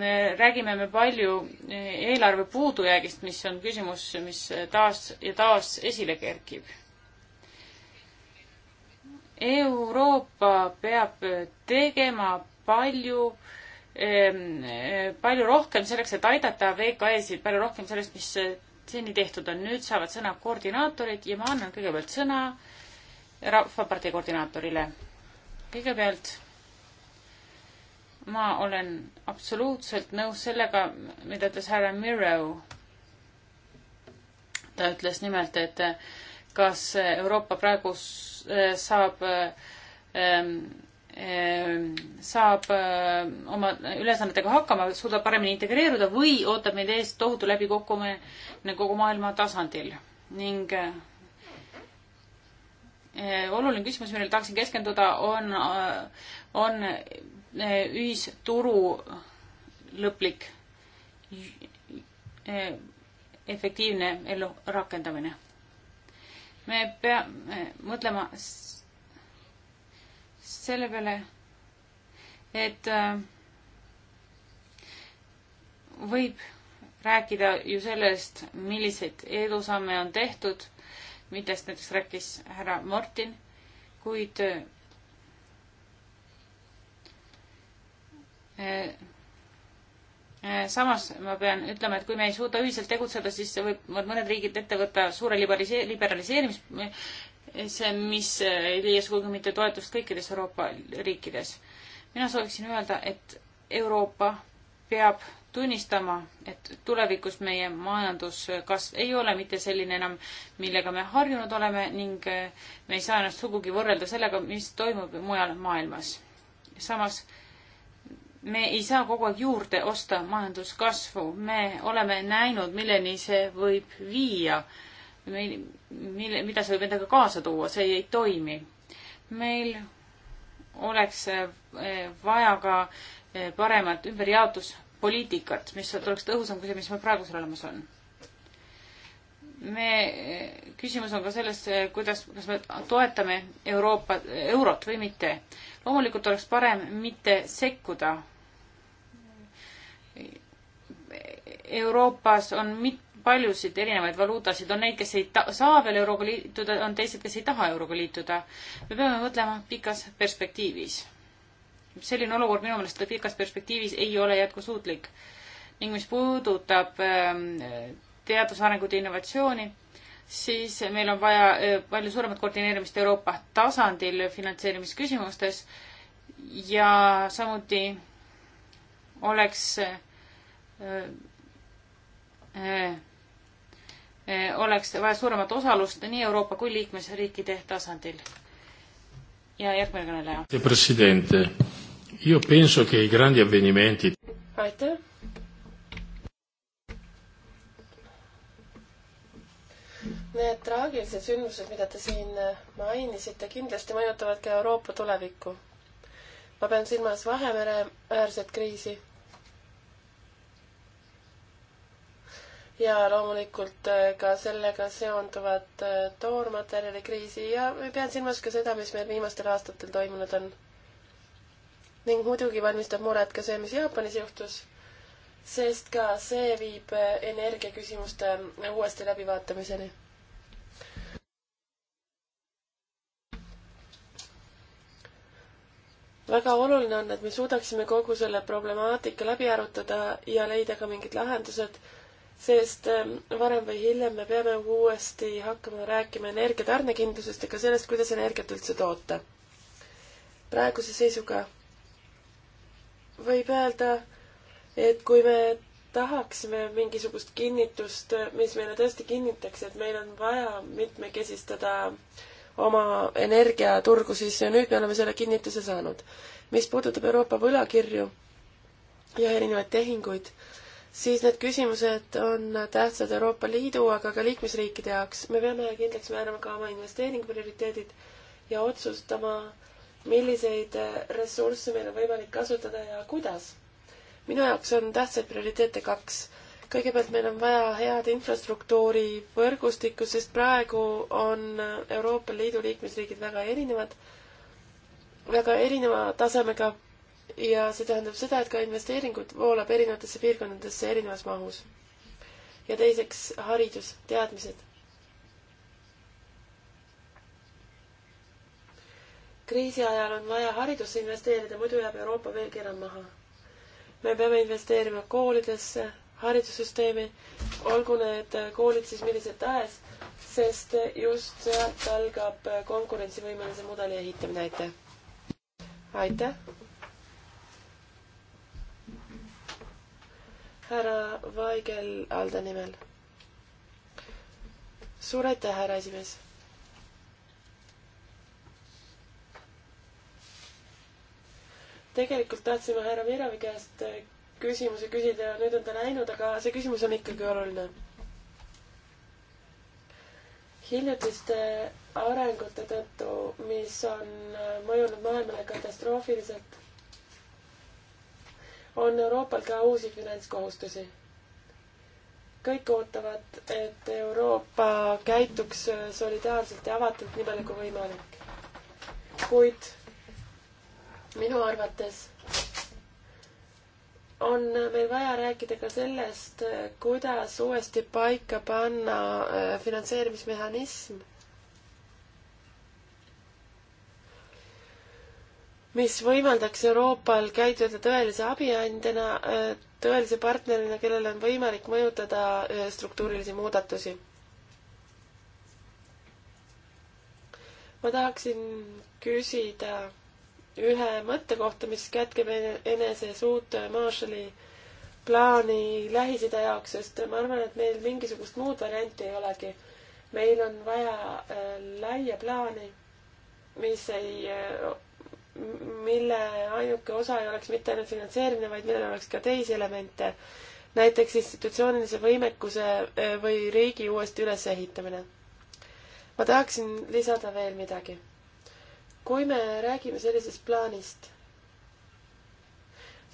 me räägime me palju eelarve puudujäägist, mis on küsimus, mis taas ja taas esile kerkib Euroopa peab tegema palju Ehm, eh, palju rohkem selleks, et aidata VKE-sid, palju rohkem sellest, mis eh, seni tehtud on. nüüd saavad sõna koordinaatorid ja ma annan kõigepealt sõna Rahvapartei koordinaatorile. kõigepealt ma olen absoluutselt nõus sellega, mida ütles härra Miro. ta ütles nimelt, et eh, kas Euroopa praegu saab ähm, Ehm, saab ehm, oma ülesannetega hakkama, suudab paremini integreeruda või ootab meid ees tohutu läbikukkumine kogu maailma tasandil ning ehm, oluline küsimus, millele tahaksin keskenduda, on, on ühisturu lõplik efektiivne ellurakendamine. me peame mõtlema selle peale, et äh, võib rääkida ju sellest, milliseid edusamme on tehtud, millest näiteks rääkis härra Martin, kuid äh, äh, samas ma pean ütlema, et kui me ei suuda ühiselt tegutseda, siis võivad mõned riigid ette võtta suure liberaliseerimis, see, mis ei leia sugugi mitte toetust kõikides Euroopa riikides. mina sooviksin öelda, et Euroopa peab tunnistama, et tulevikus meie majanduskasv ei ole mitte selline enam, millega me harjunud oleme ning eh, me ei saa ennast sugugi võrrelda sellega, mis toimub mujal maailmas. samas me ei saa kogu aeg juurde osta majanduskasvu, me oleme näinud, milleni see võib viia mille, mida see võib endaga kaasa tuua, see ei toimi. meil oleks eh, vaja ka eh, paremat ümberjaotuspoliitikat, mis oleks tõhusam kui see, mis meil praegusel olemas on. me, eh, küsimus on ka selles, kuidas, kas me toetame Euroopa, eurot või mitte. loomulikult oleks parem mitte sekkuda Euroopas on mit-, paljusid erinevaid valuutasid, on neid, kes ei saa veel euroga liituda, on teised, kes ei taha euroga liituda. me peame mõtlema pikas perspektiivis. selline olukord minu meelest pikas perspektiivis ei ole jätkusuutlik. ning mis puudutab ähm, teadusarengut ja innovatsiooni, siis meil on vaja äh, palju suuremat koordineerimist Euroopa tasandil finantseerimisküsimustes ja samuti oleks äh, äh, Eh, oleks vaja suuremat osalust nii Euroopa kui liikmesriikide tasandil. ja järgmine kõneleja. aitäh. Need traagilised sündmused, mida te siin eh, mainisite, kindlasti mõjutavad ka Euroopa tulevikku. ma pean silmas Vahemere äärset kriisi ja loomulikult äh, ka sellega seonduvat äh, toormaterjali kriisi ja pean silmas ka seda, mis meil viimastel aastatel toimunud on. ning muidugi valmistab muret ka see, mis Jaapanis juhtus, sest ka see viib äh, energiaküsimuste uuesti läbivaatamiseni väga oluline on, et me suudaksime kogu selle problemaatika läbi arutada ja leida ka mingid lahendused sest ähm, varem või hiljem me peame uuesti hakkama rääkima energia tarnekindlusest ja ka sellest, kuidas energiat üldse toota. praeguse seisuga võib öelda, et kui me tahaksime mingisugust kinnitust, mis meile tõesti kinnitaks, et meil on vaja mitmekesistada oma energiaturgu, siis nüüd me oleme selle kinnituse saanud. mis puudutab Euroopa võlakirju ja erinevaid tehinguid, siis need küsimused on tähtsad Euroopa Liidu, aga ka liikmesriikide jaoks. me peame kindlaks määrama ka oma investeeringuprioriteedid ja otsustama, milliseid ressursse meil on võimalik kasutada ja kuidas. minu jaoks on tähtsaid prioriteete kaks. kõigepealt meil on vaja head infrastruktuuri võrgustikku, sest praegu on Euroopa Liidu liikmesriigid väga erinevad, väga erineva tasemega ja see tähendab seda, et ka investeeringud voolab erinevatesse piirkondadesse erinevas mahus. ja teiseks haridus, teadmised. kriisi ajal on vaja haridusse investeerida, muidu jääb Euroopa veelgi enam maha. me peame investeerima koolidesse, haridussüsteemi, olgu need koolid siis millised tahes, sest just sealt algab konkurentsivõimelise mudeli ehitamine, aitäh! aitäh! härra Vaigel Alde nimel. suur aitäh, härra esimees. tegelikult tahtsime härra Viravi käest küsimuse küsida ja nüüd on ta läinud, aga see küsimus on ikkagi oluline. hiljutiste arengute tõttu, mis on mõjunud maailmale katastroofiliselt, on Euroopal ka uusi finantskohustusi. kõik ootavad, et Euroopa käituks solidaarselt ja avatult, nii palju kui võimalik. kuid minu arvates on meil vaja rääkida ka sellest, kuidas uuesti paika panna äh, finantseerimismehhanism mis võimaldaks Euroopal käituda tõelise abiandjana, tõelise partnerina, kellel on võimalik mõjutada eh, struktuurilisi muudatusi. ma tahaksin küsida ühe mõtte kohta, mis kätkeb eneses uut eh, Marshalli plaani Lähis-Ida jaoks, sest ma arvan, et meil mingisugust muud varianti ei olegi. meil on vaja eh, laia plaani, mis ei mille ainuke osa ei oleks mitte ainult finantseerimine, vaid millel oleks ka teisi elemente, näiteks institutsioonilise võimekuse eh, või riigi uuesti ülesehitamine. ma tahaksin lisada veel midagi. kui me räägime sellisest plaanist,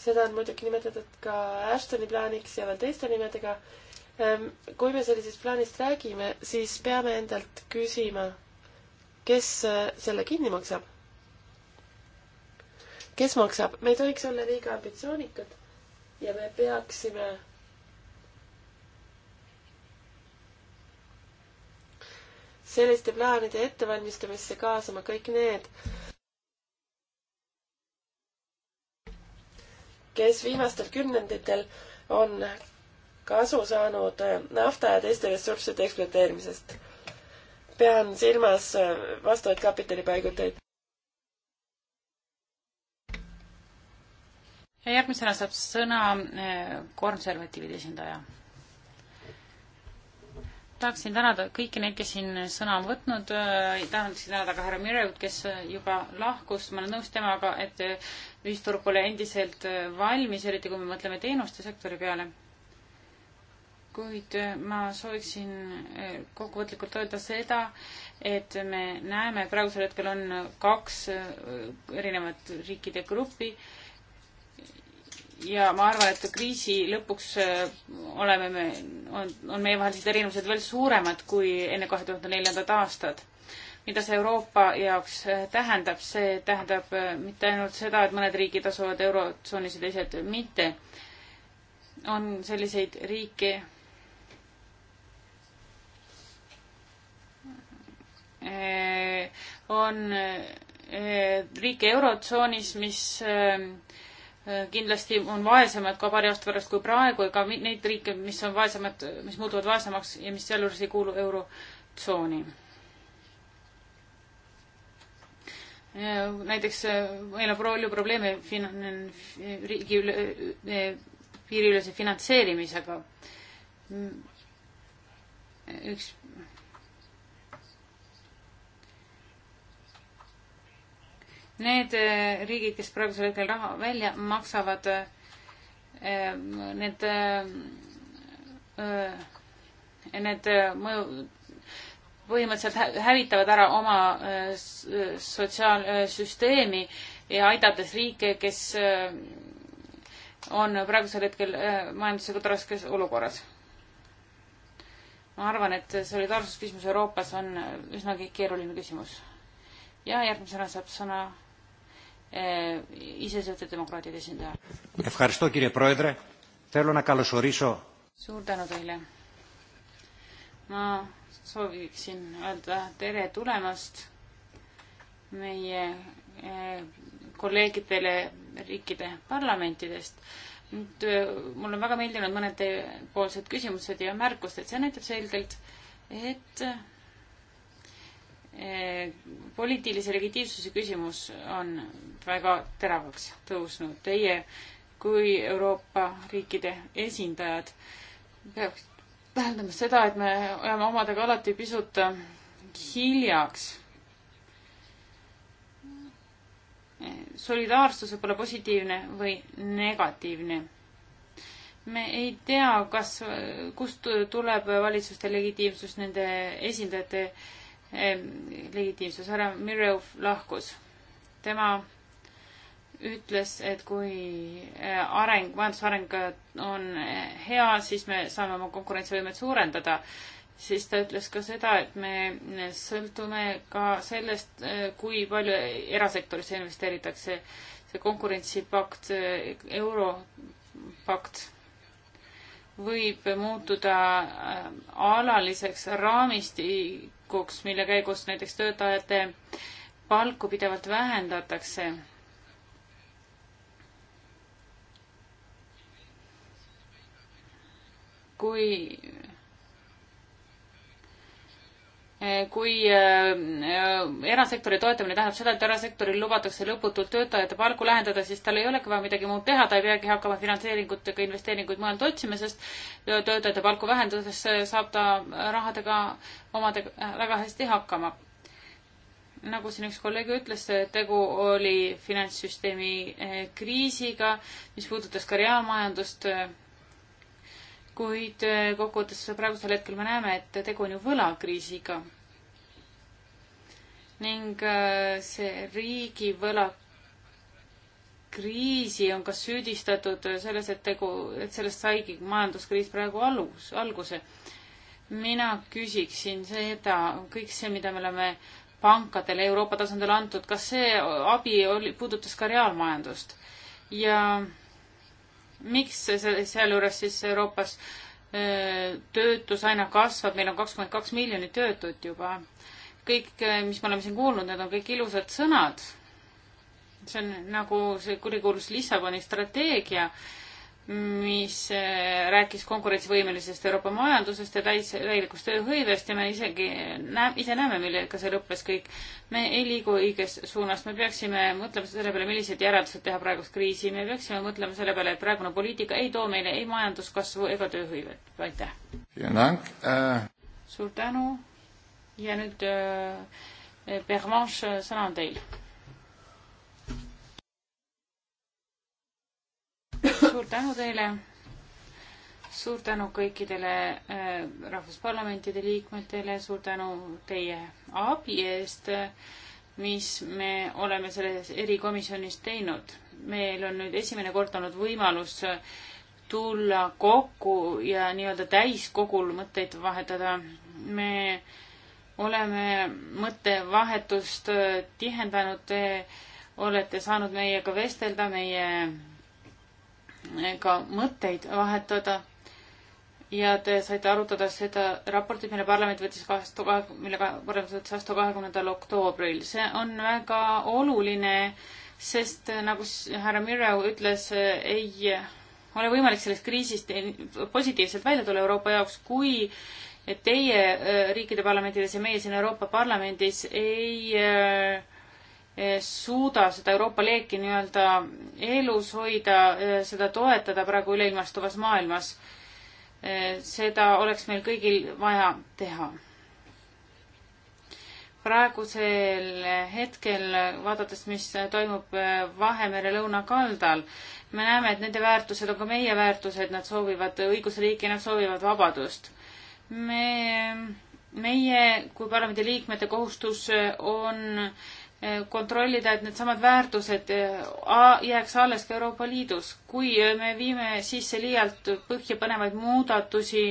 seda on muidugi nimetatud ka Ashtoni plaaniks ja veel teiste nimedega, ehm, kui me sellisest plaanist räägime, siis peame endalt küsima, kes eh, selle kinni maksab kes maksab, me ei tohiks olla liiga ambitsioonikad ja me peaksime selliste plaanide ettevalmistamisse kaasama kõik need, kes viimastel kümnenditel on kasu saanud äh, nafta ja teiste ressursside ekspluateerimisest. pean silmas äh, vastavaid kapitalipaiguteid. järgmisena saab sõna eh, konservatiivide esindaja. tahaksin tänada kõiki neid, kes siin sõna on võtnud, eh, tahaksin tänada ka härra Mirjevit, kes juba lahkus, ma olen nõus temaga, et eh, ühisturg pole endiselt valmis, eriti kui me mõtleme teenuste sektori peale. kuid ma sooviksin kokkuvõtlikult öelda seda, et me näeme, praegusel hetkel on kaks erinevat riikide gruppi ja ma arvan, et kriisi lõpuks äh, oleme me, on, on meievahelised erinevused veel suuremad kui enne kahe tuhande neljandat aastat. mida see Euroopa jaoks äh, tähendab, see tähendab äh, mitte ainult seda, et mõned riigid asuvad eurotsoonis ja teised mitte. on selliseid riike, on riike eurotsoonis, mis kindlasti on vaesemad ka paari aasta pärast kui praegu, ega neid riike, mis on vaesemad, mis muutuvad vaesemaks ja mis sealjuures ei kuulu eurotsooni. näiteks äh, meil on palju probleeme fin-, riigi üle, äh, piiriülese finantseerimisega. üks Need eh, riigid, kes praegusel hetkel raha välja maksavad, eh, need, eh, need mõju, põhimõtteliselt hävitavad ära oma sotsiaalsüsteemi ja aidates riike, kes on praegusel hetkel majanduslikult raskes olukorras. ma arvan, et solidaarsusküsimus Euroopas on üsnagi keeruline küsimus. ja järgmisena saab sõna iseseisvate demokraatide esindaja. suur tänu teile. ma sooviksin öelda tere tulemast meie e, kolleegidele riikide parlamentidest. nüüd e, mulle on väga meeldinud mõned teiepoolsed küsimused ja märkused, see näitab selgelt, et poliitilise legitiimsuse küsimus on väga teravaks tõusnud. Teie kui Euroopa riikide esindajad peaks tähendama seda, et me oleme omadega alati pisut hiljaks. solidaarsus võib olla positiivne või negatiivne. me ei tea, kas, kust tuleb valitsuste legitiimsus nende esindajate äh, legitiimsus. härra Mirjov lahkus. tema ütles, et kui äh, areng, majandusareng on äh, hea, siis me saame oma konkurentsivõimet suurendada. siis ta ütles ka seda, et me sõltume ka sellest, äh, kui palju erasektorisse investeeritakse. see konkurentsipakt, europakt võib muutuda alaliseks raamistiks tulekuks, mille käigus näiteks töötajate palku pidevalt vähendatakse. kui Eh, kui eh, eh, erasektori toetamine tähendab seda, et erasektoril lubatakse lõputult töötajate palku lähendada, siis tal ei olegi vaja midagi muud teha, ta ei peagi hakkama finantseeringutega investeeringuid mujalt otsima, sest töötajate palku vähendades saab ta rahadega omadega väga hästi hakkama. nagu siin üks kolleeg ütles, tegu oli finantssüsteemi kriisiga, mis puudutas ka reaalmajandust kuid äh, kokkuvõttes praegusel hetkel me näeme, et tegu on ju võlakriisiga. ning äh, see riigi võlakriisi on ka süüdistatud selles, et tegu, et sellest saigi majanduskriis praegu alus, alguse. mina küsiksin seda, kõik see, mida me oleme pankadele Euroopa tasandil antud, kas see abi oli, puudutas ka reaalmajandust? ja miks sealjuures siis Euroopas töötus aina kasvab, meil on kakskümmend kaks miljonit töötut juba. kõik, mis me oleme siin kuulnud, need on kõik ilusad sõnad. see on nagu see kurikuulus Lissaboni strateegia mis äh, rääkis konkurentsivõimelisest Euroopa majandusest ja täis, täielikust tööhõivest ja me isegi näe-, ise näeme, millega see lõppes kõik. me ei liigu õiges suunas, me peaksime mõtlema selle peale, millised järeldused teha praegust kriisi, me peaksime mõtlema selle peale, et praegune poliitika ei too meile ei majanduskasvu ega tööhõivet, aitäh! Äh. suur tänu ja nüüd äh, Bermanche, sõna on teil suur tänu teile. suur tänu kõikidele äh, rahvusparlamentide liikmetele, suur tänu teie abi eest, äh, mis me oleme selles erikomisjonis teinud. meil on nüüd esimene kord olnud võimalus äh, tulla kokku ja nii-öelda täiskogul mõtteid vahetada. me oleme mõttevahetust äh, tihendanud, te olete saanud meiega vestelda, meie ka mõtteid vahetada ja te saite arutada seda raportit, mille parlament võttis kahestu-, mille parlament võttis vastu kahekümnendal oktoobril. see on väga oluline, sest nagu härra Mirrau ütles, ei ole võimalik sellest kriisist positiivselt välja tulla Euroopa jaoks, kui teie äh, riikide parlamentides ja meie siin Euroopa Parlamendis ei äh, Eh, suuda seda Euroopa leeki nii-öelda elus hoida, eh, seda toetada praegu üleilmastuvas maailmas. Eh, seda oleks meil kõigil vaja teha. praegusel hetkel, vaadates, mis toimub Vahemere lõunakaldal, me näeme, et nende väärtused on ka meie väärtused, nad soovivad õigusriiki, nad soovivad vabadust. me, meie kui parlamendi liikmete kohustus on äh, Eh, kontrollida, et needsamad väärtused eh, jääks alles ka Euroopa Liidus. kui eh, me viime sisse liialt põhjapanevaid muudatusi,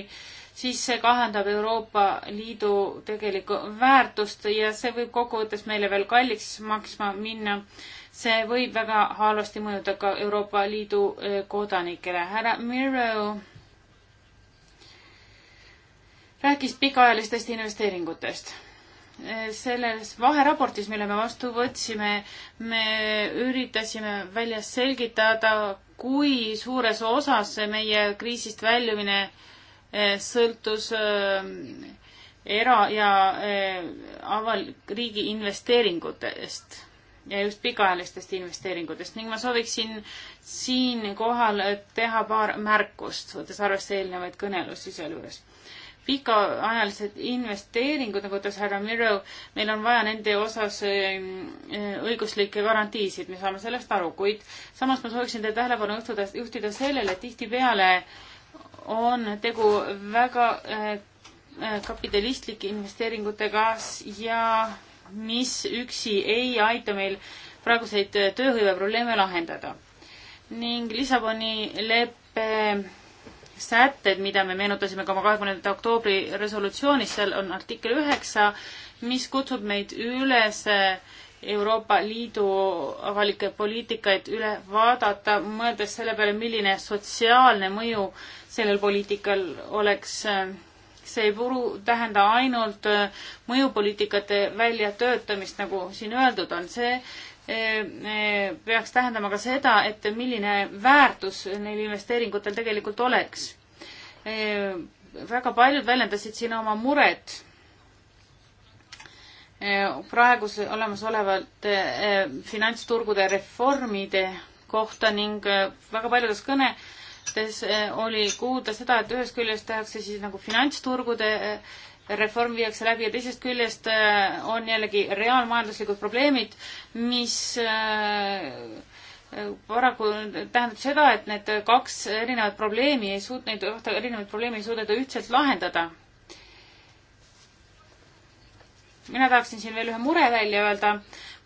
siis see kahandab Euroopa Liidu tegelikku väärtust ja see võib kokkuvõttes meile veel kalliks maksma minna. see võib väga halvasti mõjuda ka Euroopa Liidu kodanikele. härra Miro rääkis pikaajalistest investeeringutest selles vaheraportis, mille me vastu võtsime, me üritasime välja selgitada, kui suures osas meie kriisist väljumine eh, sõltus eh, era- ja eh, avalik-, riigi investeeringutest ja just pikaajalistest investeeringutest ning ma sooviksin siinkohal teha paar märkust, võttes arvesse eelnevaid kõnelusi sealjuures pikaajalised investeeringud, nagu ütles härra Miro, meil on vaja nende osas ehm, ehm, õiguslikke garantiisid, me saame sellest aru, kuid samas ma sooviksin teie tähelepanu juhtuda, juhtida sellele, et tihtipeale on tegu väga eh, eh, kapitalistlike investeeringutega ja mis üksi ei aita meil praeguseid tööhõiveprobleeme lahendada. ning Lissaboni leppe sätted, mida me meenutasime ka oma kahekümnenda oktoobri resolutsioonis, seal on artikkel üheksa, mis kutsub meid üles Euroopa Liidu avalikke poliitikaid üle vaadata, mõeldes selle peale, milline sotsiaalne mõju sellel poliitikal oleks. see ei puru, tähenda ainult mõjupoliitikate väljatöötamist, nagu siin öeldud on, see Eh, eh, peaks tähendama ka seda, et milline väärtus neil investeeringutel tegelikult oleks. Eh, väga paljud väljendasid siin oma muret praeguse olemasolevate finantsturgude reformide kohta ning väga paljudes kõnedes oli kuulda seda, et ühest küljest tehakse siis nagu finantsturgude reform viiakse läbi ja teisest küljest äh, on jällegi reaalmajanduslikud probleemid, mis äh, paraku tähendab seda, et need kaks erinevat probleemi ei suut-, neid kahte erinevat probleemi ei suudeta ühtselt lahendada. mina tahaksin siin veel ühe mure välja öelda.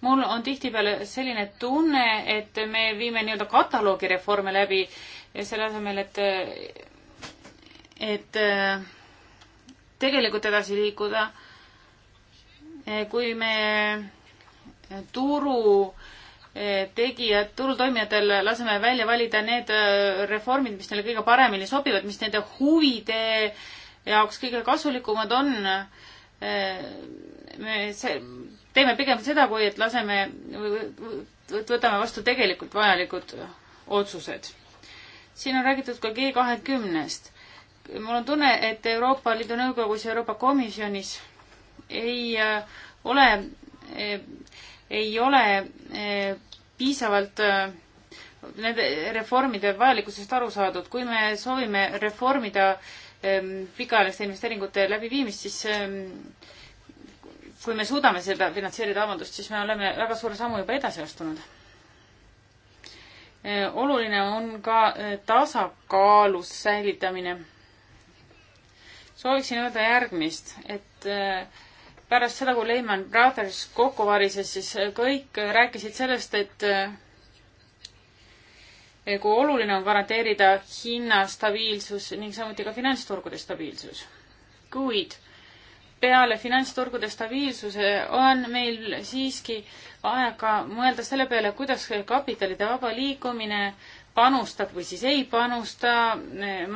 mul on tihtipeale selline tunne, et me viime nii-öelda kataloogireforme läbi ja selle asemel, et, et, et äh, tegelikult edasi liikuda. Eh, kui me eh, turu eh, tegijad, turutoimijatel laseme välja valida need reformid, mis neile kõige paremini sobivad, mis nende huvide jaoks kõige kasulikumad on. me see, teeme pigem seda, kui et laseme, võtame vastu tegelikult vajalikud otsused. siin on räägitud ka G kahekümnest mul on tunne, et Euroopa Liidu Nõukogus ja Euroopa Komisjonis ei äh, ole, äh, ei ole äh, piisavalt nende reformide vajalikkusest aru saadud. kui me soovime reformida ähm, pikaajaliste investeeringute läbiviimist, siis ähm, kui me suudame seda finantseerida, vabandust, siis me oleme väga suure sammu juba edasi astunud. oluline on ka tasakaalus säilitamine sooviksin öelda järgmist, et äh, pärast seda, kui Lehman Brothers kokku varises, siis äh, kõik rääkisid sellest, et äh, kui oluline on garanteerida hinna stabiilsus ning samuti ka finantsturgude stabiilsus. kuid peale finantsturgude stabiilsuse on meil siiski aega mõelda selle peale, kuidas kapitalide vaba liikumine panustad või siis ei panusta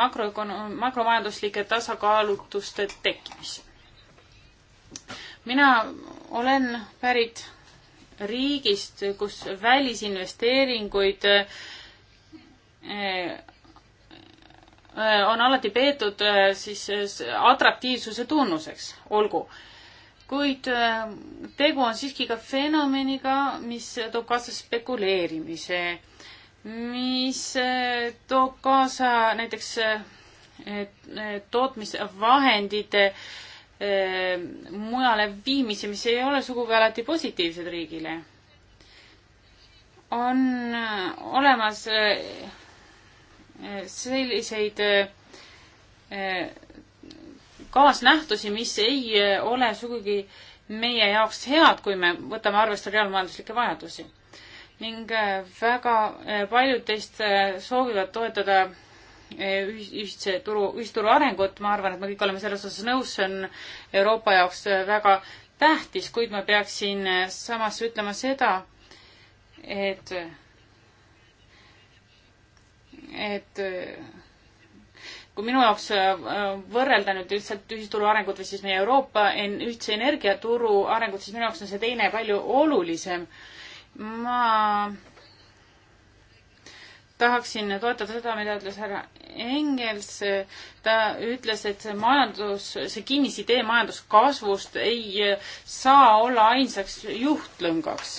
makroökonoom-, makromajanduslike tasakaalutuste tekkimisse. mina olen pärit riigist, kus välisinvesteeringuid eh, eh, on alati peetud eh, siis atraktiivsuse tunnuseks, olgu. kuid tegu on siiski ka fenomeniga, mis toob kaasa spekuleerimise mis eh, toob kaasa näiteks eh, eh, tootmisvahendid mujale viimisi, mis ei ole sugugi alati positiivsed riigile. on olemas selliseid kaasnähtusi, mis ei ole sugugi meie jaoks head, kui me võtame arvesse reaalmajanduslikke vajadusi ning äh, väga äh, paljud teist äh, soovivad toetada ühtse turu, ühisturu arengut, ma arvan, et me kõik oleme selles osas nõus, see on Euroopa jaoks väga tähtis, kuid ma peaksin samas ütlema seda, et, et kui minu jaoks võrrelda nüüd lihtsalt ühisturu arengut või siis meie Euroopa en, ühtse energiaturu arengut, siis minu jaoks on see teine palju olulisem äh, ma tahaksin toetada seda, mida ütles härra Engels. ta ütles, et see majandus, see kinnisidee majanduskasvust ei saa olla ainsaks juhtlõngaks.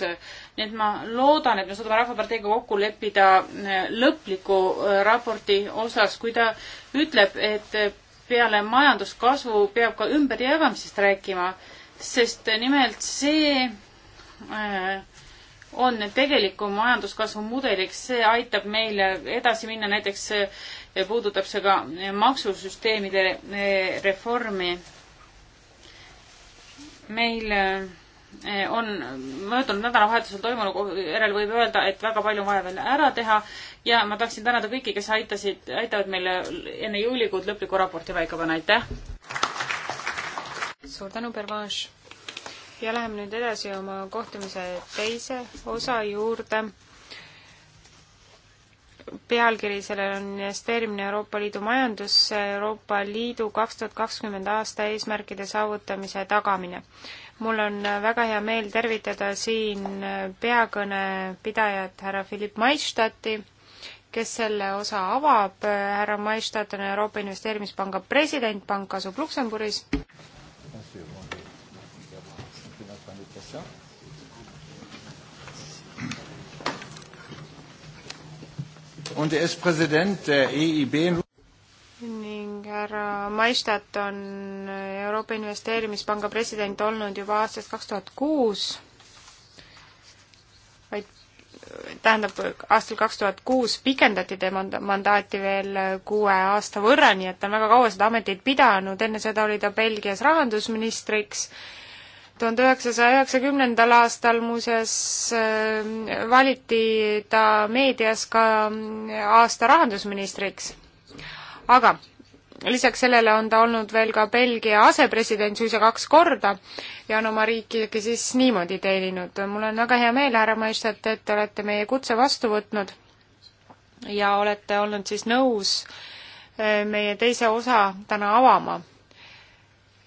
nii et ma loodan, et me suudame Rahvaparteiga kokku leppida lõpliku raporti osas, kui ta ütleb, et peale majanduskasvu peab ka ümberjagamisest rääkima, sest nimelt see äh, on tegeliku majanduskasvu mudeliks, see aitab meil edasi minna, näiteks puudutab see ka maksusüsteemide eh, reformi. meil eh, on möödunud nädalavahetusel toimunud järel võib öelda, et väga palju on vaja veel ära teha ja ma tahaksin tänada kõiki, kes aitasid, aitavad meile enne juulikuud lõpliku raporti paika panna, aitäh! suur tänu, Pervanš! ja läheme nüüd edasi oma kohtumise teise osa juurde. pealkiri sellel on investeerimine Euroopa Liidu majandusse, Euroopa Liidu kaks tuhat kakskümmend aasta eesmärkide saavutamise tagamine. mul on väga hea meel tervitada siin peakõnepidajat härra Philipp Maistati, kes selle osa avab. härra Maistat on Euroopa Investeerimispanga president, pank asub Luksemburis. und er ist Präsident der EIB. ning härra Maistat on Euroopa Investeerimispanga president olnud juba aastast kaks tuhat kuus, vaid tähendab, aastal kaks tuhat kuus pikendati tema mandaati veel kuue aasta võrra, nii et ta on väga kaua seda ametit pidanud, enne seda oli ta Belgias rahandusministriks tuhande üheksasaja üheksakümnendal aastal muuseas äh, valiti ta meedias ka äh, aasta rahandusministriks. aga lisaks sellele on ta olnud veel ka Belgia asepresident suisa kaks korda ja on oma riiki siis niimoodi teeninud. mul on väga hea meel, härra Maistat, et te olete meie kutse vastu võtnud ja olete olnud siis nõus äh, meie teise osa täna avama.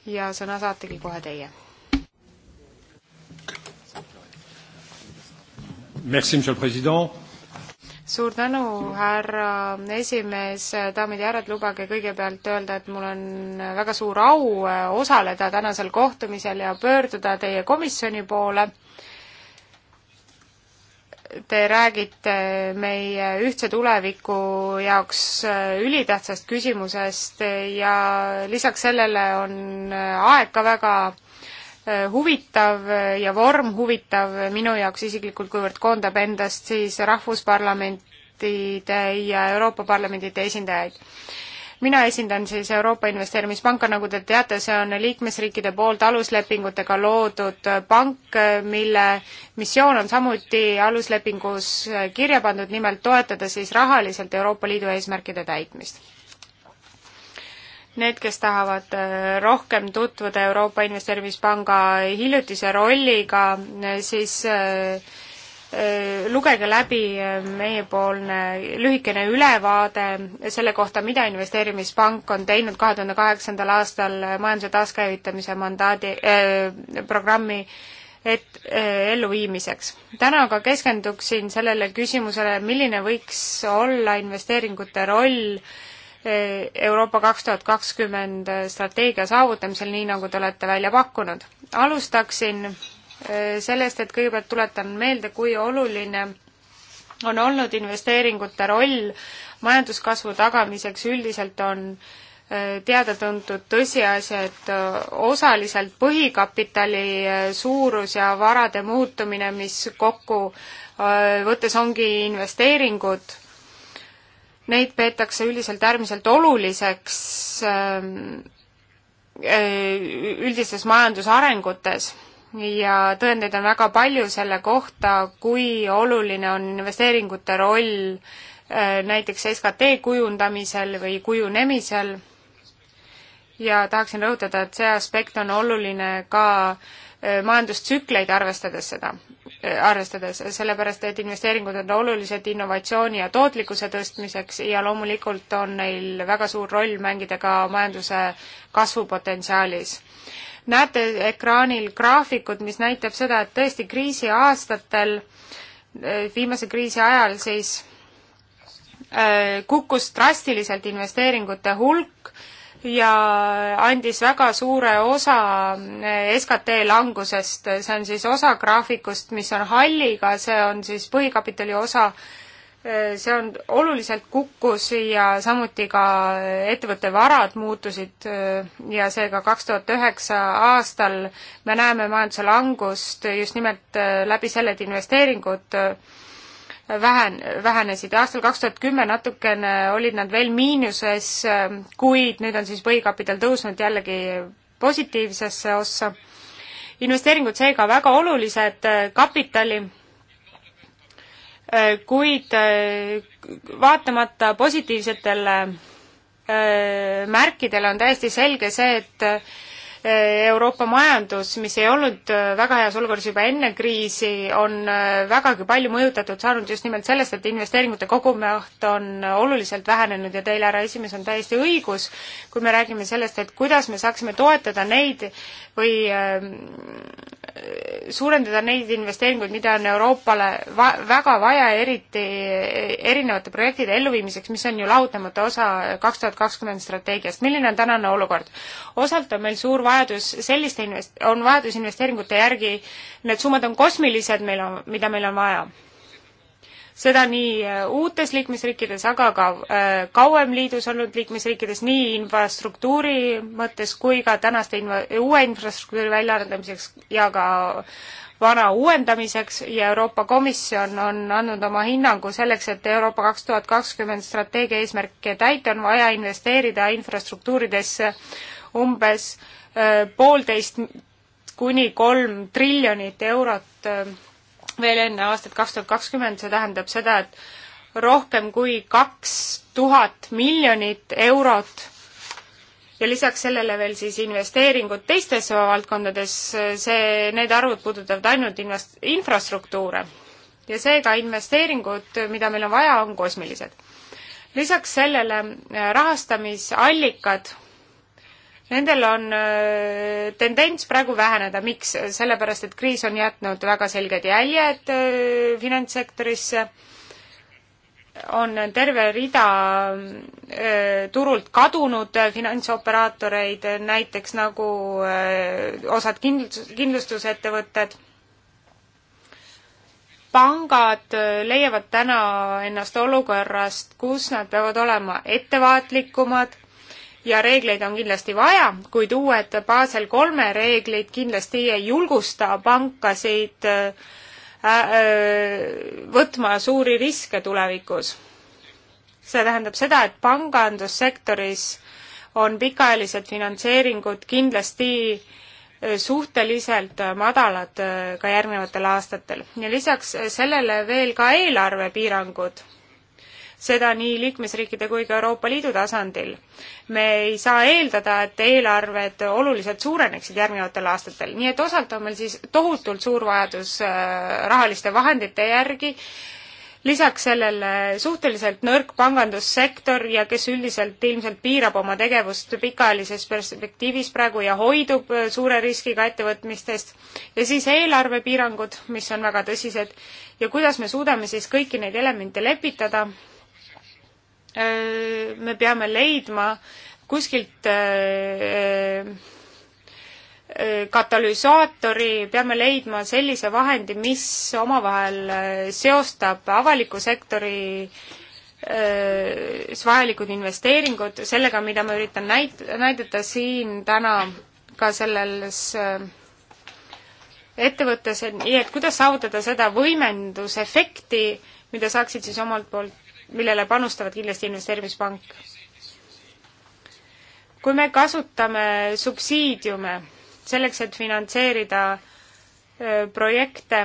ja sõna saategi kohe teie suur tänu, härra esimees, daamid ja härrad, lubage kõigepealt öelda, et mul on väga suur au äh, osaleda tänasel kohtumisel ja pöörduda teie komisjoni poole te räägite meie ühtse tuleviku jaoks äh, ülitähtsast küsimusest ja lisaks sellele on äh, aeg ka väga Eh, huvitav ja vorm huvitav minu jaoks isiklikult, kuivõrd koondab endast siis rahvusparlamentide ja Euroopa Parlamendide esindajaid mina esindan siis Euroopa Investeerimispanka, nagu te teate, see on liikmesriikide poolt aluslepingutega loodud pank, mille missioon on samuti aluslepingus kirja pandud, nimelt toetada siis rahaliselt Euroopa Liidu eesmärkide täitmist Need, kes tahavad äh, rohkem tutvuda Euroopa Investeerimispanga hiljutise rolliga, siis äh, äh, lugege läbi meiepoolne lühikene ülevaade selle kohta, mida Investeerimispank on teinud kahe tuhande kaheksandal aastal majanduse taaskäivitamise mandaadi äh, programmi et äh, elluviimiseks. täna aga keskenduksin sellele küsimusele, milline võiks olla investeeringute roll äh, Eh, Euroopa kaks tuhat kakskümmend strateegia saavutamisel, nii nagu te olete välja pakkunud. alustaksin eh, sellest, et kõigepealt tuletan meelde, kui oluline on olnud investeeringute roll majanduskasvu tagamiseks, üldiselt on eh, teada-tuntud tõsiasi, et osaliselt põhikapitali suurus ja varade muutumine, mis kokku võttes ongi investeeringud, Neid peetakse üldiselt äärmiselt oluliseks ähm, äh, üldistes majandusarengutes ja tõendeid on väga palju selle kohta, kui oluline on investeeringute roll äh, näiteks SKT kujundamisel või kujunemisel. ja tahaksin rõhutada, et see aspekt on oluline ka äh, majandustsükleid arvestades seda arvestades, sellepärast et investeeringud on olulised innovatsiooni ja tootlikkuse tõstmiseks ja loomulikult on neil väga suur roll mängida ka majanduse kasvupotentsiaalis. näete ekraanil graafikut, mis näitab seda, et tõesti kriisi aastatel, eh, viimase kriisi ajal siis eh, kukkus drastiliselt investeeringute hulk ja andis väga suure osa eh, SKT langusest, see on siis osa graafikust, mis on halliga, see on siis põhikapitali osa, eh, see on, oluliselt kukkus ja samuti ka ettevõtte varad muutusid eh, ja seega kaks tuhat üheksa aastal me näeme majanduse langust just nimelt läbi selle, et investeeringud vähen-, vähenesid. aastal kaks tuhat kümme natukene olid nad veel miinuses, ähm, kuid nüüd on siis põhikapital tõusnud jällegi positiivsesse ossa. investeeringud seega väga olulised äh, kapitali, äh, kuid äh, vaatamata positiivsetele märkidele on täiesti selge see, et Euroopa majandus, mis ei olnud äh, väga heas olukorras juba enne kriisi, on äh, vägagi palju mõjutatud saanud just nimelt sellest, et investeeringute kogumaht on oluliselt vähenenud ja teil, härra esimees, on täiesti õigus, kui me räägime sellest, et kuidas me saaksime toetada neid või äh, suurendada neid investeeringuid, mida on Euroopale va-, väga vaja, eriti erinevate projektide elluviimiseks, mis on ju lahutamatu osa kaks tuhat kakskümmend strateegiast. milline on tänane olukord? osalt on meil suur vajadus selliste invest-, on vajadus investeeringute järgi, need summad on kosmilised, meil on, mida meil on vaja seda nii äh, uutes liikmesriikides, aga ka äh, kauem liidus olnud liikmesriikides, nii infrastruktuuri mõttes kui ka tänaste inva-, uue infrastruktuuri väljaarendamiseks ja ka vana uuendamiseks ja Euroopa Komisjon on andnud oma hinnangu selleks, et Euroopa kaks tuhat kakskümmend strateegia eesmärke täita, on vaja investeerida infrastruktuuridesse umbes äh, poolteist kuni kolm triljonit eurot veel enne aastat kaks tuhat kakskümmend, see tähendab seda, et rohkem kui kaks tuhat miljonit eurot ja lisaks sellele veel siis investeeringud teistes valdkondades, see, need arvud puudutavad ainult invest-, infrastruktuure. ja seega investeeringud, mida meil on vaja, on kosmilised. lisaks sellele rahastamisallikad Nendel on äh, tendents praegu väheneda, miks? sellepärast, et kriis on jätnud väga selged jäljed äh, finantssektorisse, on terve rida äh, turult kadunud finantsoperaatoreid, näiteks nagu osad kindlustus, kindlustusettevõtted pangad leiavad täna ennast olukorrast, kus nad peavad olema ettevaatlikumad ja reegleid on kindlasti vaja, kuid uued Basel kolme reeglid kindlasti ei julgusta pankasid äh, äh, võtma suuri riske tulevikus. see tähendab seda, et pangandussektoris on pikaajalised finantseeringud kindlasti äh, suhteliselt madalad ka järgnevatel aastatel ja lisaks sellele veel ka eelarvepiirangud seda nii liikmesriikide kui ka Euroopa Liidu tasandil. me ei saa eeldada, et eelarved oluliselt suureneksid järgnevatel aastatel, nii et osalt on meil siis tohutult suur vajadus äh, rahaliste vahendite järgi, lisaks sellele suhteliselt nõrk pangandussektor ja kes üldiselt ilmselt piirab oma tegevust pikaajalises perspektiivis praegu ja hoidub äh, suure riskiga ettevõtmistest, ja siis eelarvepiirangud, mis on väga tõsised, ja kuidas me suudame siis kõiki neid elemente lepitada Äh, me peame leidma kuskilt äh, äh, katalüsaatori, peame leidma sellise vahendi, mis omavahel seostab avaliku sektori vajalikud investeeringud sellega, mida ma üritan näit-, näidata siin täna ka selles ettevõttes, et nii, et kuidas saavutada seda võimendusefekti, mida saaksid siis omalt poolt millele panustavad kindlasti investeerimispank. kui me kasutame subsiidiume selleks, et finantseerida projekte,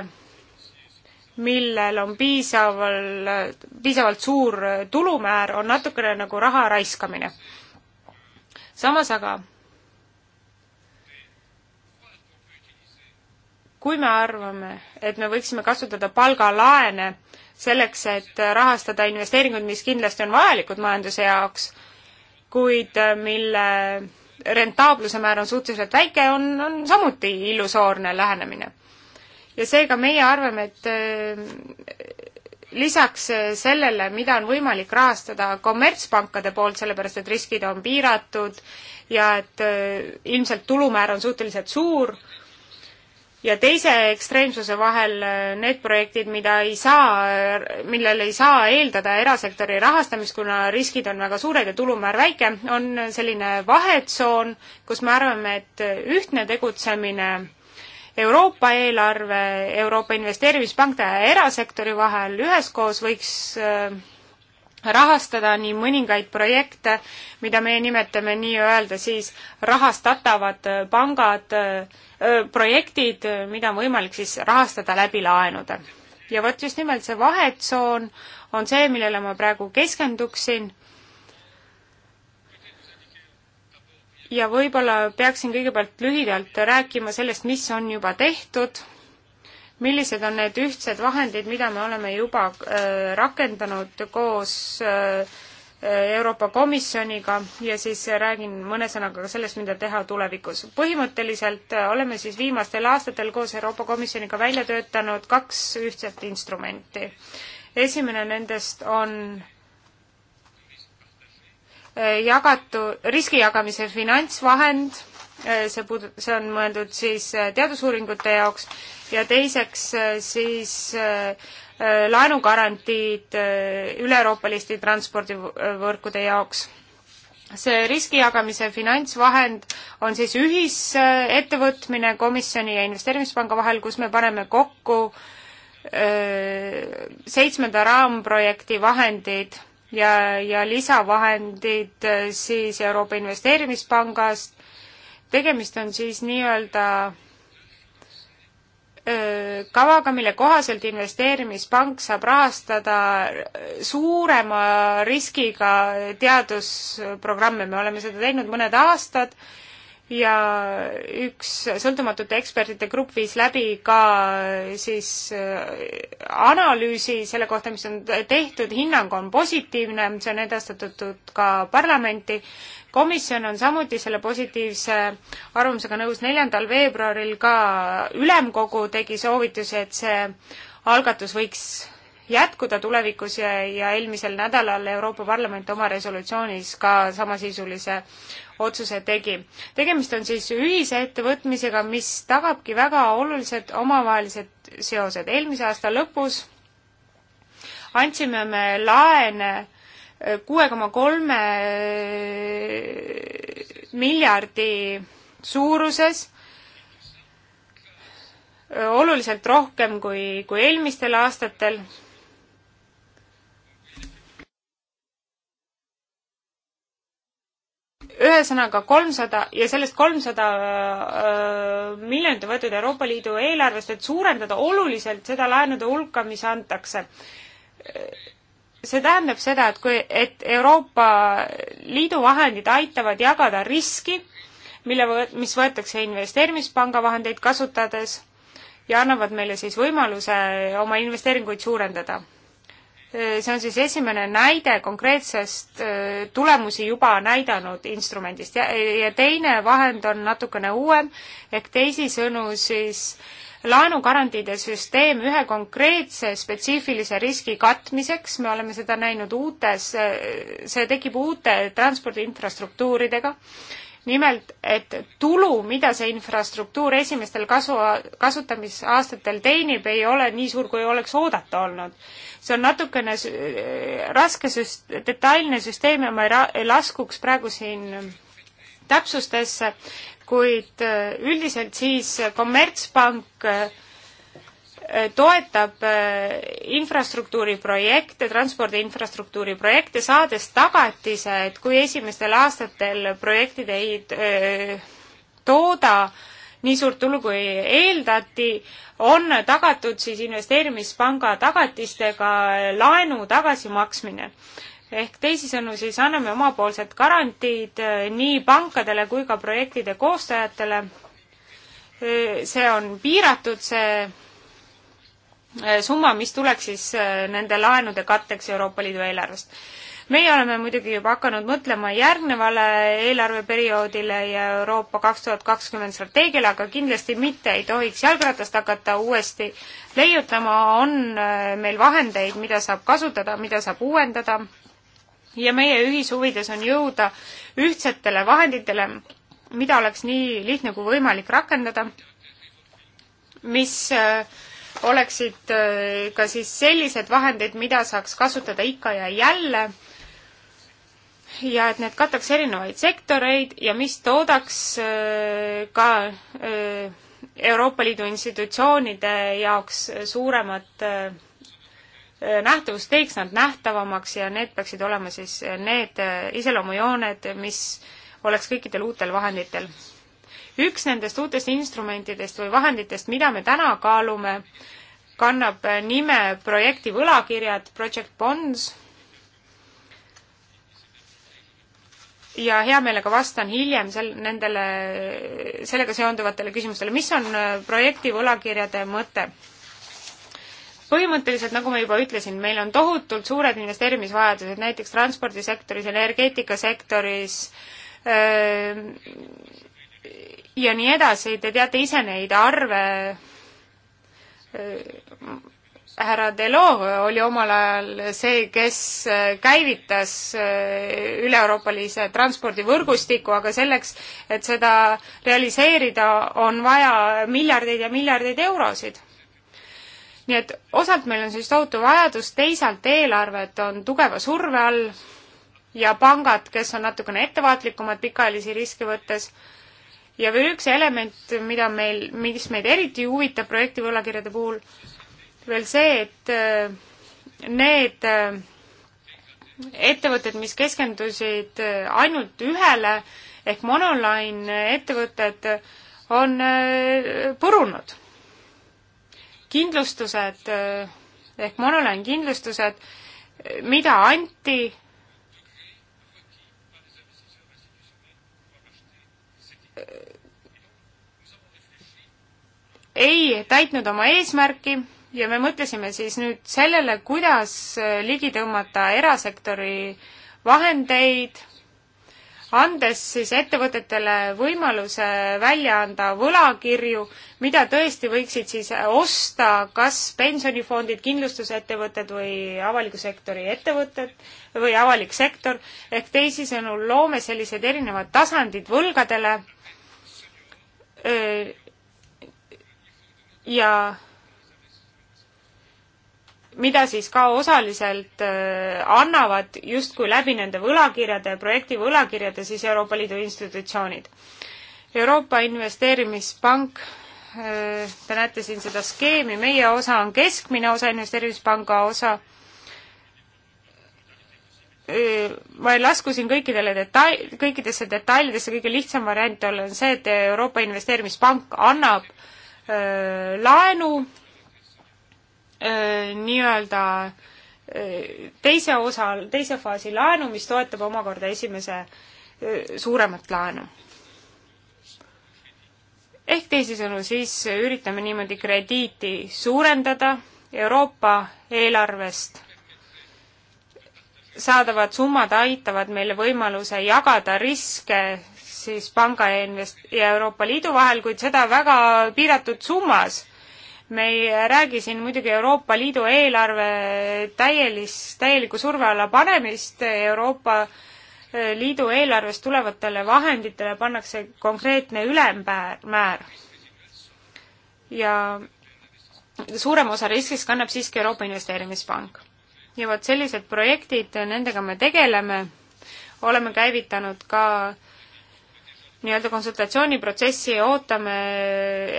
millel on piisaval, piisavalt suur tulumäär, on natukene nagu raha raiskamine. samas aga kui me arvame, et me võiksime kasutada palgalaene selleks, et rahastada investeeringuid, mis kindlasti on vajalikud majanduse jaoks, kuid äh, mille rentaabluse määr on suhteliselt väike, on, on samuti illusoorne lähenemine. ja seega meie arvame, et äh, lisaks äh, sellele, mida on võimalik rahastada kommertspankade poolt, sellepärast et riskid on piiratud ja et ilmselt tulumäär on suhteliselt suur, ja teise ekstreemsuse vahel äh, need projektid, mida ei saa, millel ei saa eeldada erasektori rahastamist, kuna riskid on väga suured ja tulumäär väike, on selline vahetsoon, kus me arvame, et ühtne tegutsemine Euroopa eelarve, Euroopa Investeerimispank ja erasektori vahel üheskoos võiks äh, rahastada nii mõningaid projekte, mida meie nimetame nii-öelda siis rahastatavad äh, pangad, äh, äh, projektid, mida on võimalik siis rahastada läbi laenude. ja vot just nimelt see vahetsoon on see, millele ma praegu keskenduksin. ja võib-olla peaksin kõigepealt lühidalt rääkima sellest, mis on juba tehtud millised on need ühtsed vahendid, mida me oleme juba äh, rakendanud koos äh, äh, Euroopa Komisjoniga ja siis räägin mõne sõnaga ka sellest, mida teha tulevikus. põhimõtteliselt oleme siis viimastel aastatel koos Euroopa Komisjoniga välja töötanud kaks ühtset instrumenti. esimene nendest on jagatu, riskijagamise finantsvahend, see puudu-, see on mõeldud siis teadusuuringute jaoks ja teiseks äh, siis äh, äh, laenugarantiid üle-euroopaliste transpordivõrkude jaoks. see riskijagamise finantsvahend on siis ühisettevõtmine komisjoni ja investeerimispanga vahel, kus me paneme kokku seitsmenda raamprojekti vahendid ja, ja lisavahendid siis Euroopa Investeerimispangast. tegemist on siis nii-öelda kavaga, mille kohaselt investeerimispank saab rahastada suurema riskiga teadusprogramme, me oleme seda teinud mõned aastad ja üks sõltumatute ekspertide grupp viis läbi ka siis analüüsi selle kohta, mis on tehtud, hinnang on positiivne, see on edastatud ka parlamenti komisjon on samuti selle positiivse arvamusega nõus, neljandal veebruaril ka ülemkogu tegi soovitusi, et see algatus võiks jätkuda tulevikus ja, ja eelmisel nädalal Euroopa Parlament oma resolutsioonis ka samasisulise otsuse tegi. tegemist on siis ühise ettevõtmisega, mis tagabki väga olulised omavahelised seosed. eelmise aasta lõpus andsime me laene kuue koma kolme miljardi suuruses, oluliselt rohkem kui, kui eelmistel aastatel. ühesõnaga kolmsada ja sellest kolmsada miljonit on võetud Euroopa Liidu eelarvest, et suurendada oluliselt seda laenude hulka, mis antakse see tähendab seda, et kui, et Euroopa Liidu vahendid aitavad jagada riski, mille, mis võetakse investeerimispanga vahendeid kasutades ja annavad meile siis võimaluse oma investeeringuid suurendada. see on siis esimene näide konkreetsest äh, tulemusi juba näidanud instrumendist ja, ja teine vahend on natukene uuem, ehk teisisõnu siis äh, laenugarantiide süsteem ühe konkreetse spetsiifilise riski katmiseks, me oleme seda näinud uutes, see tekib uute transpordiinfrastruktuuridega, nimelt, et tulu, mida see infrastruktuur esimestel kasu, kasutamisaastatel teenib, ei ole nii suur, kui oleks oodata olnud. see on natukene raske süst-, detailne süsteem ja ma ei ra-, ei laskuks praegu siin täpsustesse, kuid äh, üldiselt siis Kommertspank äh, toetab äh, infrastruktuuriprojekte, transpordi infrastruktuuri projekte, saades tagatise, et kui esimestel aastatel projektid ei tooda nii suurt tulu, kui eeldati, on tagatud siis investeerimispanga tagatistega laenu tagasimaksmine ehk teisisõnu siis anname omapoolsed garantiid äh, nii pankadele kui ka projektide koostajatele. Äh, see on piiratud, see äh, summa, mis tuleks siis nende laenude katteks Euroopa Liidu eelarvest. meie oleme muidugi juba hakanud mõtlema järgnevale eelarveperioodile ja Euroopa kaks tuhat kakskümmend strateegiale, aga kindlasti mitte ei tohiks jalgratast hakata uuesti leiutama, on meil vahendeid, mida saab kasutada, mida saab uuendada ja meie ühishuvides on jõuda ühtsetele vahenditele, mida oleks nii lihtne kui võimalik rakendada, mis äh, oleksid äh, ka siis sellised vahendid, mida saaks kasutada ikka ja jälle ja et need kataks erinevaid sektoreid ja mis toodaks äh, ka Euroopa Liidu institutsioonide jaoks suuremat nähtavust teeks nad nähtavamaks ja need peaksid olema siis need iseloomujooned, mis oleks kõikidel uutel vahenditel. üks nendest uutest instrumentidest või vahenditest, mida me täna kaalume, kannab nime projekti võlakirjad, Project Bonds ja hea meelega vastan hiljem sel-, nendele, sellega seonduvatele küsimustele. mis on äh, projekti võlakirjade mõte? põhimõtteliselt, nagu ma juba ütlesin, meil on tohutult suured investeerimisvajadused, näiteks transpordisektoris, energeetikasektoris ja nii edasi, te teate ise neid arve, härra Delors oli omal ajal see, kes käivitas üle-euroopalise transpordivõrgustiku, aga selleks, et seda realiseerida, on vaja miljardeid ja miljardeid eurosid nii et osalt meil on siis tohutu vajadus, teisalt eelarved on tugeva surve all ja pangad, kes on natukene ettevaatlikumad pikaajalisi riske võttes, ja veel üks element, mida meil, mis meid eriti huvitab projekti võlakirjade puhul, veel see, et äh, need äh, ettevõtted, mis keskendusid äh, ainult ühele ehk monoline ettevõtted, on purunud kindlustused eh, ehk Monoline kindlustused, mida anti ei täitnud oma eesmärki ja me mõtlesime siis nüüd sellele, kuidas ligi tõmmata erasektori vahendeid andes siis ettevõtetele võimaluse välja anda võlakirju, mida tõesti võiksid siis osta kas pensionifondid, kindlustusettevõtted või avaliku sektori ettevõtted või avalik sektor, ehk teisisõnu loome sellised erinevad tasandid võlgadele ja mida siis ka osaliselt äh, annavad justkui läbi nende võlakirjade, projekti võlakirjade siis Euroopa Liidu institutsioonid. Euroopa Investeerimispank, äh, te näete siin seda skeemi, meie osa on keskmine osa, investeerimispanga osa. Äh, ma laskusin kõikidele detail, kõikidesse detailidesse, kõige lihtsam variant on see, et Euroopa Investeerimispank annab öö, laenu Äh, nii-öelda äh, teise osa, teise faasi laenu, mis toetab omakorda esimese äh, suuremat laenu. ehk teisisõnu, siis üritame niimoodi krediiti suurendada Euroopa eelarvest saadavad summad aitavad meile võimaluse jagada riske siis panga ja invest- ja Euroopa Liidu vahel, kuid seda väga piiratud summas me ei räägi siin muidugi Euroopa Liidu eelarve täielis, täieliku surve alla panemist, Euroopa eh, Liidu eelarvest tulevatele vahenditele pannakse konkreetne ülemmäär. ja suurem osa riskist kannab siiski Euroopa Investeerimispank. ja vot sellised projektid, nendega me tegeleme, oleme käivitanud ka nii-öelda konsultatsiooniprotsessi ja ootame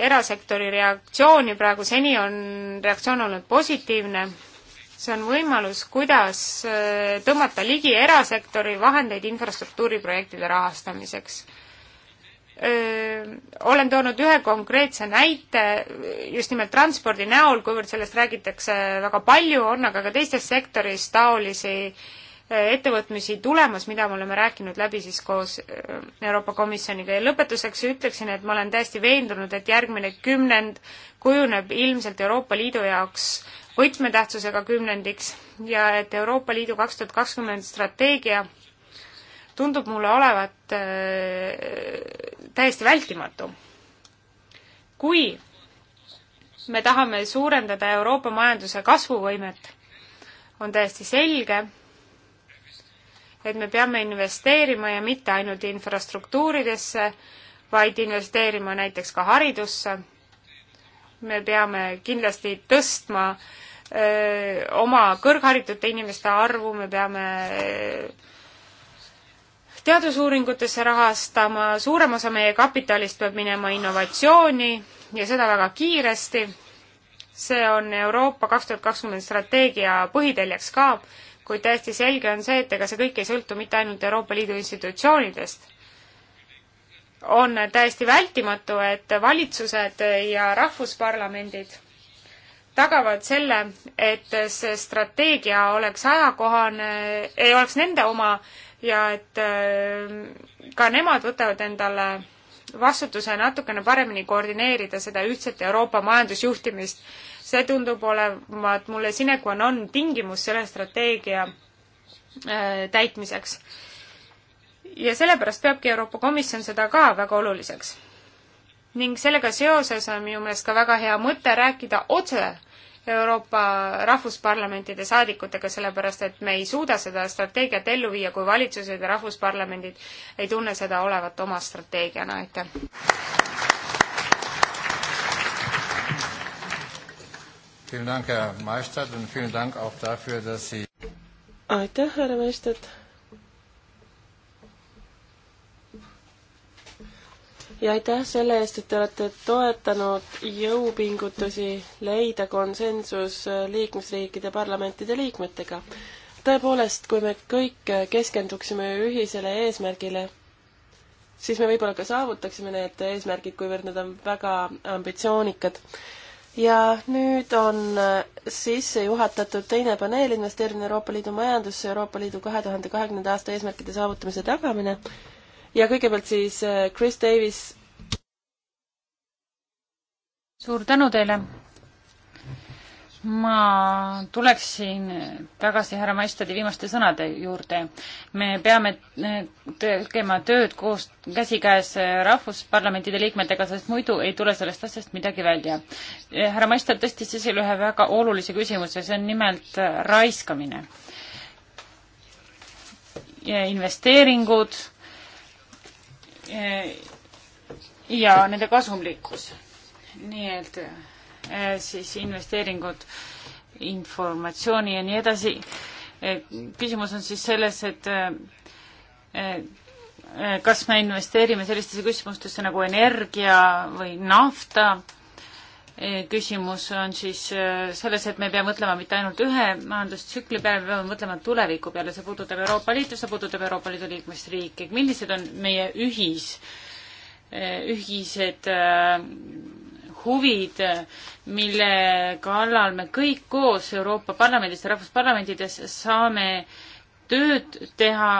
erasektori reaktsiooni praegu, seni on reaktsioon olnud positiivne, see on võimalus, kuidas äh, tõmmata ligi erasektori vahendeid infrastruktuuriprojektide rahastamiseks. Äh, olen toonud ühe konkreetse näite just nimelt transpordi näol, kuivõrd sellest räägitakse väga palju, on aga ka teistes sektoris taolisi öö, ettevõtmisi tulemas, mida me oleme rääkinud läbi siis koos äh, Euroopa Komisjoniga ja lõpetuseks ütleksin, et ma olen täiesti veendunud, et järgmine kümnend kujuneb ilmselt Euroopa Liidu jaoks võtmetähtsusega kümnendiks ja et Euroopa Liidu kaks tuhat kakskümmend strateegia tundub mulle olevat äh, täiesti vältimatu. kui me tahame suurendada Euroopa majanduse kasvuvõimet, on täiesti selge, et me peame investeerima ja mitte ainult infrastruktuuridesse, vaid investeerima näiteks ka haridusse. me peame kindlasti tõstma öö, oma kõrgharitute inimeste arvu, me peame öö, teadusuuringutesse rahastama, suurem osa meie kapitalist peab minema innovatsiooni ja seda väga kiiresti. see on Euroopa kaks tuhat kakskümmend strateegia põhiteljeks ka kuid täiesti selge on see, et ega see kõik ei sõltu mitte ainult Euroopa Liidu institutsioonidest. on täiesti vältimatu, et valitsused ja rahvusparlamendid tagavad selle, et see strateegia oleks ajakohane, ei oleks nende oma ja et äh, ka nemad võtavad endale vastutuse natukene paremini koordineerida seda ühtset Euroopa majandusjuhtimist see tundub olevat mulle sine qua non tingimus selle strateegia äh, täitmiseks. ja sellepärast peabki Euroopa Komisjon seda ka väga oluliseks. ning sellega seoses on minu meelest ka väga hea mõte rääkida otse Euroopa rahvusparlamentide saadikutega, sellepärast et me ei suuda seda strateegiat ellu viia, kui valitsused ja rahvusparlamendid ei tunne seda olevat oma strateegiana, aitäh! Vielen Dank, Herr Maestad, und vielen Dank auch dafür, dass Sie... Aitäh, härra Maestad. ja aitäh selle eest, et te olete toetanud jõupingutusi leida konsensus liikmesriikide parlamentide liikmetega. tõepoolest, kui me kõik keskenduksime ühisele eesmärgile, siis me võib-olla ka saavutaksime need eesmärgid, kuivõrd need on väga ambitsioonikad ja nüüd on äh, sisse juhatatud teine paneel, investeerimine Euroopa Liidu majandusse, Euroopa Liidu kahe tuhande kahekümnenda aasta eesmärkide saavutamise tagamine. ja kõigepealt siis äh, Chris Davis. suur tänu teile ma tuleksin tagasi härra Maistadi viimaste sõnade juurde. me peame eh, tegema tööd koos käsikäes eh, rahvusparlamentide liikmetega, sest muidu ei tule sellest asjast midagi välja. Eh, härra Maistad tõstis esile ühe väga olulise küsimuse, see on nimelt raiskamine. investeeringud ja nende kasumlikkus. nii et Eh, siis investeeringud, informatsiooni ja nii edasi. Eh, küsimus on siis selles, et eh, kas me investeerime sellistesse küsimustesse nagu energia või nafta. küsimus on siis selles, et me ei pea mõtlema mitte ainult ühe majandustsükli peale, me peame mõtlema tuleviku peale, see puudutab Euroopa Liitu, see puudutab Euroopa Liidu liikmesriike, millised on meie ühis, ühised huvid, mille kallal me kõik koos Euroopa Parlamendis ja rahvusparlamentides saame tööd teha,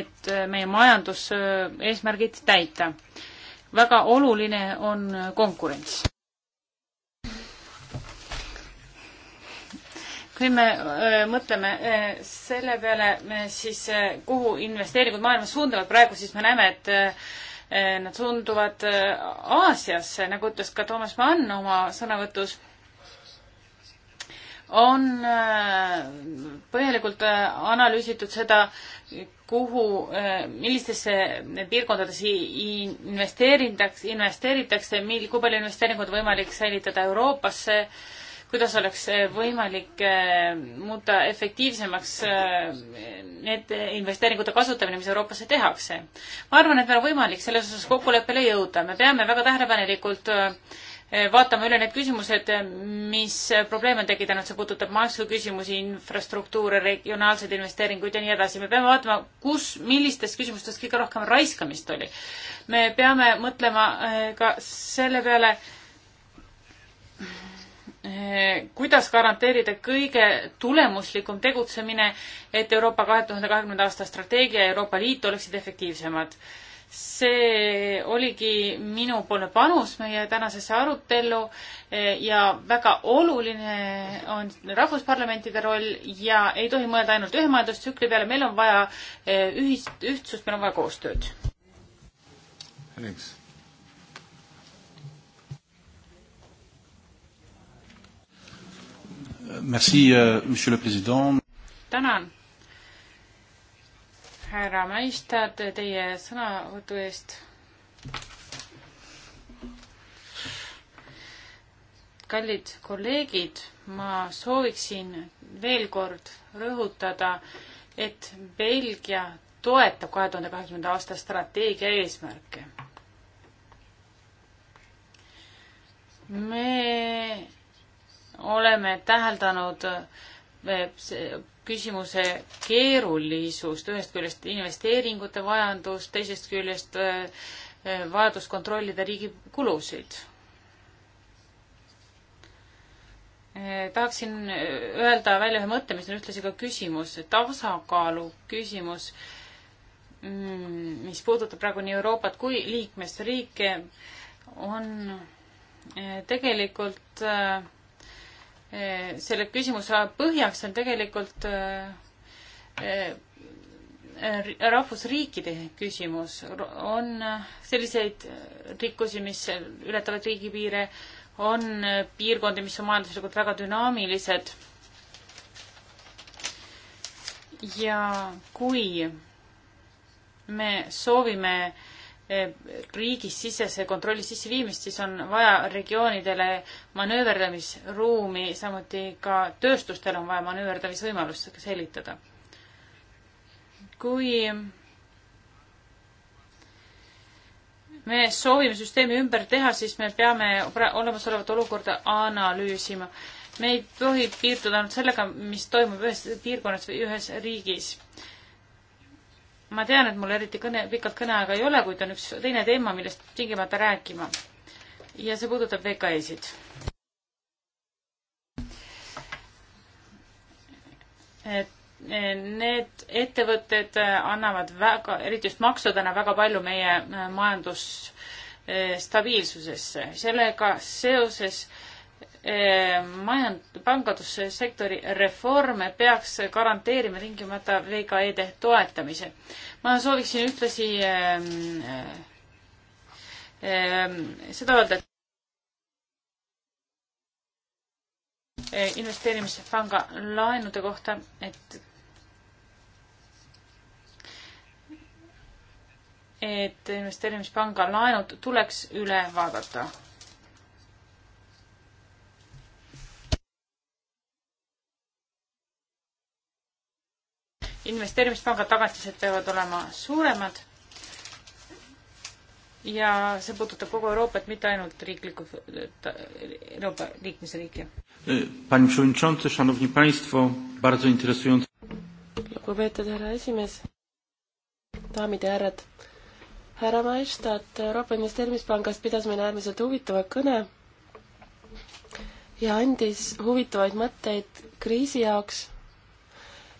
et meie majanduseesmärgid täita. väga oluline on konkurents. kui me äh, mõtleme äh, selle peale, äh, siis kuhu investeeringud maailmas suunduvad praegu, siis me näeme, et Eh, nad suunduvad eh, Aasiasse, nagu ütles ka Toomas Mann oma sõnavõtus, on eh, põhjalikult analüüsitud seda, kuhu, millistesse piirkondadesse investeeritakse, investeeritakse, mil, kui palju investeeringuid võimalik säilitada Euroopasse kuidas oleks võimalik äh, muuta efektiivsemaks äh, need investeeringute kasutamine, mis Euroopasse tehakse. ma arvan, et meil on võimalik selles osas kokkuleppele jõuda, me peame väga tähelepanelikult äh, vaatame üle need küsimused, mis probleeme on tekitanud, see puudutab maksuküsimusi, infrastruktuure, regionaalseid investeeringuid ja nii edasi. me peame vaatama, kus, millistes küsimustes kõige rohkem raiskamist oli. me peame mõtlema ka selle peale, Eh, kuidas garanteerida kõige tulemuslikum tegutsemine, et Euroopa kahe tuhande kahekümnenda aasta strateegia ja Euroopa Liit oleksid efektiivsemad. see oligi minupoolne panus meie tänasesse arutellu eh, ja väga oluline on rahvusparlamentide roll ja ei tohi mõelda ainult ühe majandustsükli peale, meil on vaja eh, ühist, ühtsust, meil on vaja koostööd. Thanks. Merci, euh, monsieur le president. tänan, härra Maistad, teie sõnavõtu eest. kallid kolleegid, ma sooviksin veel kord rõhutada, et Belgia toetab kahe tuhande kahekümnenda aasta strateegia eesmärke. me oleme täheldanud eh, küsimuse keerulisust, ühest küljest investeeringute vajadus, teisest küljest eh, eh, vajadus kontrollida riigi kulusid. tahaksin öelda välja ühe mõtte, mis on ühtlasi ka küsimus, tasakaalu küsimus, mm, mis puudutab praegu nii Euroopat kui liikmesriike, on tegelikult äh, Eh, selle küsimuse põhjaks on tegelikult eh, eh, rahvusriikide küsimus. on selliseid rikkusi, mis ületavad riigipiire, on piirkondi, mis on majanduslikult väga dünaamilised. ja kui me soovime äh, riigisisese kontrolli sisseviimist, siis on vaja regioonidele manööverdamisruumi, samuti ka tööstustel on vaja manööverdamisvõimalust säilitada. kui me soovime süsteemi ümber teha, siis me peame olemasolevat olukorda analüüsima. me ei tohi piirduda ainult sellega, mis toimub ühes piirkonnas või ühes riigis ma tean, et mul eriti kõne, pikalt kõneaega ei ole, kuid on üks teine teema, millest tingimata rääkima. ja see puudutab VKE-sid. et eh, need ettevõtted eh, annavad väga, eriti just maksudena väga palju meie eh, majandus stabiilsusesse. sellega seoses äh, Eh, majand-, pangandussektori reforme peaks garanteerima tingimata VKE-de toetamise. ma sooviksin ühtlasi ähm, ähm, seda öelda, et eh, investeerimispanga laenude kohta, et et investeerimispanga laenud tuleks üle vaadata investeerimispanga tagatised peavad olema suuremad ja see puudutab kogu Euroopat, mitte ainult riiklikku, Euroopa liikmesriiki. lugupeetud härra esimees, daamid ja härrad, härra Maestat Euroopa Investeerimispangast pidas meile äärmiselt huvitava kõne ja andis huvitavaid mõtteid kriisi jaoks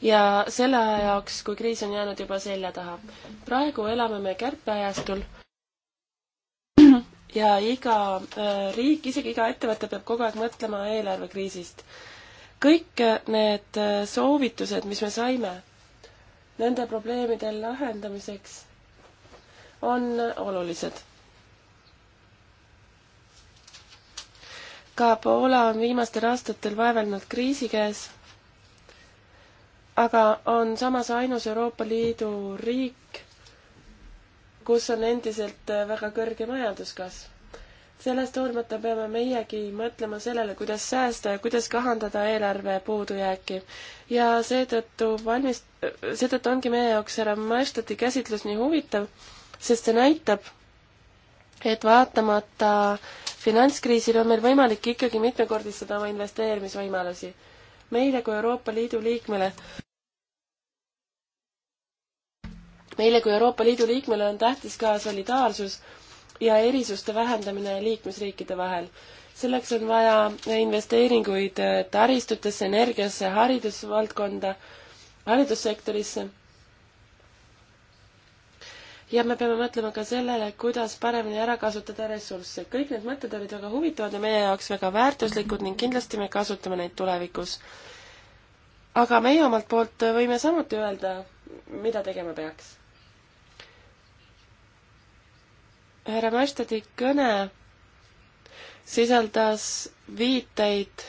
ja selle aja jaoks, kui kriis on jäänud juba selja taha. praegu elame me kärpeajastul ja iga äh, riik, isegi iga ettevõte peab kogu aeg mõtlema eelarvekriisist. kõik äh, need äh, soovitused, mis me saime nende probleemide lahendamiseks, on olulised. ka Poola on viimastel aastatel vaevelnud kriisi käes aga on samas ainus Euroopa Liidu riik, kus on endiselt äh, väga kõrge majanduskasv. sellest hoolimata peame meiegi mõtlema sellele, kuidas säästa ja kuidas kahandada eelarve puudujääki. ja seetõttu valmis, seetõttu ongi meie jaoks härra Maestati käsitlus nii huvitav, sest see näitab, et vaatamata finantskriisile on meil võimalik ikkagi mitmekordistada oma investeerimisvõimalusi. meile kui Euroopa Liidu liikmele meile kui Euroopa Liidu liikmele on tähtis ka solidaarsus ja erisuste vähendamine liikmesriikide vahel. selleks on vaja investeeringuid äh, taristutesse, energiasse, haridusvaldkonda, haridussektorisse. ja me peame mõtlema ka sellele, kuidas paremini ära kasutada ressursse. kõik need mõtted olid väga huvitavad ja meie jaoks väga väärtuslikud ning kindlasti me kasutame neid tulevikus. aga meie omalt poolt võime samuti öelda, mida tegema peaks härra Maistadi kõne sisaldas viiteid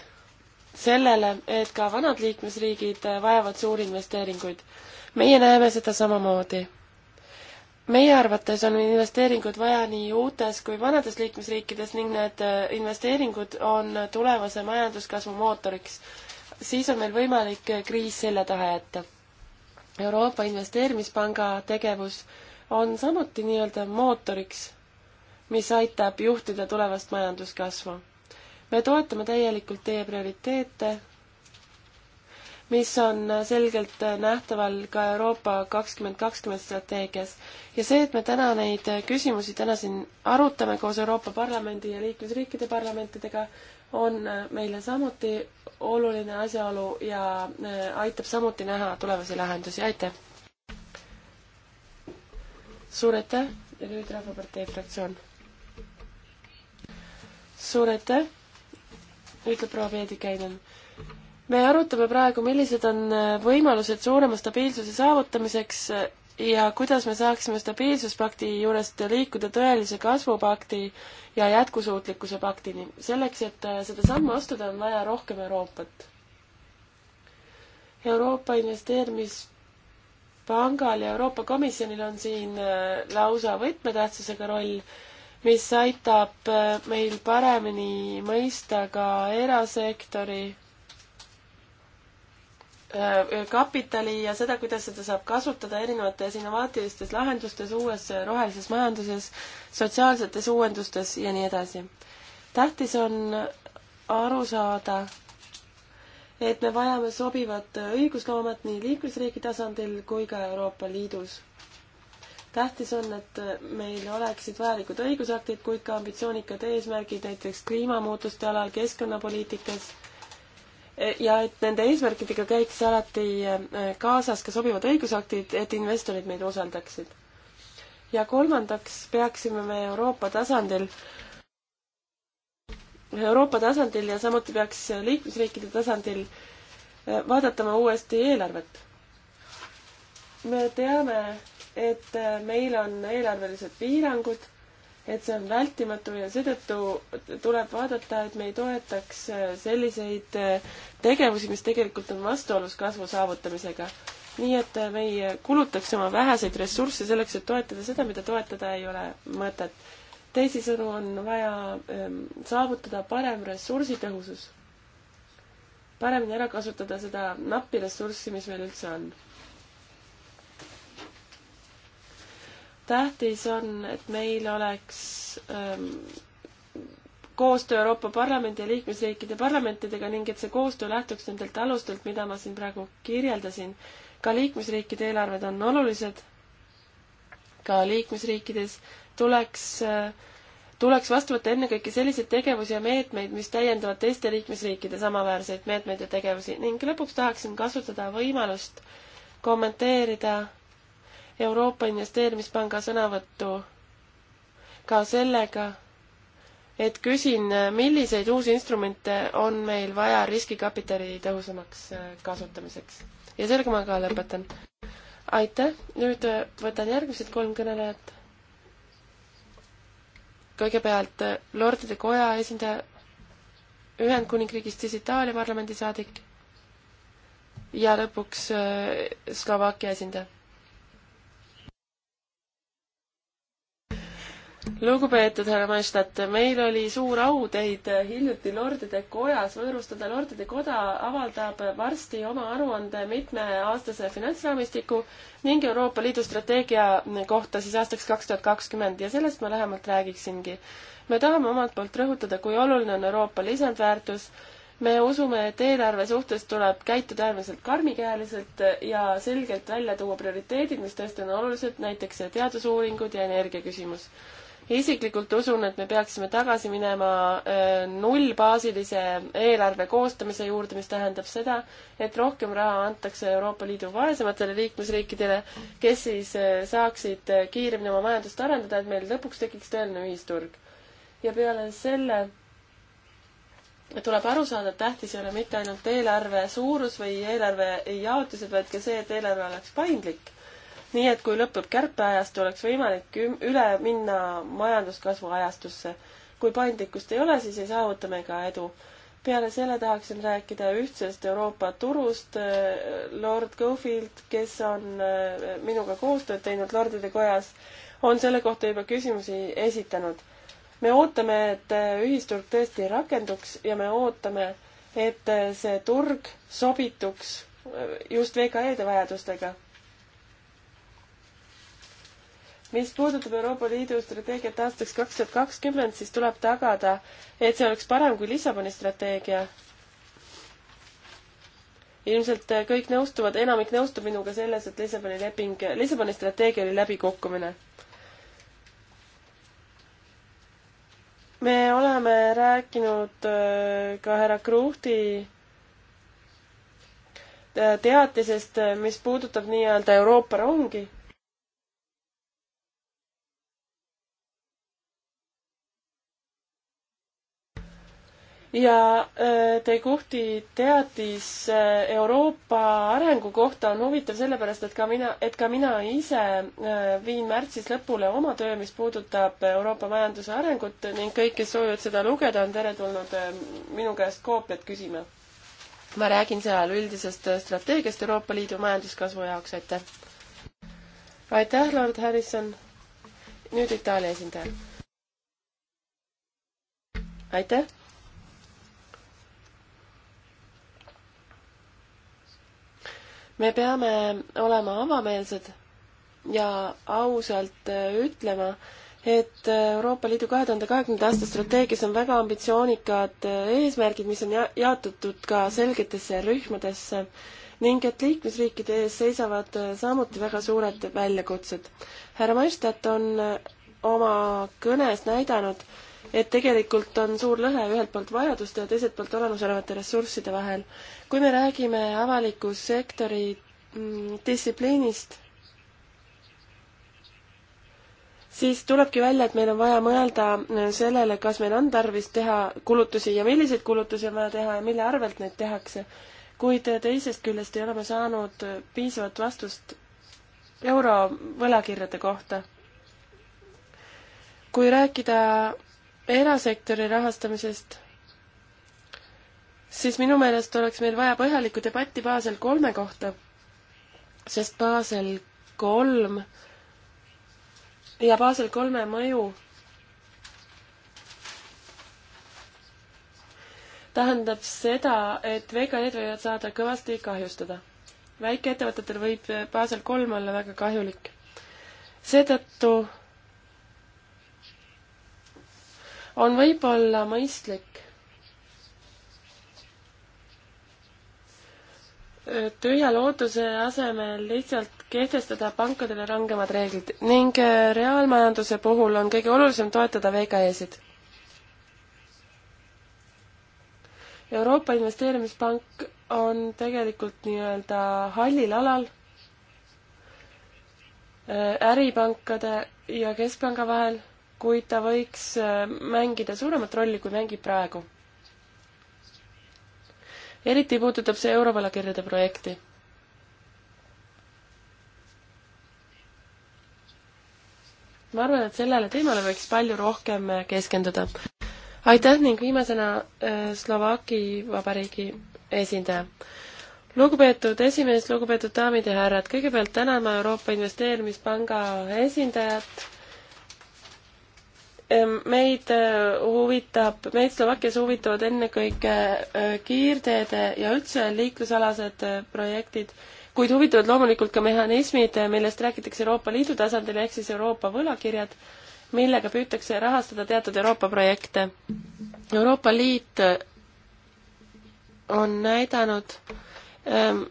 sellele, et ka vanad liikmesriigid vajavad suurinvesteeringuid. meie näeme seda samamoodi. meie arvates on investeeringuid vaja nii uutes kui vanades liikmesriikides ning need äh, investeeringud on tulevase majanduskasvu mootoriks. siis on meil võimalik kriis selja taha jätta. Euroopa Investeerimispanga tegevus on samuti nii-öelda mootoriks mis aitab juhtida tulevast majanduskasvu. me toetame täielikult teie prioriteete, mis on selgelt nähtaval ka Euroopa kakskümmend kakskümmend strateegias. ja see, et me täna neid küsimusi täna siin arutame koos Euroopa Parlamendi ja liikmesriikide parlamentidega, on meile samuti oluline asjaolu ja äh, aitab samuti näha tulevasi lahendusi, aitäh! suur aitäh ja nüüd Rahvapartei fraktsioon suur aitäh, ütleb proua Peedikäinen. me arutame praegu, millised on äh, võimalused suurema stabiilsuse saavutamiseks äh, ja kuidas me saaksime stabiilsuspakti juurest liikuda tõelise kasvupakti ja jätkusuutlikkuse paktini. selleks, et äh, seda sammu astuda, on vaja rohkem Euroopat. Euroopa Investeerimispangal ja Euroopa Komisjonil on siin lausa võtmetähtsusega roll mis aitab äh, meil paremini mõista ka erasektori äh, kapitali ja seda, kuidas seda saab kasutada erinevates innovaatilistes lahendustes, uues rohelises majanduses, sotsiaalsetes uuendustes ja nii edasi. tähtis on aru saada, et me vajame sobivat õigusloomet nii liikmesriigi tasandil kui ka Euroopa Liidus tähtis on, et meil oleksid vajalikud õigusaktid, kuid ka ambitsioonikad eesmärgid näiteks kliimamuutuste alal, keskkonnapoliitikas e, ja et nende eesmärkidega käiks alati e, kaasas ka sobivad õigusaktid, et investorid meid usaldaksid. ja kolmandaks peaksime me Euroopa tasandil Euroopa tasandil ja samuti peaks liikmesriikide tasandil e, vaadatama uuesti eelarvet. me teame, et äh, meil on eelarvelised piirangud, et see on vältimatu ja seetõttu tuleb vaadata, et me ei toetaks äh, selliseid äh, tegevusi, mis tegelikult on vastuolus kasvu saavutamisega. nii et me ei kulutaks oma väheseid ressursse selleks, et toetada seda, mida toetada ei ole mõtet. teisisõnu on vaja ähm, saavutada parem ressursitõhusus, paremini ära kasutada seda nappi ressurssi, mis meil üldse on tähtis on, et meil oleks ähm, koostöö Euroopa Parlamendi ja liikmesriikide parlamentidega ning et see koostöö lähtuks nendelt alustelt, mida ma siin praegu kirjeldasin. ka liikmesriikide eelarved on olulised. ka liikmesriikides tuleks äh, tuleks vastu võtta ennekõike selliseid tegevusi ja meetmeid, mis täiendavad teiste liikmesriikide samaväärseid meetmeid ja tegevusi ning lõpuks tahaksin kasutada võimalust kommenteerida Euroopa Investeerimispanga sõnavõttu ka sellega, et küsin, milliseid uusi instrumente on meil vaja riskikapitali tõhusamaks äh, kasutamiseks. ja sellega ma ka lõpetan. aitäh, nüüd äh, võtan järgmised kolm kõnelejat. kõigepealt äh, Lordide Koja esindaja Ühendkuningriigist, siis Itaalia parlamendi saadik ja lõpuks Slovakkia esindaja lugupeetud härra Maestat, meil oli suur au teid hiljuti Lordide Kojas võõrustada. Lordide Koda avaldab varsti oma aruande mitmeaastase finantsraamistiku ning Euroopa Liidu strateegia kohta siis aastaks kaks tuhat kakskümmend ja sellest ma lähemalt räägiksingi. me tahame omalt poolt rõhutada, kui oluline on Euroopa lisandväärtus. me usume, et eelarve suhtes tuleb käituda äärmiselt karmikäeliselt ja selgelt välja tuua prioriteedid, mis tõesti on olulised, näiteks teadusuuringud ja energiaküsimus isiklikult usun, et me peaksime tagasi minema äh, nullbaasilise eelarve koostamise juurde, mis tähendab seda, et rohkem raha antakse Euroopa Liidu vaesematele liikmesriikidele, kes siis äh, saaksid äh, kiiremini oma majandust arendada, et meil lõpuks tekiks tõeline ühisturg. ja peale selle tuleb aru saada, et tähtis ei ole mitte ainult eelarve suurus või eelarve jaotused, vaid ka see, et eelarve oleks paindlik nii et kui lõpeb kärpeajastu, oleks võimalik üle minna majanduskasvu ajastusse. kui paindlikkust ei ole, siis ei saavuta me ka edu. peale selle tahaksin rääkida ühtsest Euroopa turust. Lord Cofield, kes on äh, minuga koostööd teinud Lordide Kojas, on selle kohta juba küsimusi esitanud. me ootame, et äh, ühisturg tõesti rakenduks ja me ootame, et äh, see turg sobituks just VKE-de vajadustega mis puudutab Euroopa Liidu strateegiat aastaks kaks tuhat kakskümmend, siis tuleb tagada, et see oleks parem kui Lissaboni strateegia. ilmselt kõik nõustuvad, enamik nõustub minuga selles, et Lissaboni leping, Lissaboni strateegia oli läbikukkumine. me oleme rääkinud äh, ka härra Kruhti äh, teatisest, mis puudutab nii-öelda Euroopa rongi ja De äh, Guhti teatis äh, Euroopa arengu kohta on huvitav sellepärast, et ka mina, et ka mina ise äh, viin märtsis lõpule oma töö, mis puudutab Euroopa majanduse arengut ning kõik, kes soovivad seda lugeda, on teretulnud minu käest koopiat küsima. ma räägin seal üldisest strateegiast Euroopa Liidu majanduskasvu jaoks, aitäh! aitäh, Lord Harrison! nüüd Itaalia esindajal. aitäh! me peame olema avameelsed ja ausalt äh, ütlema, et äh, Euroopa Liidu kahe tuhande kahekümnenda aasta strateegias on väga ambitsioonikad äh, eesmärgid, mis on ja-, jaotatud ka selgetesse rühmadesse ning et liikmesriikide ees seisavad samuti väga suured väljakutsed. härra Maistat on oma kõnes näidanud, et tegelikult on suur lõhe ühelt poolt vajaduste ja teiselt poolt olemasolevate ressursside vahel. kui me räägime avaliku sektori mm, distsipliinist, siis tulebki välja, et meil on vaja mõelda mm, sellele, kas meil on tarvis teha kulutusi ja milliseid kulutusi on vaja teha ja mille arvelt neid tehakse. kuid teisest küljest ei ole me saanud piisavat vastust euro võlakirjade kohta. kui rääkida erasektori rahastamisest, siis minu meelest oleks meil vaja põhjalikku debatti Baasel kolme kohta, sest Baasel kolm ja Baasel kolme mõju tähendab seda, et VKE-d võivad saada kõvasti kahjustada. väikeettevõtetel võib Baasel kolm olla väga kahjulik. seetõttu on võib-olla mõistlik tühja lootuse asemel lihtsalt kehtestada pankadele rangemad reeglid ning äh, reaalmajanduse puhul on kõige olulisem toetada VKE-sid. Euroopa Investeerimispank on tegelikult nii-öelda hallil alal äh, äripankade ja keskpanga vahel kuid ta võiks äh, mängida suuremat rolli, kui mängib praegu. eriti puudutab see eurovõlakirjade projekti. ma arvan, et sellele teemale võiks palju rohkem äh, keskenduda. aitäh ning viimasena äh, Slovaki Vabariigi esindaja lugupeetud esimees, lugupeetud daamid ja härrad, kõigepealt täname Euroopa Investeerimispanga esindajat meid äh, huvitab, meid Slovakkias huvitavad ennekõike äh, kiirteede ja üldse liiklusalased äh, projektid, kuid huvitavad loomulikult ka mehhanismid, millest räägitakse Euroopa Liidu tasandil, ehk siis Euroopa võlakirjad, millega püütakse rahastada teatud Euroopa projekte. Euroopa Liit on näidanud ähm,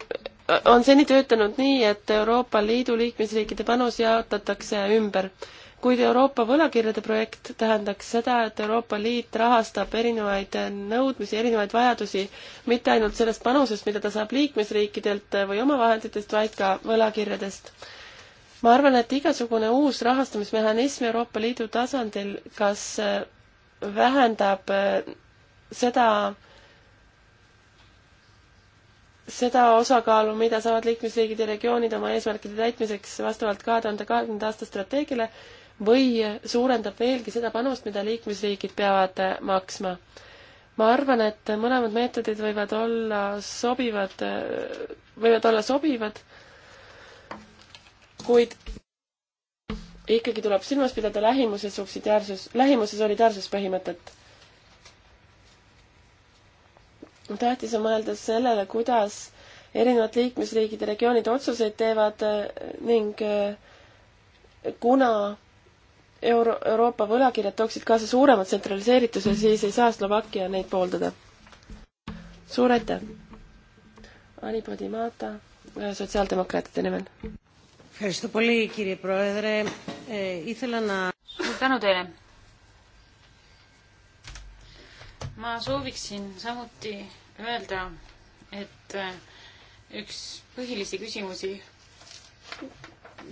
on seni töötanud nii, et Euroopa Liidu liikmesriikide panus jaotatakse ümber kuid Euroopa võlakirjade projekt tähendaks seda, et Euroopa Liit rahastab erinevaid nõudmisi, erinevaid vajadusi, mitte ainult sellest panusest, mida ta saab liikmesriikidelt või omavahenditest, vaid ka võlakirjadest. ma arvan, et igasugune uus rahastamismehhanism Euroopa Liidu tasandil kas äh, vähendab äh, seda seda osakaalu, mida saavad liikmesriigid ja regioonid oma eesmärkide täitmiseks vastavalt kahe tuhande kahekümnenda aasta strateegiale või suurendab veelgi seda panust, mida liikmesriigid peavad maksma. ma arvan, et mõlemad meetodid võivad olla sobivad, võivad olla sobivad, kuid ikkagi tuleb silmas pidada lähimuse subsidiaarsus, lähimuse solidaarsuspõhimõtet. tähtis on mõelda sellele, kuidas erinevad liikmesriigid ja regioonid otsuseid teevad ning kuna Euro-, Euroopa võlakirjad tooksid kaasa suurema tsentraliseerituse, siis ei saa Slovakkia neid pooldada. suur aitäh! Ani Podimata äh, sotsiaaldemokraatide nimel. suur tänu teile! ma sooviksin samuti öelda, et äh, üks põhilisi küsimusi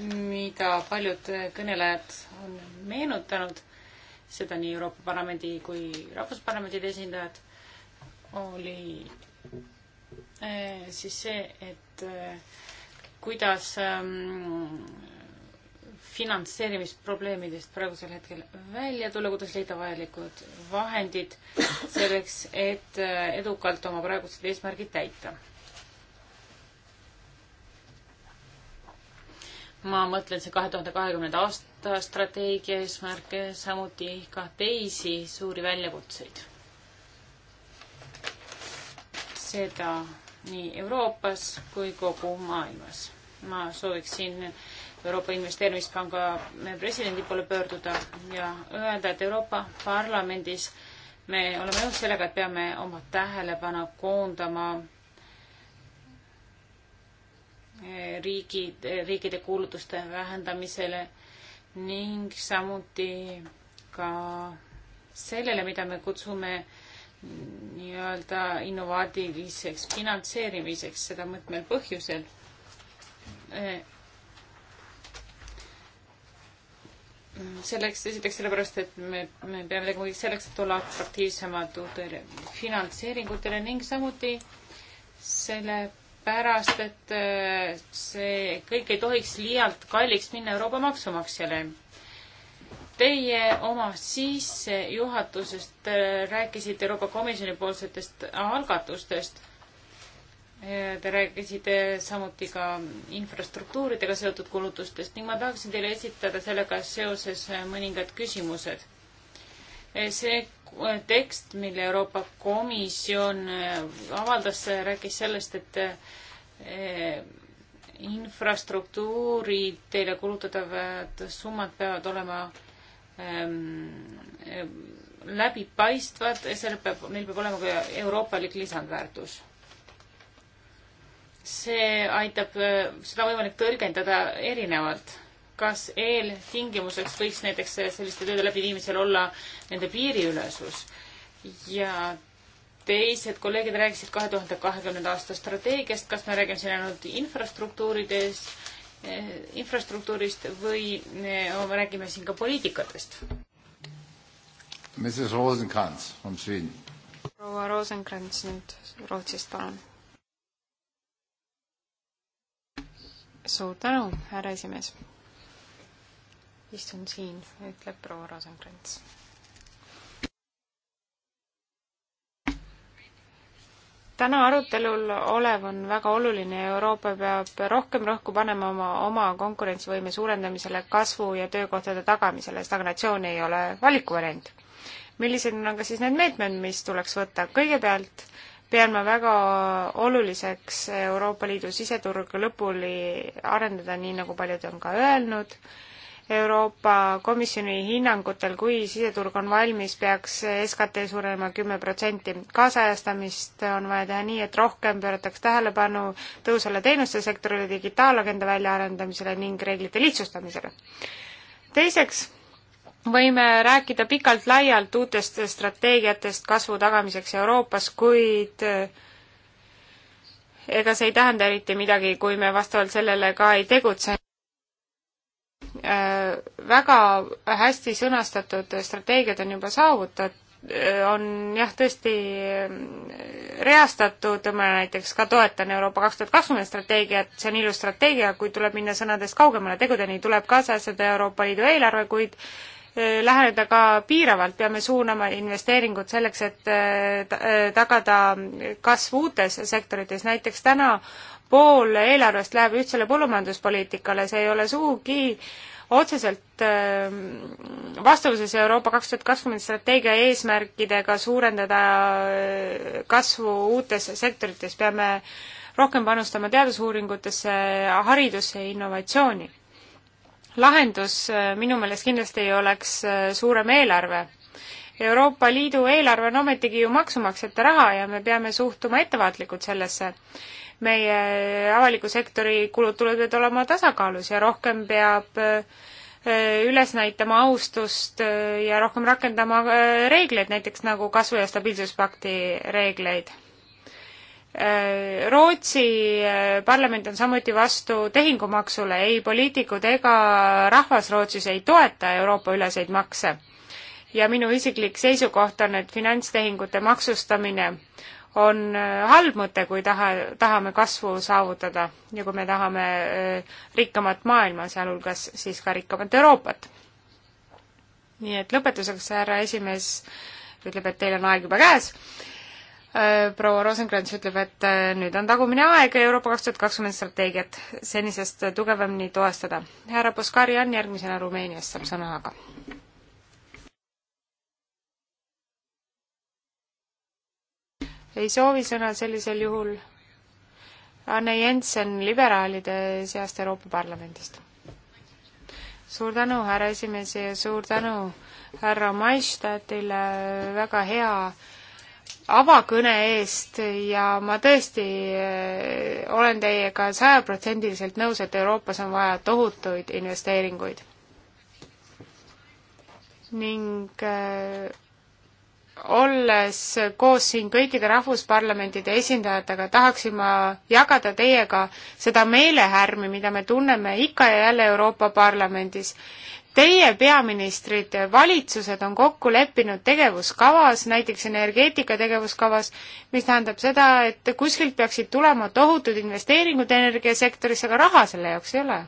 mida paljud kõnelejad on meenutanud, seda nii Euroopa Parlamendi kui Rahvusparlamendide esindajad, oli eh, siis see, et eh, kuidas ehm, finantseerimisprobleemidest praegusel hetkel välja tulla, kuidas leida vajalikud vahendid selleks, et eh, edukalt oma praegused eesmärgid täita ma mõtlen see kahe tuhande kahekümnenda aasta strateegia eesmärke, samuti ka teisi suuri väljakutseid. seda nii Euroopas kui kogu maailmas. ma sooviksin Euroopa Investeerimispanga presidendi poole pöörduda ja öelda, et Euroopa Parlamendis me oleme nõus sellega, et peame oma tähelepanu koondama riigid, riikide kuulutuste vähendamisele ning samuti ka sellele, mida me kutsume nii-öelda innovaatiliseks finantseerimiseks, seda mõtmel põhjusel. selleks, esiteks sellepärast, et me, me peame tegema kõik selleks, et olla atraktiivsemad uutele finantseeringutele ning samuti selle sellepärast, et äh, see kõik ei tohiks liialt kalliks minna Euroopa maksumaksjale. Teie oma sissejuhatusest äh, rääkisite Euroopa Komisjoni poolsetest algatustest. Äh, te rääkisite samuti ka infrastruktuuridega seotud kulutustest ning ma tahaksin teile esitada sellega seoses mõningad küsimused see tekst, mille Euroopa Komisjon äh, avaldas, rääkis sellest, et äh, infrastruktuuri teile kulutatavad summad peavad olema ähm, läbipaistvad, sellel peab, neil peab olema ka euroopalik lisandväärtus. see aitab, äh, seda on võimalik tõlgendada erinevalt kas eeltingimuseks võiks näiteks selliste tööde läbiviimisel olla nende piiriülesus ja teised kolleegid rääkisid kahe tuhande kahekümnenda aasta strateegiast, kas me räägime siin ainult infrastruktuurides, eh, infrastruktuurist või eh, me räägime siin ka poliitikatest? Mrs Rosenkrantz from Sweden. proua Rosenkrantz nüüd Rootsist, palun. suur tänu, härra esimees istun siin, ütleb proua Rosenkrantz. täna arutelul olev on väga oluline ja Euroopa peab rohkem rõhku panema oma, oma konkurentsivõime suurendamisele, kasvu ja töökohtade tagamisele, stagnatsioon ei ole valikuvariant. millised on aga siis need meetmed, mis tuleks võtta? kõigepealt pean ma väga oluliseks Euroopa Liidu siseturg lõpuni arendada, nii nagu paljud on ka öelnud, Euroopa Komisjoni hinnangutel, kui siseturg on valmis, peaks SKT suurenema kümme protsenti. kaasajastamist on vaja teha nii, et rohkem pöörataks tähelepanu tõusvale teenustesektorile, digitaalagenda väljaarendamisele ning reeglite lihtsustamisele. teiseks võime rääkida pikalt-laialt uutest strateegiatest kasvu tagamiseks Euroopas, kuid ega see ei tähenda eriti midagi, kui me vastavalt sellele ka ei tegutse Äh, väga hästi sõnastatud strateegiad on juba saavutatud, äh, on jah, tõesti äh, reastatud, ma näiteks ka toetan Euroopa kaks tuhat kakskümmend strateegiat, see on ilus strateegia, kuid tuleb minna sõnadest kaugemale, tegudeni tuleb kaasajastada Euroopa Liidu eelarve, kuid läheneda ka piiravalt, peame suunama investeeringud selleks, et tagada kasv uutes sektorites, näiteks täna pool eelarvest läheb ühtsele põllumajanduspoliitikale, see ei ole sugugi otseselt ähm, vastavuses Euroopa kaks tuhat kakskümmend strateegia eesmärkidega suurendada äh, kasvu uutes sektorites, peame rohkem panustama teadusuuringutesse, haridusse ja innovatsiooni. lahendus äh, minu meelest kindlasti ei oleks äh, suurem eelarve. Euroopa Liidu eelarve on ometigi ju maksumaksjate raha ja me peame suhtuma ettevaatlikult sellesse meie avaliku sektori kulud tulevad olema tasakaalus ja rohkem peab äh, üles näitama austust äh, ja rohkem rakendama äh, reegleid, näiteks nagu kasvu- ja stabiilsuspakti reegleid Rootsi parlament on samuti vastu tehingumaksule, ei poliitikud ega rahvas Rootsis ei toeta Euroopa-üleseid makse. ja minu isiklik seisukoht on, et finantstehingute maksustamine on äh, halb mõte, kui taha, tahame kasvu saavutada ja kui me tahame äh, rikkamat maailma, sealhulgas siis ka rikkamat Euroopat. nii et lõpetuseks, härra esimees ütleb, et teil on aeg juba käes, äh, proua Rosenkrantz ütleb, et nüüd on tagumine aeg Euroopa kaks tuhat kakskümmend strateegiat senisest tugevamini toestada. härra Puskari on järgmisena Rumeeniast, saab sõna aga ei soovi sõna sellisel juhul. Anne Jensen liberaalide seast Euroopa Parlamendist. suur tänu, härra esimees ja suur tänu härra Maistadile väga hea avakõne eest ja ma tõesti eh, olen teiega sajaprotsendiliselt nõus, et Euroopas on vaja tohutuid investeeringuid. ning eh, olles koos siin kõikide rahvusparlamentide esindajatega, tahaksin ma jagada teiega seda meelehärmi, mida me tunneme ikka ja jälle Euroopa Parlamendis. Teie peaministrid, valitsused on kokku leppinud tegevuskavas, näiteks energeetika tegevuskavas, mis tähendab seda, et kuskilt peaksid tulema tohutud investeeringud energiasektorisse, aga raha selle jaoks ei ole.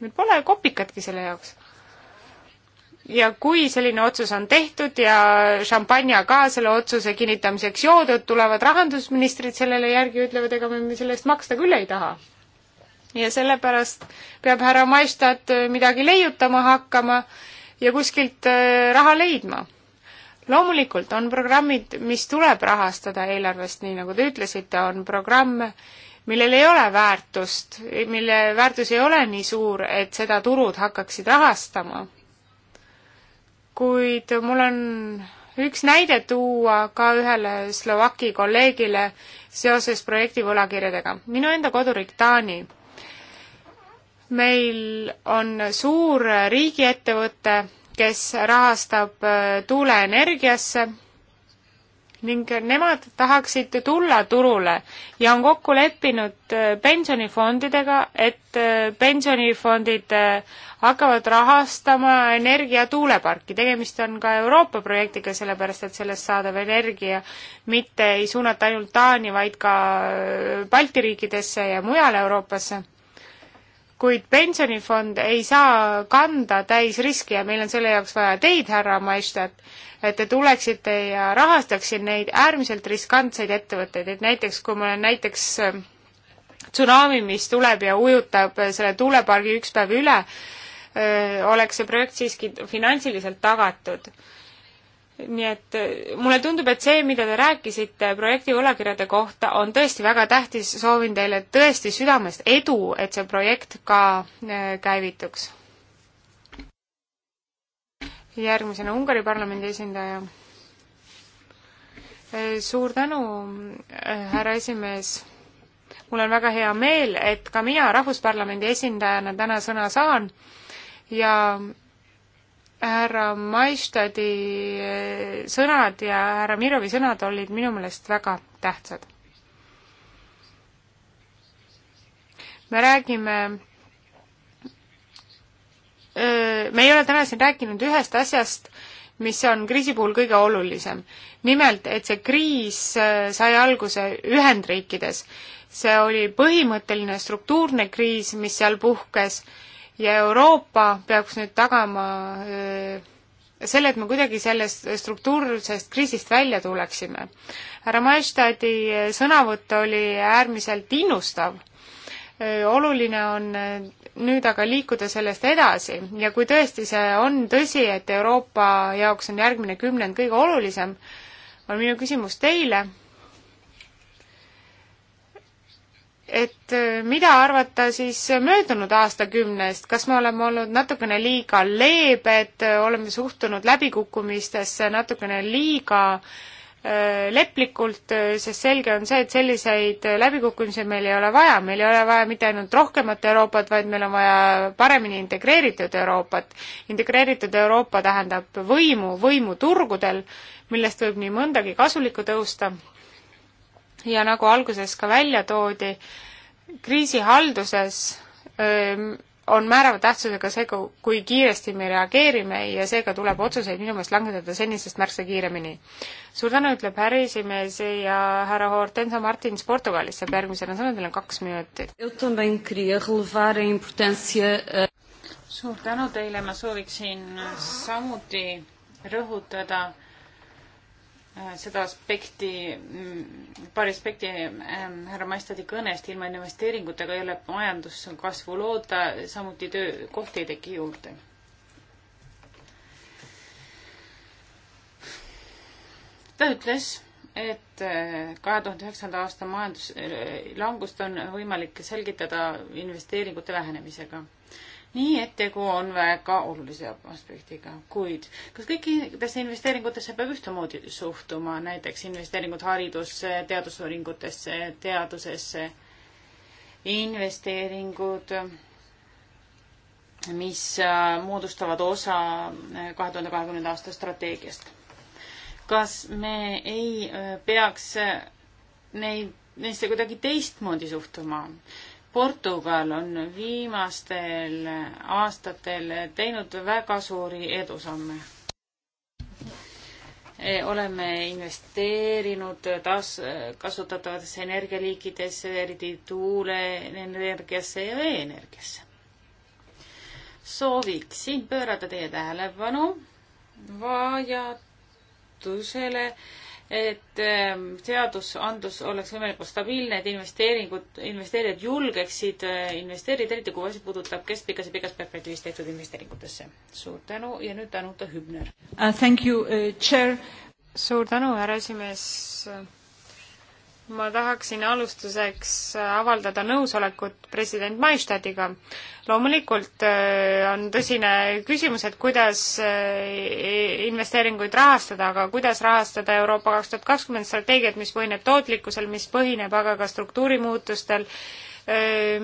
meil pole kopikatki selle jaoks ja kui selline otsus on tehtud ja šampanja ka selle otsuse kinnitamiseks joodud, tulevad rahandusministrid sellele järgi ja ütlevad, ega me selle eest maksta küll ei taha. ja sellepärast peab härra Maistad äh, midagi leiutama hakkama ja kuskilt äh, raha leidma. loomulikult on programmid, mis tuleb rahastada eelarvest, nii nagu te ütlesite, on programme, millel ei ole väärtust, mille väärtus ei ole nii suur, et seda turud hakkaksid rahastama kuid mul on üks näide tuua ka ühele Slovaki kolleegile seoses projekti võlakirjadega. minu enda koduriik Taani. meil on suur riigiettevõte, kes rahastab äh, tuuleenergiasse ning nemad tahaksid tulla turule ja on kokku leppinud äh, pensionifondidega, et äh, pensionifondid hakkavad rahastama energiatuuleparki. tegemist on ka Euroopa projektiga, sellepärast et sellest saadav energia mitte ei suunata ainult Taani, vaid ka äh, Balti riikidesse ja mujale Euroopasse. kuid pensionifond ei saa kanda täis riski ja meil on selle jaoks vaja teid, härra Maistat, et te tuleksite ja rahastaksid neid äärmiselt riskantseid ettevõtteid, et näiteks kui ma olen näiteks äh, tsunami, mis tuleb ja ujutab äh, selle tuulepargi üks päev üle, oleks see projekt siiski finantsiliselt tagatud. nii et mulle tundub, et see, mida te rääkisite projekti võlakirjade kohta, on tõesti väga tähtis, soovin teile tõesti südamest edu, et see projekt ka käivituks. järgmisena Ungari parlamendi esindaja. suur tänu, härra esimees mul on väga hea meel, et ka mina Rahvusparlamendi esindajana täna sõna saan ja härra Maistadi eh, sõnad ja härra Mirovi sõnad olid minu meelest väga tähtsad. me räägime, eh, me ei ole täna siin rääkinud ühest asjast, mis on kriisi puhul kõige olulisem. nimelt, et see kriis eh, sai alguse Ühendriikides. see oli põhimõtteline struktuurne kriis, mis seal puhkes ja Euroopa peaks nüüd tagama äh, selle, et me kuidagi sellest struktuursest kriisist välja tuleksime. härra Maestadi äh, sõnavõtt oli äärmiselt innustav. Äh, oluline on nüüd aga liikuda sellest edasi ja kui tõesti see on tõsi, et Euroopa jaoks on järgmine kümnend kõige olulisem, on minu küsimus teile et äh, mida arvata siis möödunud aastakümnest, kas me oleme olnud natukene liiga leebed, äh, oleme suhtunud läbikukkumistesse natukene liiga äh, leplikult, sest selge on see, et selliseid läbikukkumisi meil ei ole vaja, meil ei ole vaja mitte ainult rohkemat Euroopat, vaid meil on vaja paremini integreeritud Euroopat. integreeritud Euroopa tähendab võimu, võimu turgudel, millest võib nii mõndagi kasulikku tõusta ja nagu alguses ka välja toodi, kriisihalduses öö, ähm, on määrava tähtsusega see, kui kiiresti me reageerime ja seega tuleb otsuseid minu meelest langetada senisest märksa kiiremini. suur tänu, ütleb härra esimees ja härra Hortensa Martins Portugalist saab järgmisena sõna, teil on kaks minutit. Eh, suur tänu teile, ma sooviksin samuti rõhutada Äh, seda aspekti, mm, paari aspekti ähm, härra Maistadi kõnest, ilma investeeringutega ei ole majanduskasvu loota, samuti töökohti ei teki juurde. ta ütles, et äh, kahe tuhande üheksanda aasta majanduslangust äh, on võimalik selgitada investeeringute vähenemisega nii et tegu on väga olulise aspektiga, kuid kas kõikidesse investeeringutesse peab ühtemoodi suhtuma, näiteks investeeringud haridusse, teadusuuringutesse, teadusesse, investeeringud, mis äh, moodustavad osa äh, kahe tuhande kahekümnenda aasta strateegiast? kas me ei äh, peaks neid, neisse kuidagi teistmoodi suhtuma? Portugal on viimastel aastatel teinud väga suuri edusamme. E, oleme investeerinud taaskasutatavatesse energialiikidesse, eriti tuuleenergiasse ja veeenergiasse. sooviksin pöörata teie tähelepanu vajadusele äh, et ehm, seadusandlus oleks võimalikult stabiilne, et investeeringud, investeerijad julgeksid eh, investeerida, eriti kui asi puudutab keskpikas ja pikas perspektiivis tehtud investeeringutesse. suur tänu ja nüüd Anuta Hübner uh,. Thank you uh,, chair. suur tänu, härra esimees ma tahaksin alustuseks äh, avaldada nõusolekut president Maistadiga. loomulikult äh, on tõsine küsimus, et kuidas äh, investeeringuid rahastada, aga kuidas rahastada Euroopa kaks tuhat kakskümmend strateegiat, mis põhineb tootlikkusel, mis põhineb aga ka struktuurimuutustel,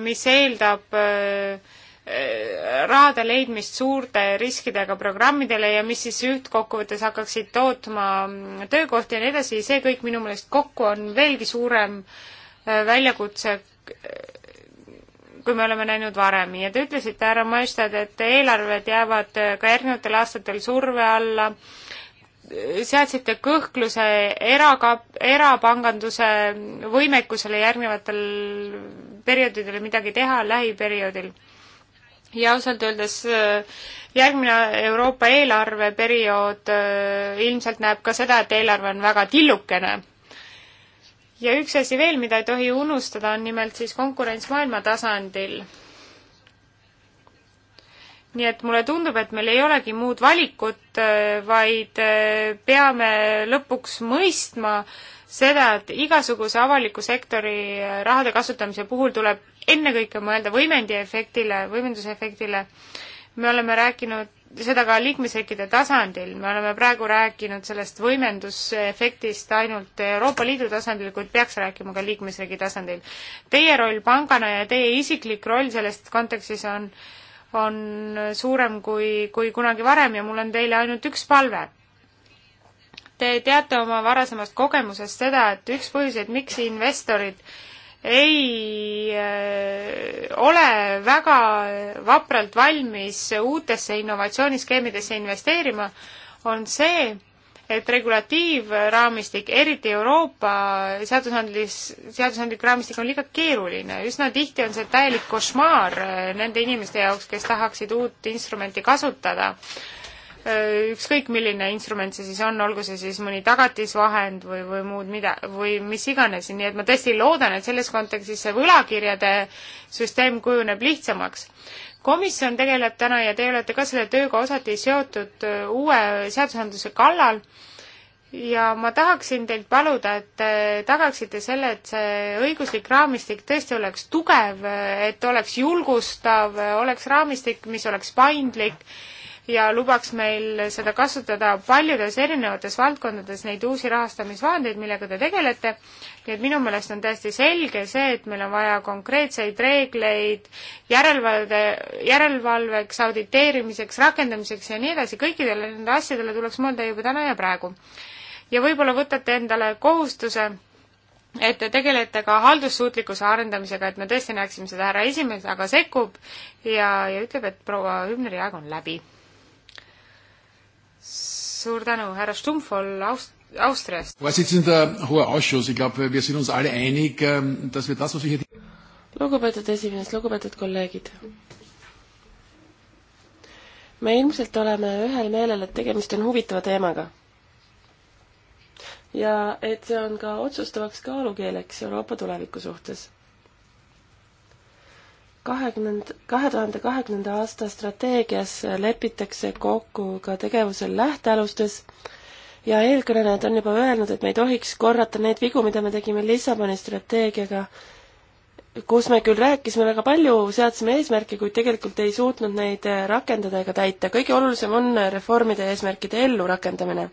mis eeldab äh, rahade leidmist suurte riskidega programmidele ja mis siis üldkokkuvõttes hakkaksid tootma töökohti ja nii edasi, see kõik minu meelest kokku on veelgi suurem äh, väljakutse, äh, kui me oleme näinud varem ja te ütlesite, härra Maestad, et eelarved jäävad äh, ka järgnevatel aastatel surve alla, seadsite kõhkluse erakap-, erapanganduse võimekusele järgnevatel perioodidel midagi teha, lähiperioodil ja ausalt öeldes äh, järgmine Euroopa eelarveperiood äh, ilmselt näeb ka seda, et eelarve on väga tillukene. ja üks asi veel, mida ei tohi unustada, on nimelt siis konkurents maailma tasandil. nii et mulle tundub, et meil ei olegi muud valikut, äh, vaid peame lõpuks mõistma, seda, et igasuguse avaliku sektori rahade kasutamise puhul tuleb ennekõike mõelda võimendiefektile, võimendusefektile. me oleme rääkinud seda ka liikmesriikide tasandil, me oleme praegu rääkinud sellest võimendusefektist ainult Euroopa Liidu tasandil, kuid peaks rääkima ka liikmesriigi tasandil. Teie roll pangana ja teie isiklik roll selles kontekstis on, on suurem kui, kui kunagi varem ja mul on teile ainult üks palve te teate oma varasemast kogemusest seda, et üks põhjuseid, miks investorid äh, ei äh, ole väga vapralt valmis uutesse innovatsiooniskeemidesse investeerima, on see, et regulatiivraamistik, eriti Euroopa seadusandlis, seadusandlik raamistik on liiga keeruline. üsna tihti on see täielik košmaar äh, nende inimeste jaoks, kes tahaksid uut instrumenti kasutada Äh, ükskõik milline instrument see siis on, olgu see siis mõni tagatisvahend või, või muud mida, või mis iganes, nii et ma tõesti loodan, et selles kontekstis see võlakirjade süsteem kujuneb lihtsamaks. komisjon tegeleb täna ja te olete ka selle tööga osati seotud äh, uue seadusandluse kallal ja ma tahaksin teilt paluda, et te tagaksite selle, et see õiguslik raamistik tõesti oleks tugev, et oleks julgustav, oleks raamistik, mis oleks paindlik ja lubaks meil seda kasutada paljudes erinevates valdkondades, neid uusi rahastamisvahendeid, millega te tegelete. nii et minu meelest on täiesti selge see, et meil on vaja konkreetseid reegleid järelevalve, järelevalveks, auditeerimiseks, rakendamiseks ja nii edasi, kõikidele nendele asjadele tuleks mõelda juba täna ja praegu. ja võib-olla võtate endale kohustuse et te tegelete ka haldussuutlikkuse arendamisega, et me tõesti näeksime seda härra esimees, aga sekkub ja, ja ütleb, et proua Hübneri aeg on läbi suur tänu, härra Stumpfol Aust-, Austriast. Eh, eh, ehm, lugupeetud esimees, lugupeetud kolleegid. me ilmselt oleme ühel meelel, et tegemist on huvitava teemaga. ja et see on ka otsustavaks kaalukeeleks Euroopa tuleviku suhtes kahekümnend, kahe tuhande kahekümnenda aasta strateegias lepitakse kokku ka tegevuse lähtealustes ja eelkõnelejad on juba öelnud, et me ei tohiks korrata neid vigu, mida me tegime Lissaboni strateegiaga, kus me küll rääkisime väga palju, seadsime eesmärke, kuid tegelikult ei suutnud neid rakendada ega täita. kõige olulisem on reformide eesmärkide ellurakendamine.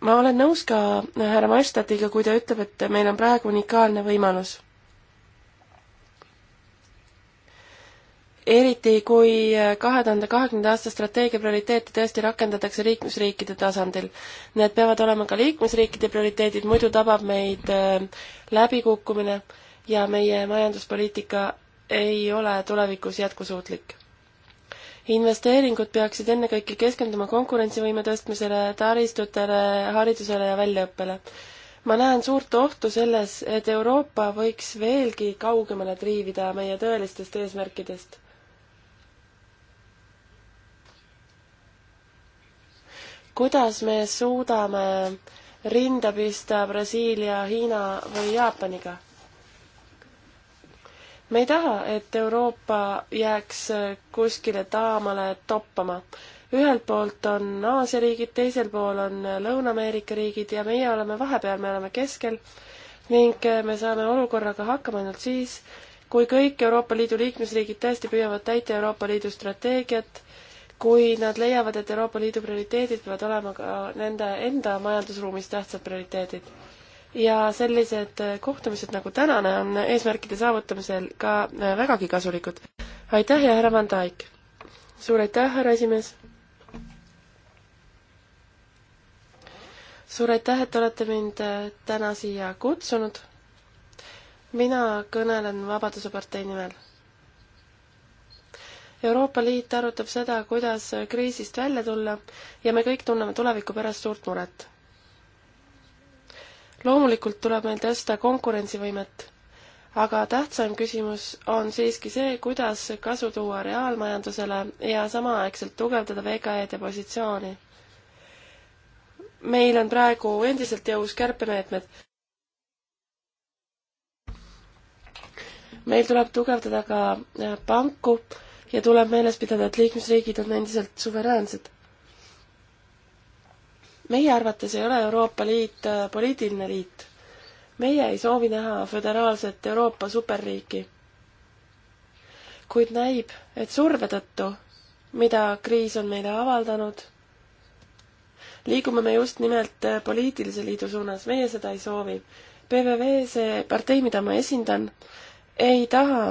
ma olen nõus ka härra Maestatiga, kui ta ütleb, et meil on praegu unikaalne võimalus eriti kui äh, kahe tuhande kahekümnenda aasta strateegia prioriteete tõesti rakendatakse liikmesriikide tasandil. Need peavad olema ka liikmesriikide prioriteedid, muidu tabab meid äh, läbikukkumine ja meie majanduspoliitika ei ole tulevikus jätkusuutlik. investeeringud peaksid ennekõike keskenduma konkurentsivõime tõstmisele, taristutele, haridusele ja väljaõppele. ma näen suurt ohtu selles, et Euroopa võiks veelgi kaugemale triivida meie tõelistest eesmärkidest kuidas me suudame rinda pista Brasiilia, Hiina või Jaapaniga? me ei taha, et Euroopa jääks kuskile taamale toppama. ühelt poolt on Aasia riigid, teisel pool on Lõuna-Ameerika riigid ja meie oleme vahepeal, me oleme keskel ning me saame olukorraga hakkama ainult siis, kui kõik Euroopa Liidu liikmesriigid tõesti püüavad täita Euroopa Liidu strateegiat kui nad leiavad, et Euroopa Liidu prioriteedid peavad olema ka nende enda majandusruumis tähtsad prioriteedid. ja sellised äh, kohtumised nagu tänane on eesmärkide saavutamisel ka äh, vägagi kasulikud. aitäh ja härra Van Dijk! suur aitäh, härra esimees! suur aitäh, et olete mind äh, täna siia kutsunud. mina kõnelen Vabaduse partei nimel Euroopa Liit arutab seda, kuidas kriisist välja tulla ja me kõik tunneme tuleviku pärast suurt muret. loomulikult tuleb meil tõsta konkurentsivõimet, aga tähtsam küsimus on siiski see, kuidas kasu tuua reaalmajandusele ja samaaegselt tugevdada VKE-de positsiooni. meil on praegu endiselt jõus kärpemeetmed meil tuleb tugevdada ka panku ja tuleb meeles pidada, et liikmesriigid on endiselt suveräänsed. meie arvates ei ole Euroopa Liit äh, poliitiline liit. meie ei soovi näha föderaalset Euroopa superriiki. kuid näib, et surve tõttu, mida kriis on meile avaldanud, liigume me just nimelt äh, poliitilise liidu suunas, meie seda ei soovi. PVV, see partei, mida ma esindan, ei taha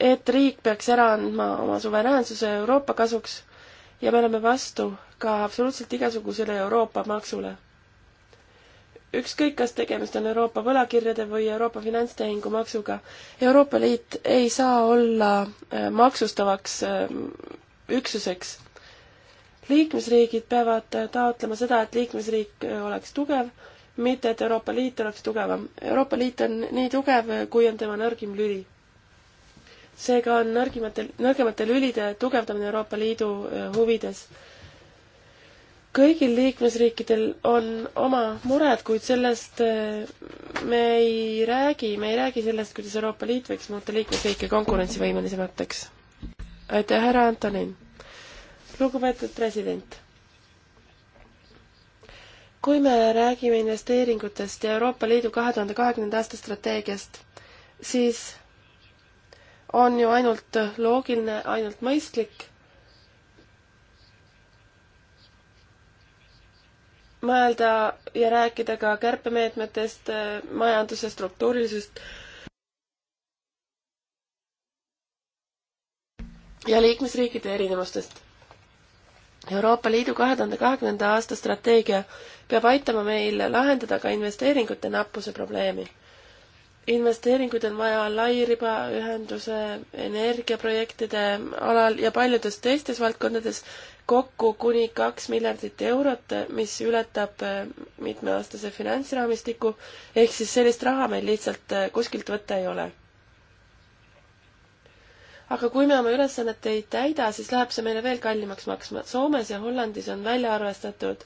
et riik peaks ära andma oma suveräänsuse Euroopa kasuks ja me oleme vastu ka absoluutselt igasugusele Euroopa maksule. ükskõik, kas tegemist on Euroopa võlakirjade või Euroopa finantstehingu maksuga, Euroopa Liit ei saa olla äh, maksustavaks äh, üksuseks. liikmesriigid peavad taotlema seda, et liikmesriik äh, oleks tugev, mitte et Euroopa Liit oleks tugevam. Euroopa Liit on nii tugev, kui on tema nõrgim lüli seega on nõrgimatel, nõrgemate lülide tugevdamine Euroopa Liidu huvides. kõigil liikmesriikidel on oma mured, kuid sellest me ei räägi, me ei räägi sellest, kuidas Euroopa Liit võiks muuta liikmesriike konkurentsivõimelisemateks. aitäh, härra Antonin! lugupeetud president! kui me räägime investeeringutest ja Euroopa Liidu kahe tuhande kahekümnenda aasta strateegiast, siis on ju ainult loogiline, ainult mõistlik. mõelda ja rääkida ka kärpemeetmetest, majanduse struktuurilisest ja liikmesriikide erinevustest. Euroopa Liidu kahe tuhande kahekümnenda aasta strateegia peab aitama meil lahendada ka investeeringute nappuse probleemi investeeringuid on vaja lairibaühenduse, energiaprojektide alal ja paljudes teistes valdkondades kokku kuni kaks miljardit eurot, mis ületab äh, mitmeaastase finantsraamistiku, ehk siis sellist raha meil lihtsalt äh, kuskilt võtta ei ole aga kui me oma ülesannet ei täida, siis läheb see meile veel kallimaks maksma. Soomes ja Hollandis on välja arvestatud,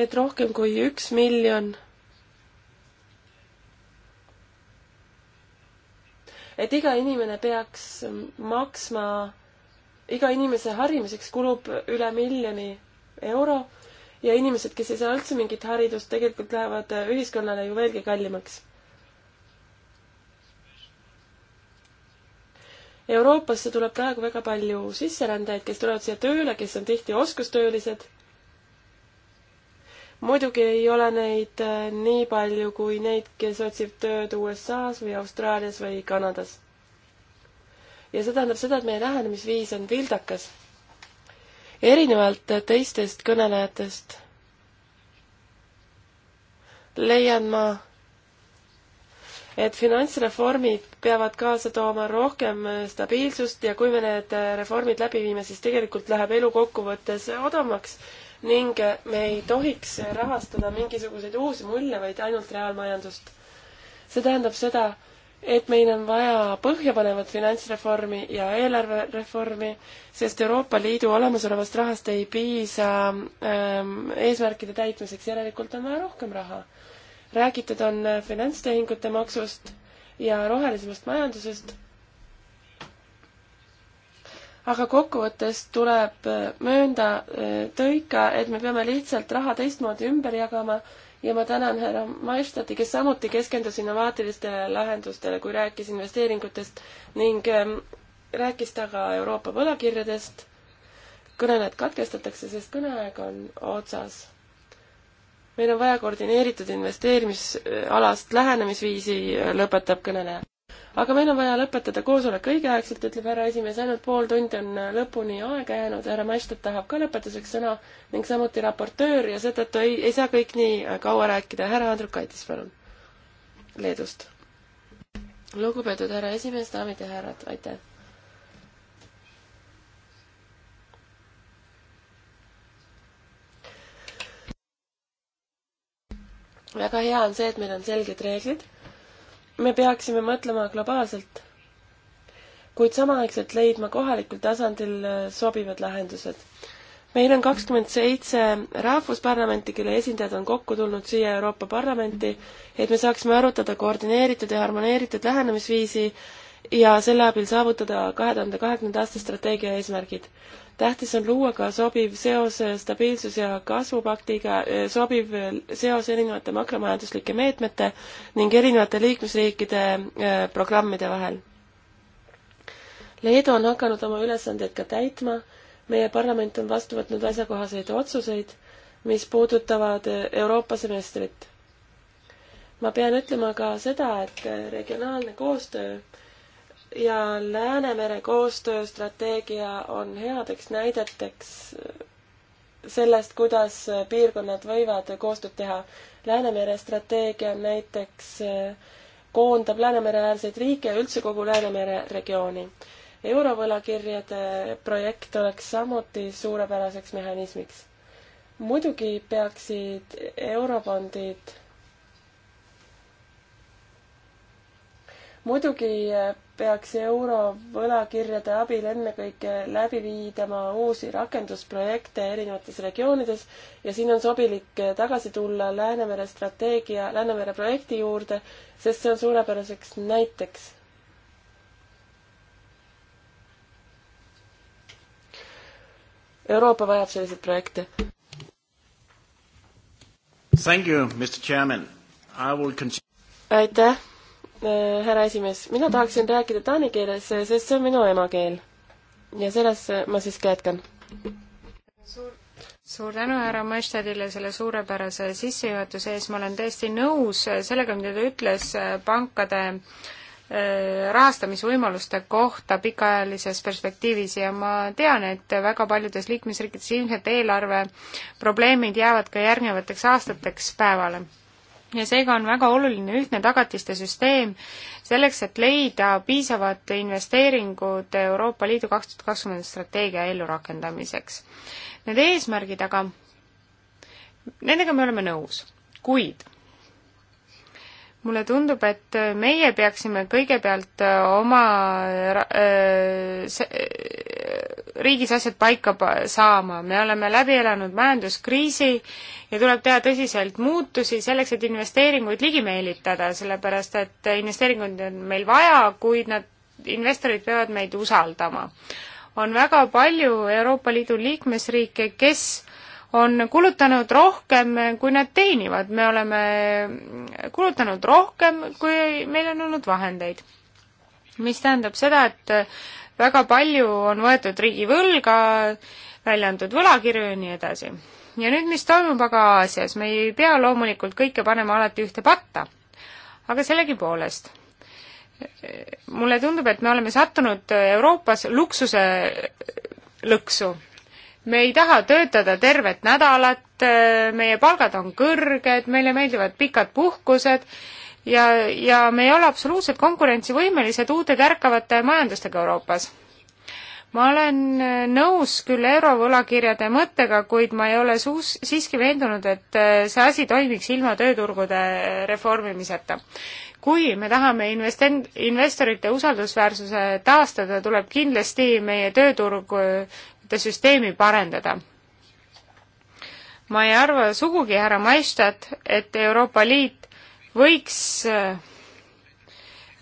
et rohkem kui üks miljon et iga inimene peaks maksma, iga inimese harimiseks kulub üle miljoni euro ja inimesed, kes ei saa üldse mingit haridust, tegelikult lähevad ühiskonnale ju veelgi kallimaks. Euroopasse tuleb praegu väga palju sisserändajaid, kes tulevad siia tööle, kes on tihti oskustöölised muidugi ei ole neid äh, nii palju kui neid, kes otsib tööd USA-s või Austraalias või Kanadas. ja see tähendab seda, et meie lähenemisviis on vildakas. erinevalt teistest kõnelejatest leian ma, et finantsreformid peavad kaasa tooma rohkem äh, stabiilsust ja kui me need äh, reformid läbi viime, siis tegelikult läheb elu kokkuvõttes odavamaks ning me ei tohiks rahastada mingisuguseid uusi mulle, vaid ainult reaalmajandust. see tähendab seda, et meil on vaja põhjapanevat finantsreformi ja eelarvereformi, sest Euroopa Liidu olemasolevast rahast ei piisa ähm, eesmärkide täitmiseks, järelikult on vaja rohkem raha. räägitud on finantstehingute maksust ja rohelisemast majandusest aga kokkuvõttes tuleb äh, möönda äh, tõika, et me peame lihtsalt raha teistmoodi ümber jagama ja ma tänan härra Maistati, kes samuti keskendus innovaatilistele lahendustele, kui rääkis investeeringutest ning ähm, rääkis ta ka Euroopa võlakirjadest. kõneled katkestatakse, sest kõneaeg on otsas. meil on vaja koordineeritud investeerimisalast äh, lähenemisviisi, lõpetab kõneleja aga meil on vaja lõpetada koosolek õigeaegselt, ütleb härra esimees, ainult pool tundi on lõpuni aega jäänud, härra Maistat tahab ka lõpetuseks sõna ning samuti raportöör ja seetõttu ei, ei saa kõik nii kaua rääkida. härra Andrukaitis, palun, Leedust. lugupeetud härra esimees, daamid ja härrad, aitäh! väga hea on see, et meil on selged reeglid me peaksime mõtlema globaalselt, kuid samaaegselt leidma kohalikul tasandil äh, sobivad lahendused. meil on kakskümmend seitse rahvusparlamenti, kelle esindajad on kokku tulnud siia Euroopa Parlamenti, et me saaksime arutada koordineeritud ja harmoneeritud lähenemisviisi ja selle abil saavutada kahe tuhande kahekümnenda aasta strateegia eesmärgid tähtis on luua ka sobiv seos eh, stabiilsus- ja kasvupaktiga, eh, sobiv eh, seos erinevate makromajanduslike meetmete ning erinevate liikmesriikide programmide vahel. Leedu on hakanud oma ülesandeid ka täitma, meie parlament on vastu võtnud asjakohaseid otsuseid, mis puudutavad Euroopa semestrit. ma pean ütlema ka seda, et regionaalne koostöö ja Läänemere koostööstrateegia on headeks näideteks sellest, kuidas piirkonnad võivad koostööd teha. Läänemere strateegia näiteks koondab Läänemere-äärseid riike ja üldse kogu Läänemere regiooni. eurovõlakirjade projekt oleks samuti suurepäraseks mehhanismiks. muidugi peaksid eurofondid muidugi eh, peaks eurovõlakirjade abil ennekõike läbi viidama uusi rakendusprojekte erinevates regioonides ja siin on sobilik eh, tagasi tulla Läänemere strateegia, Läänemere projekti juurde, sest see on suurepäraseks näiteks. Euroopa vajab selliseid projekte. Thank you, Mr Chairman. I will continue. aitäh Äh, härra esimees, mina tahaksin rääkida taani keeles, sest see on minu emakeel. ja selles ma siiski jätkan. suur, suur tänu härra Maistadile selle suurepärase sissejuhatuse ees, ma olen täiesti nõus sellega, mida ta ütles äh, pankade äh, rahastamisvõimaluste kohta pikaajalises perspektiivis ja ma tean, et väga paljudes liikmesriikides ilmselt eelarve probleemid jäävad ka järgnevateks aastateks päevale ja seega on väga oluline ühtne tagatiste süsteem selleks, et leida piisavad investeeringud Euroopa Liidu kaks tuhat kakskümmend strateegia ellurakendamiseks. Need eesmärgid aga, nendega me oleme nõus, kuid mulle tundub, et meie peaksime kõigepealt äh, oma äh, se, äh, riigis asjad paika saama, me oleme läbi elanud majanduskriisi ja tuleb teha tõsiselt muutusi selleks, et investeeringuid ligi meelitada, sellepärast et investeeringuid on meil vaja, kuid nad, investorid peavad meid usaldama. on väga palju Euroopa Liidu liikmesriike, kes on kulutanud rohkem, kui nad teenivad, me oleme kulutanud rohkem, kui meil on olnud vahendeid. mis tähendab seda, et väga palju on võetud riigivõlga, välja antud võlakirju ja nii edasi. ja nüüd, mis toimub aga Aasias, me ei pea loomulikult kõike panema alati ühte patta, aga sellegipoolest mulle tundub, et me oleme sattunud Euroopas luksuse lõksu me ei taha töötada tervet nädalat, äh, meie palgad on kõrged, meile meeldivad pikad puhkused ja, ja me ei ole absoluutselt konkurentsivõimelised uute tärkavate majandustega Euroopas. ma olen äh, nõus küll eurovõlakirjade mõttega, kuid ma ei ole suus-, siiski veendunud, et äh, see asi toimiks ilma tööturgude reformimiseta. kui me tahame invest-, investorite usaldusväärsuse taastada, tuleb kindlasti meie tööturg süsteemi parendada. ma ei arva sugugi, härra Maistat, et Euroopa Liit võiks äh,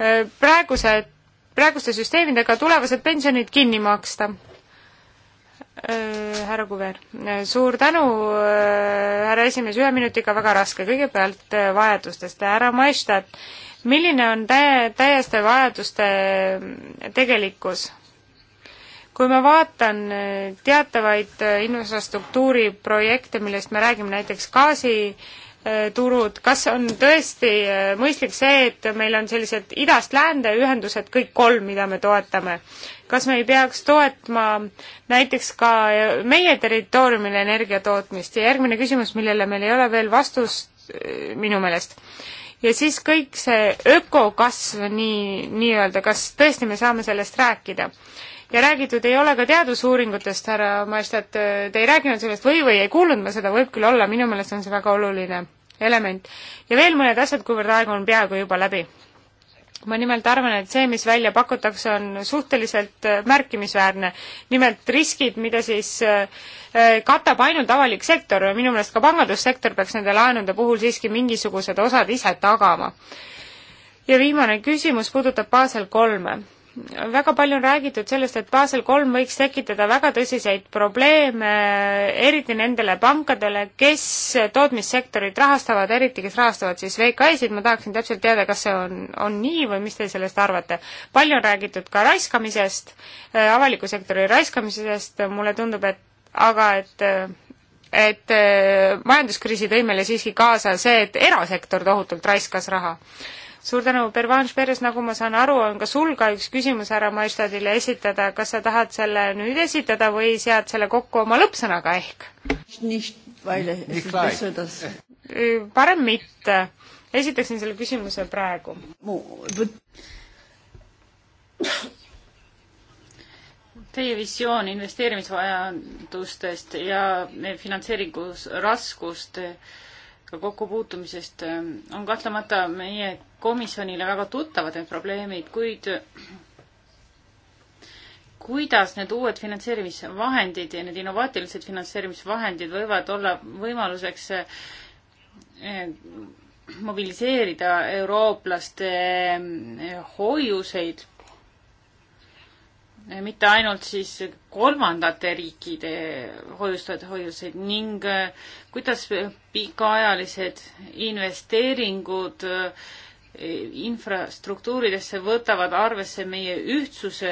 äh, praegused, praeguste süsteemidega tulevased pensionid kinni maksta äh, härra Kuver, suur tänu, härra esimees, ühe minutiga väga raske, kõigepealt vajadustest, härra Maistat, milline on täie, täieste vajaduste tegelikkus? kui ma vaatan eh, teatavaid eh, infrastruktuuriprojekte, millest me räägime, näiteks gaasiturud, eh, kas on tõesti mõistlik see, et meil on sellised idast läände ühendused, kõik kolm, mida me toetame? kas me ei peaks toetma näiteks ka meie territooriumil energia tootmist ja järgmine küsimus, millele meil ei ole veel vastust minu meelest ja siis kõik see ökokasv nii, nii-öelda, kas tõesti me saame sellest rääkida? ja räägitud ei ole ka teadusuuringutest, härra Maestat, te ei rääkinud sellest või, või ei kuulnud ma seda, võib küll olla, minu meelest on see väga oluline element. ja veel mõned asjad, kuivõrd aeg on peaaegu juba läbi. ma nimelt arvan, et see, mis välja pakutakse, on suhteliselt äh, märkimisväärne. nimelt riskid, mida siis äh, äh, katab ainult avalik sektor, minu meelest ka pangandussektor peaks nende laenude puhul siiski mingisugused osad ise tagama. ja viimane küsimus puudutab Basel kolme väga palju on räägitud sellest, et Basel kolm võiks tekitada väga tõsiseid probleeme, eriti nendele pankadele, kes tootmissektorit rahastavad, eriti kes rahastavad siis VKI-sid, ma tahaksin täpselt teada, kas see on, on nii või mis te sellest arvate. palju on räägitud ka raiskamisest, äh, avaliku sektori raiskamisest, mulle tundub, et aga et äh, et äh, majanduskriisi tõi meile siiski kaasa see, et erasektor tohutult raiskas raha suur tänu, Pervanš Peres, nagu ma saan aru, on ka sul ka üks küsimus härra Maistadile esitada, kas sa tahad selle nüüd esitada või sead selle kokku oma lõppsõnaga ehk? parem mitte, esitaksin selle küsimuse praegu. Teie visioon investeerimisvajadustest ja finantseeringus raskuste kokkupuutumisest ähm, on kahtlemata meie komisjonile väga tuttavad need probleemid, kuid kuidas need uued finantseerimisvahendid ja need innovaatilised finantseerimisvahendid võivad olla võimaluseks eh, mobiliseerida eurooplaste eh, hoiuseid, eh, mitte ainult siis kolmandate riikide hoiustajate hoiuseid ning kuidas pikaajalised investeeringud äh, infrastruktuuridesse võtavad arvesse meie ühtsuse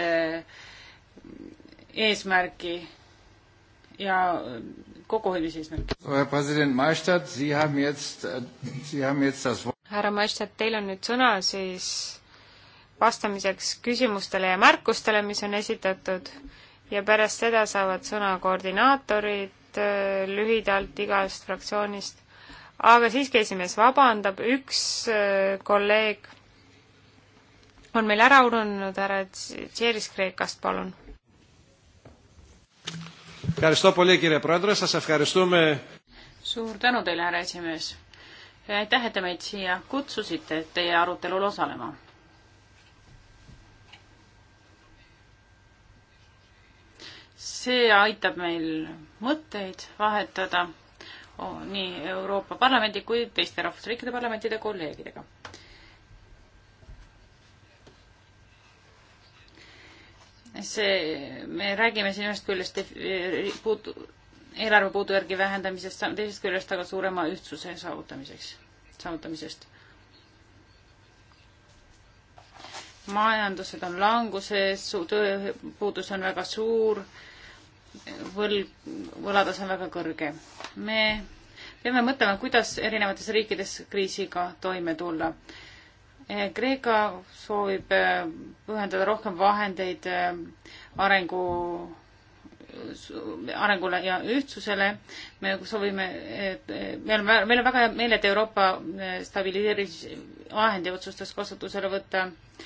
eesmärki ja kokkuhoidmise eesmärki. president Maestad, Sie haben jetzt, äh, Sie haben jetzt das härra Maestad, teil on nüüd sõna siis vastamiseks küsimustele ja märkustele, mis on esitatud ja pärast seda saavad sõna koordinaatorid äh, lühidalt igast fraktsioonist aga siiski esimees vabandab, üks äh, kolleeg on meil ära ununenud, härra Tšeris Kreekast, palun. suur tänu teile, härra esimees ja aitäh, et te meid siia kutsusite, et teie arutelul osalema. see aitab meil mõtteid vahetada Oh, nii Euroopa Parlamendi kui teiste rahvusriikide parlamentide kolleegidega. see, me räägime siin ühest küljest puudu, eelarve puudujärgi vähendamisest, teisest küljest aga suurema ühtsuse saavutamiseks, saavutamisest. majandused on languses, tööpuudus on väga suur võlg, võlatase on väga kõrge. me peame mõtlema, kuidas erinevates riikides kriisiga toime tulla. Eh, Kreeka soovib eh, pühendada rohkem vahendeid eh, arengu, arengule ja ühtsusele. me soovime, me oleme, meil on väga hea meel, et Euroopa stabiliseerimisvahendi otsustas kasutusele võtta äh,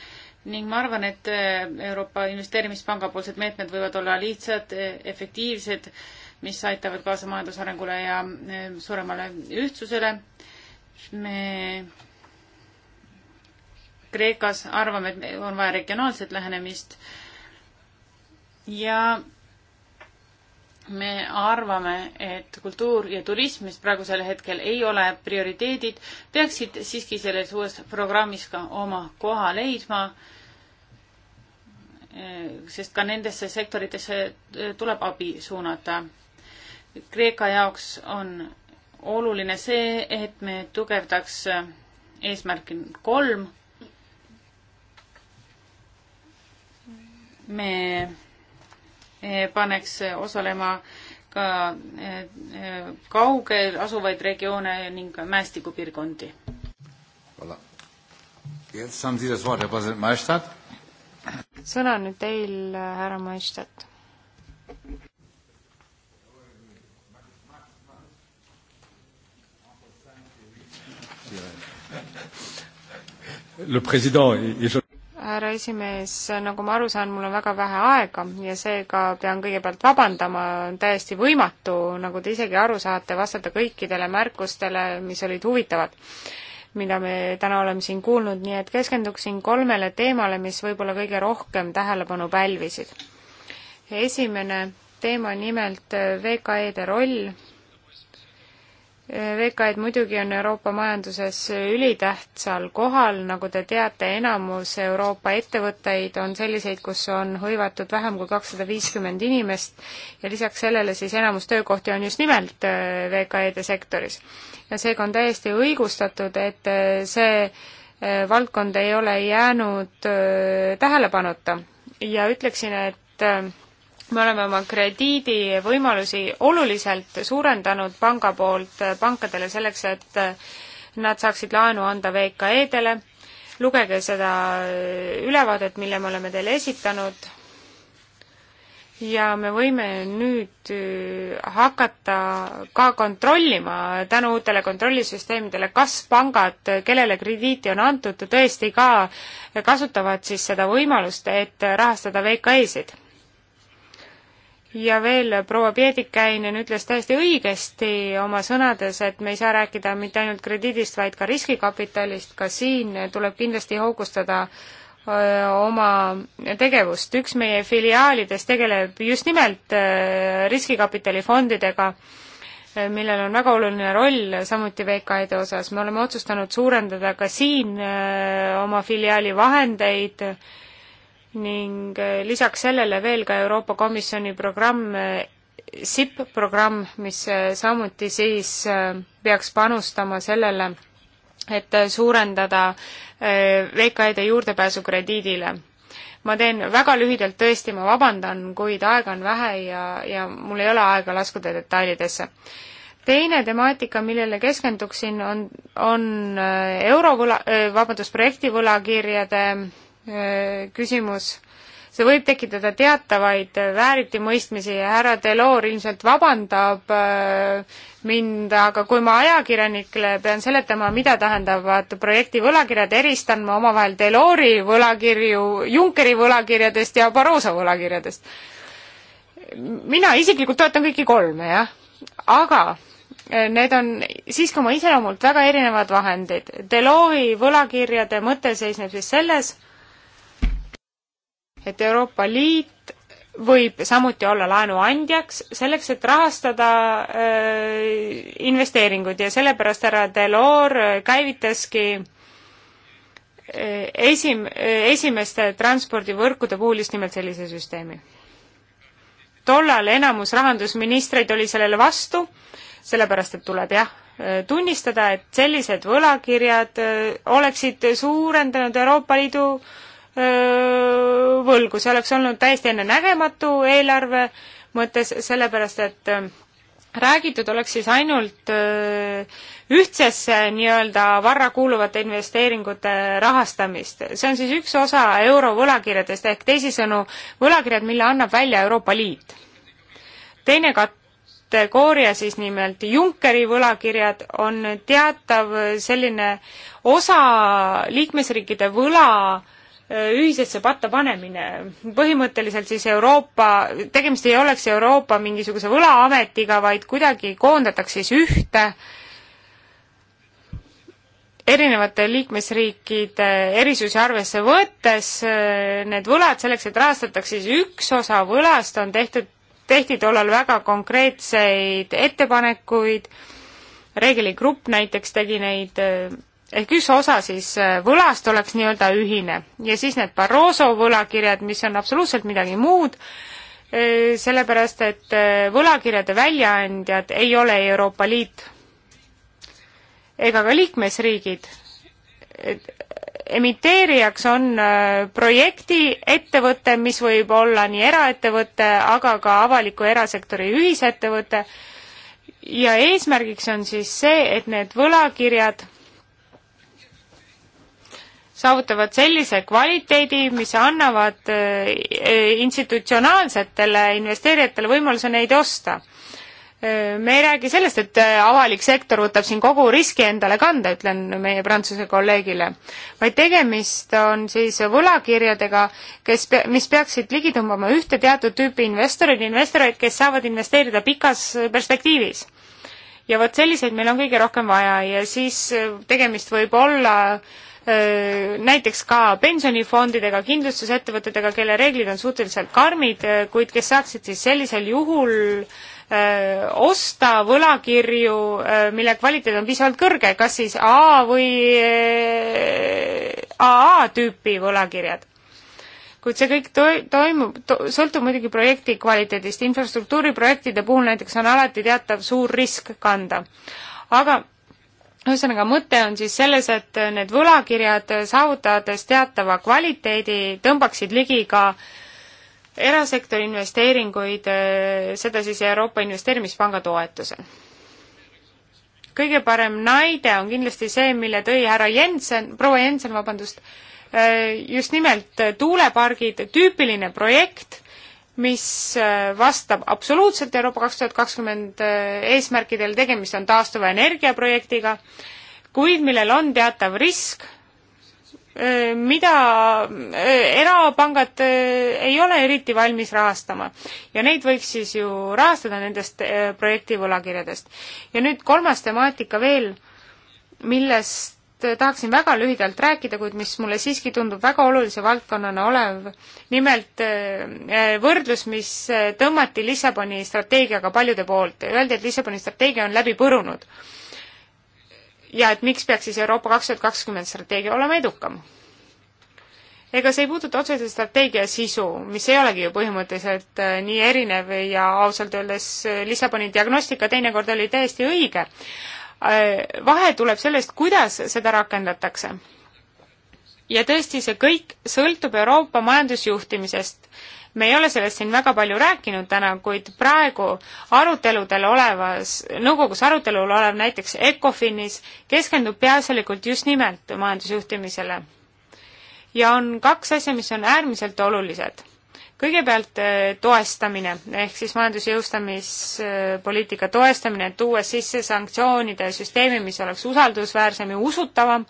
ning ma arvan, et eh, Euroopa Investeerimispanga poolsed meetmed võivad olla lihtsad, eh, efektiivsed, mis aitavad kaasa majandusarengule ja eh, suuremale ühtsusele. me Kreekas arvame, et on vaja regionaalset lähenemist ja me arvame, et kultuur ja turism, mis praegusel hetkel ei ole prioriteedid, peaksid siiski selles uues programmis ka oma koha leidma, sest ka nendesse sektoritesse äh, tuleb abi suunata. Kreeka jaoks on oluline see, et me tugevdaks äh, eesmärki kolm. me Eh, paneks osalema ka eh, eh, kaugel asuvaid regioone ning mäestikupiirkondi. sõna on nüüd teil, äh, härra Maestat. Le président et je härra esimees, nagu ma aru saan, mul on väga vähe aega ja seega pean kõigepealt vabandama, on täiesti võimatu, nagu te isegi aru saate, vastata kõikidele märkustele, mis olid huvitavad, mida me täna oleme siin kuulnud, nii et keskenduksin kolmele teemale, mis võib-olla kõige rohkem tähelepanu pälvisid. esimene teema on nimelt VKE-de roll VKE-d muidugi on Euroopa majanduses ülitähtsal kohal, nagu te teate, enamus Euroopa ettevõtteid on selliseid, kus on hõivatud vähem kui kakssada viiskümmend inimest ja lisaks sellele siis enamus töökohti on just nimelt äh, VKE-de sektoris. ja seega on täiesti õigustatud, et äh, see äh, valdkond ei ole jäänud tähelepanuta ja ütleksin, et me oleme oma krediidivõimalusi oluliselt suurendanud panga poolt äh, pankadele selleks, et äh, nad saaksid laenu anda VKE-dele. lugege seda äh, ülevaadet, mille me oleme teile esitanud. ja me võime nüüd hakata ka kontrollima tänu uutele kontrollisüsteemidele, kas pangad, kellele krediiti on antud, tõesti ka kasutavad siis seda võimalust, et rahastada VKE-sid ja veel proua Piedikäinen ütles täiesti õigesti oma sõnades, et me ei saa rääkida mitte ainult krediidist, vaid ka riskikapitalist, ka siin tuleb kindlasti hoogustada oma tegevust. üks meie filiaalides tegeleb just nimelt riskikapitalifondidega, millel on väga oluline roll samuti VKD osas. me oleme otsustanud suurendada ka siin oma filiaali vahendeid ning eh, lisaks sellele veel ka Euroopa Komisjoni programm, eh, SIP programm, mis eh, samuti siis peaks panustama sellele, et suurendada VKE-de juurdepääsu krediidile. ma teen väga lühidalt, tõesti, ma vabandan, kuid aega on vähe ja, ja mul ei ole aega laskuda detailidesse teine temaatika, millele keskenduksin, on, on eurovõla, vabandust, projektivõlakirjade Äh, küsimus. see võib tekitada teatavaid vääritimõistmisi ja härra Delor ilmselt vabandab äh, mind, aga kui ma ajakirjanikele pean seletama, mida tähendavad projekti võlakirjad, eristan ma omavahel Delori võlakirju Junckeri võlakirjadest ja Barroso võlakirjadest. mina isiklikult toetan kõiki kolme, jah, aga äh, need on siiski oma iseloomult väga erinevad vahendid. Delovi võlakirjade mõte seisneb siis selles, et Euroopa Liit võib samuti olla laenuandjaks, selleks et rahastada äh, investeeringuid ja sellepärast härra Delors äh, käivitaski äh, esim-, äh, esimeste transpordivõrkude puhul just nimelt sellise süsteemi. tollal enamus rahandusministreid oli sellele vastu, sellepärast et tuleb jah, tunnistada, et sellised võlakirjad oleksid suurendanud Euroopa Liidu äh, võlgu, see oleks olnud täiesti ennenägematu eelarve mõttes, sellepärast et räägitud oleks siis ainult ühtsesse nii-öelda varra kuuluvate investeeringute rahastamist. see on siis üks osa eurovõlakirjadest ehk teisisõnu võlakirjad, mille annab välja Euroopa Liit. teine kat-, kategooria siis nimelt Junckeri võlakirjad on teatav selline osa liikmesriikide võla äh, ühisesse patta panemine. põhimõtteliselt siis Euroopa, tegemist ei oleks Euroopa mingisuguse võlaametiga, vaid kuidagi koondatakse siis ühte erinevate liikmesriikide erisusi arvesse võttes need võlad selleks, et rahastataks siis üks osa võlast, on tehtud, tehti tollal väga konkreetseid ettepanekuid, reegligrupp näiteks tegi neid ehk üks osa siis äh, võlast oleks nii-öelda ühine ja siis need Barroso võlakirjad, mis on absoluutselt midagi muud, äh, sellepärast et äh, võlakirjade väljaandjad ei ole Euroopa Liit ega ka liikmesriigid. emiteerijaks on projekti ettevõte, mis võib olla nii eraettevõte, aga ka avaliku erasektori ühisettevõte ja eesmärgiks on siis see, et need võlakirjad saavutavad sellise kvaliteedi, mis annavad eh, institutsionaalsetele investeerijatele võimaluse neid osta. Eh, me ei räägi sellest, et eh, avalik sektor võtab siin kogu riski endale kanda, ütlen meie prantsuse kolleegile, vaid tegemist on siis võlakirjadega, kes, mis peaksid ligi tõmbama ühte teatud tüüpi investoreid, investoreid, kes saavad investeerida pikas perspektiivis ja vot selliseid meil on kõige rohkem vaja ja siis tegemist võib olla äh, Äh, näiteks ka pensionifondidega, kindlustusettevõtetega, kelle reeglid on suhteliselt karmid, äh, kuid kes saaksid siis sellisel juhul äh, osta võlakirju, mille kvaliteet on piisavalt kõrge, kas siis A või AA tüüpi võlakirjad. kuid see kõik to-, toimub to,, sõltub muidugi projekti kvaliteedist, infrastruktuuriprojektide puhul näiteks on alati teatav suur risk kanda. aga ühesõnaga, mõte on siis selles, et need võlakirjad, saavutades teatava kvaliteedi, tõmbaksid ligi ka erasektori investeeringuid, seda siis Euroopa Investeerimispanga toetusel. kõige parem näide on kindlasti see, mille tõi härra Jensen, proua Jensen, vabandust, just nimelt tuulepargid, tüüpiline projekt mis äh, vastab absoluutselt Euroopa kaks tuhat kakskümmend äh, eesmärkidel, tegemist on taastuva energia projektiga, kuid millel on teatav risk, äh, mida erapangad ei ole eriti valmis rahastama. ja neid võiks siis ju rahastada nendest projekti võlakirjadest. ja nüüd kolmas temaatika veel, millest Äh, tahaksin väga lühidalt rääkida, kuid mis mulle siiski tundub väga olulise valdkonnana olev, nimelt äh, äh, võrdlus, mis tõmmati Lissaboni strateegiaga paljude poolt. Öeldi, et Lissaboni strateegia on läbi põrunud. ja et miks peaks siis Euroopa kaks tuhat kakskümmend strateegia olema edukam? ega see ei puuduta otseselt strateegia sisu, mis ei olegi ju põhimõtteliselt nii erinev ja ausalt öeldes Lissaboni diagnostika teinekord oli täiesti õige Äh, vahe tuleb sellest, kuidas seda rakendatakse. ja tõesti, see kõik sõltub Euroopa majandusjuhtimisest. me ei ole sellest siin väga palju rääkinud täna, kuid praegu aruteludel olevas, nõukogus arutelul olev näiteks ECOFINis keskendub peaasjalikult just nimelt majandusjuhtimisele. ja on kaks asja, mis on äärmiselt olulised kõigepealt äh, toestamine ehk siis majanduse jõustamispoliitika toestamine, et tuues sisse sanktsioonide süsteemi, mis oleks usaldusväärsem ja usutavam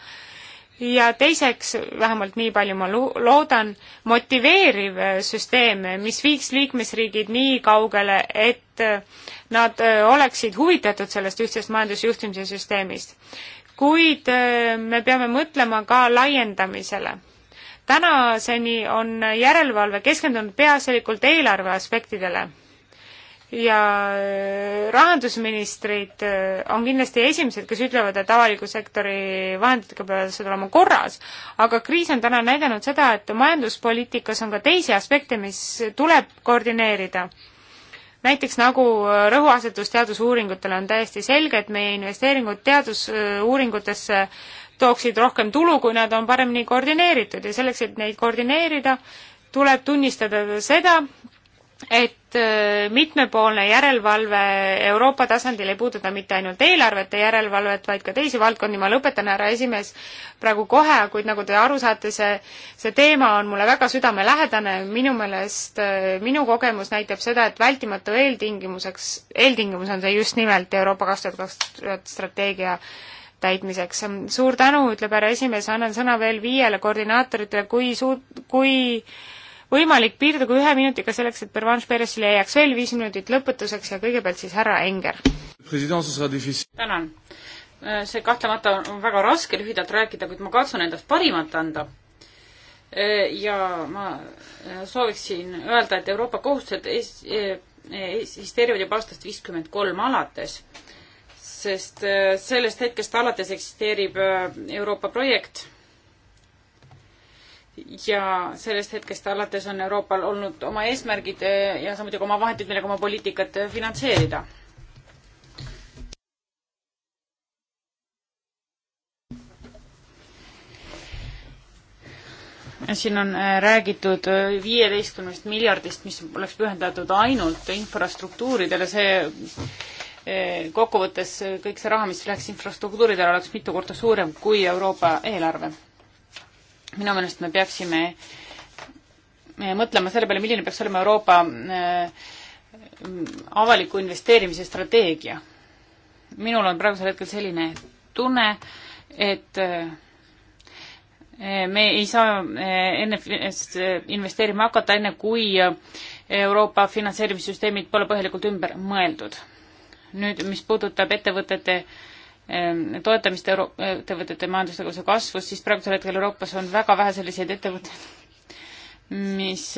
ja teiseks, vähemalt nii palju ma loodan, motiveeriv äh, süsteem, mis viiks liikmesriigid nii kaugele, et äh, nad oleksid huvitatud sellest ühtsest majandusjuhtimise süsteemist. kuid me peame mõtlema ka laiendamisele tänaseni on järelevalve keskendunud peaasjalikult eelarve aspektidele ja äh, rahandusministrid äh, on kindlasti esimesed, kes ütlevad, et avaliku sektori vahenditega peavad asjad olema korras, aga kriis on täna näidanud seda, et majanduspoliitikas on ka teisi aspekte, mis tuleb koordineerida. näiteks nagu äh, rõhuasetus teadusuuringutele on täiesti selge, et meie investeeringud teadusuuringutesse äh, tooksid rohkem tulu, kui nad on paremini koordineeritud ja selleks, et neid koordineerida, tuleb tunnistada seda, et äh, mitmepoolne järelevalve Euroopa tasandil ei puuduta mitte ainult eelarvete järelevalvet, vaid ka teisi valdkondi, ma lõpetan, härra esimees, praegu kohe, kuid nagu te aru saate, see, see teema on mulle väga südamelähedane, minu meelest äh, minu kogemus näitab seda, et vältimatu eeltingimuseks, eeltingimus on see just nimelt Euroopa kaks tuhat kakskümmend strateegia täitmiseks. suur tänu, ütleb härra esimees, annan sõna veel viiele koordinaatoritele, kui suut-, kui võimalik, piirdugu ühe minutiga selleks, et Pervanš Peresile jääks veel viis minutit lõpetuseks ja kõigepealt siis härra Enger. tänan. see kahtlemata on väga raske lühidalt rääkida, kuid ma katsun endast parimat anda ja ma sooviksin öelda, et Euroopa kohustused eksisteerivad e-, e-, juba aastast viiskümmend kolm alates sest äh, sellest hetkest alates eksisteerib äh, Euroopa projekt ja sellest hetkest alates on Euroopal olnud oma eesmärgid äh, ja samuti ka oma vahendid, millega oma poliitikat finantseerida. siin on räägitud viieteistkümnest miljardist, mis oleks pühendatud ainult infrastruktuuridele, see Eh, kokkuvõttes eh, kõik see raha, mis läks infrastruktuuridele, oleks mitu korda suurem kui Euroopa eelarve. minu meelest me peaksime eh, mõtlema selle peale, milline peaks olema Euroopa avaliku investeerimise strateegia. minul on praegusel hetkel selline tunne, et me ei saa enne investeerima hakata, enne kui Euroopa finantseerimissüsteemid pole põhjalikult ümber mõeldud nüüd, mis puudutab ettevõtete toetamist euro-, ettevõtete majandustegevuse kasvust, siis praegusel hetkel Euroopas on väga vähe selliseid ettevõtteid, mis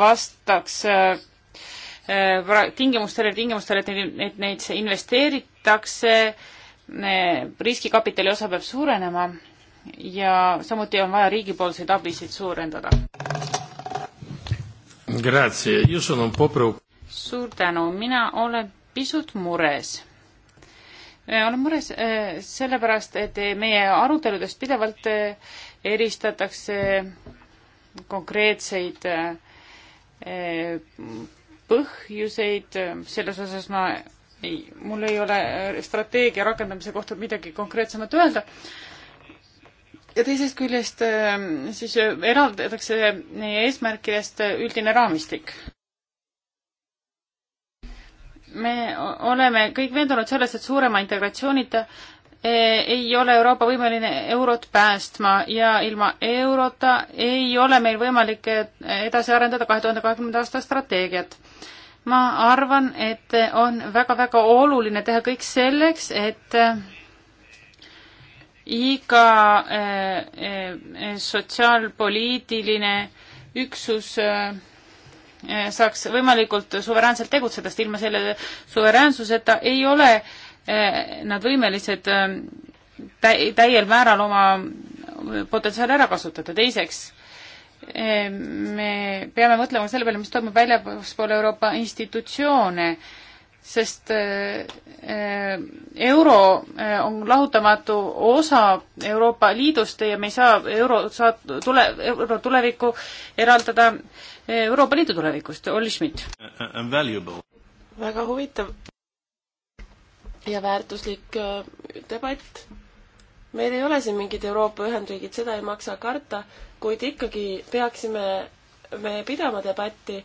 vastaks tingimustele, tingimustele, et neid, et neid investeeritakse, riskikapitali osa peab suurenema ja samuti on vaja riigipoolseid abisid suurendada suur tänu, mina olen pisut mures. Äh, olen mures äh, sellepärast, et äh, meie aruteludest pidevalt eristatakse konkreetseid põhjuseid, selles osas ma ei, mul ei ole strateegia rakendamise kohta midagi konkreetsemat öelda ja teisest küljest ähm, siis äh, eraldatakse meie eesmärkidest äh, üldine raamistik. me oleme kõik veendunud selles, et suurema integratsioonita äh, ei ole Euroopa võimeline eurot päästma ja ilma eurota ei ole meil võimalik edasi arendada kahe tuhande kahekümnenda aasta strateegiat. ma arvan, et on väga-väga oluline teha kõik selleks, et iga eh, eh, sotsiaalpoliitiline üksus eh, saaks võimalikult suveräänselt tegutseda, sest ilma selle suveräänsuseta ei ole nad võimelised täiel määral oma potentsiaali ära kasutada. teiseks, me peame mõtlema selle peale, mis toimub väljaspool Euroopa institutsioone sest äh, äh, euro äh, on lahutamatu osa Euroopa Liidust ja me ei saa euro saat-, tule, euro tulevikku eraldada Euroopa Liidu tulevikust, Olli Schmidt. väga huvitav ja väärtuslik debatt. meil ei ole siin mingid Euroopa Ühendriigid, seda ei maksa karta, kuid ikkagi peaksime me pidama debatti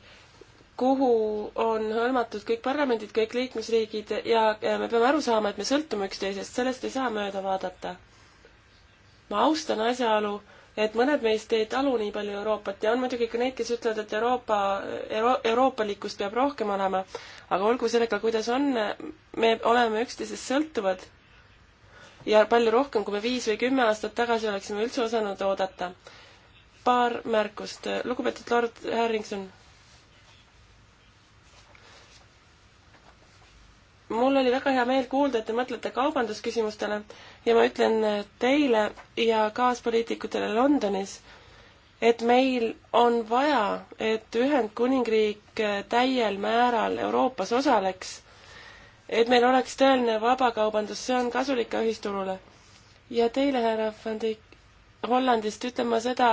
kuhu on hõlmatud kõik parlamendid, kõik liikmesriigid ja me peame aru saama, et me sõltume üksteisest, sellest ei saa mööda vaadata. ma austan asjaolu, et mõned meist ei talu nii palju Euroopat ja on muidugi ka neid, kes ütlevad, et Euroopa Euro,, euroopalikkust peab rohkem olema, aga olgu sellega, kuidas on, me oleme üksteisest sõltuvad ja palju rohkem, kui me viis või kümme aastat tagasi oleksime üldse osanud oodata. paar märkust, lugupeetud lord Harrington mul oli väga hea meel kuulda, et te mõtlete kaubandusküsimustele ja ma ütlen teile ja kaaspoliitikutele Londonis, et meil on vaja, et Ühendkuningriik täiel määral Euroopas osaleks, et meil oleks tõeline vabakaubandus, see on kasulik ka ühisturule. ja teile, härra Van Dijk, Hollandist ütlen ma seda,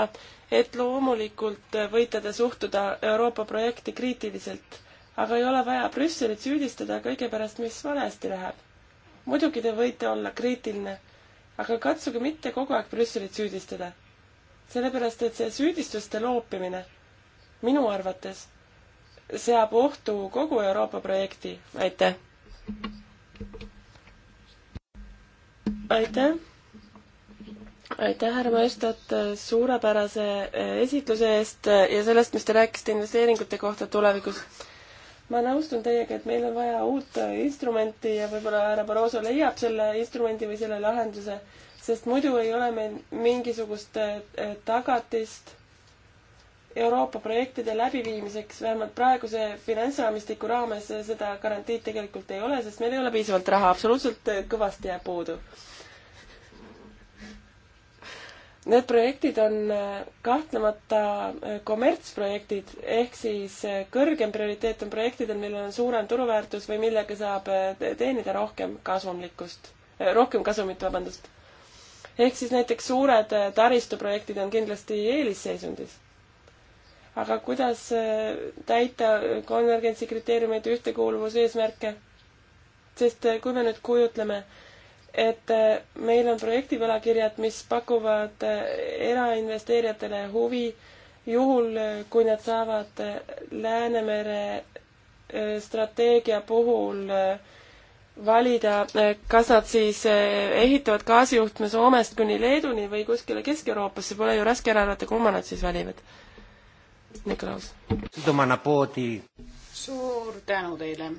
et loomulikult võite te suhtuda Euroopa projekti kriitiliselt aga ei ole vaja Brüsselit süüdistada kõige pärast, mis valesti läheb. muidugi te võite olla kriitiline, aga katsuge mitte kogu aeg Brüsselit süüdistada. sellepärast, et see süüdistuste loopimine minu arvates seab ohtu kogu Euroopa projekti. aitäh! aitäh! aitäh, härra Maestat, suurepärase eh, esitluse eest eh, ja sellest, mis te rääkisite investeeringute kohta tulevikus ma nõustun teiega, et meil on vaja uut instrumenti ja võib-olla härra Barroso leiab selle instrumendi või selle lahenduse, sest muidu ei ole meil mingisugust eh, tagatist Euroopa projektide läbiviimiseks, vähemalt praeguse finantsraamistiku raames seda garantiid tegelikult ei ole, sest meil ei ole piisavalt raha, absoluutselt eh, kõvasti jääb puudu Need projektid on äh, kahtlemata äh, kommertsprojektid, ehk siis äh, kõrgem prioriteet on projektidel, millel on suurem turuväärtus või millega saab teenida rohkem kasumlikkust, rohkem kasumit, vabandust. ehk siis näiteks suured taristuprojektid on kindlasti eelisseisundis. aga kuidas täita konvergentsi kriteeriumeid, ühtekuuluvuse eesmärke? sest kui me nüüd kujutleme, et eh, meil on projektivõlakirjad, mis pakuvad eh, erainvesteerijatele huvi juhul, eh, kui nad saavad Läänemere strateegia puhul valida, kas nad siis ehitavad gaasijuhtme Soomest kuni Leeduni või kuskile Kesk-Euroopasse, pole ju raske ära arvata, kumma nad siis valivad. Nikolaus. suur tänu teile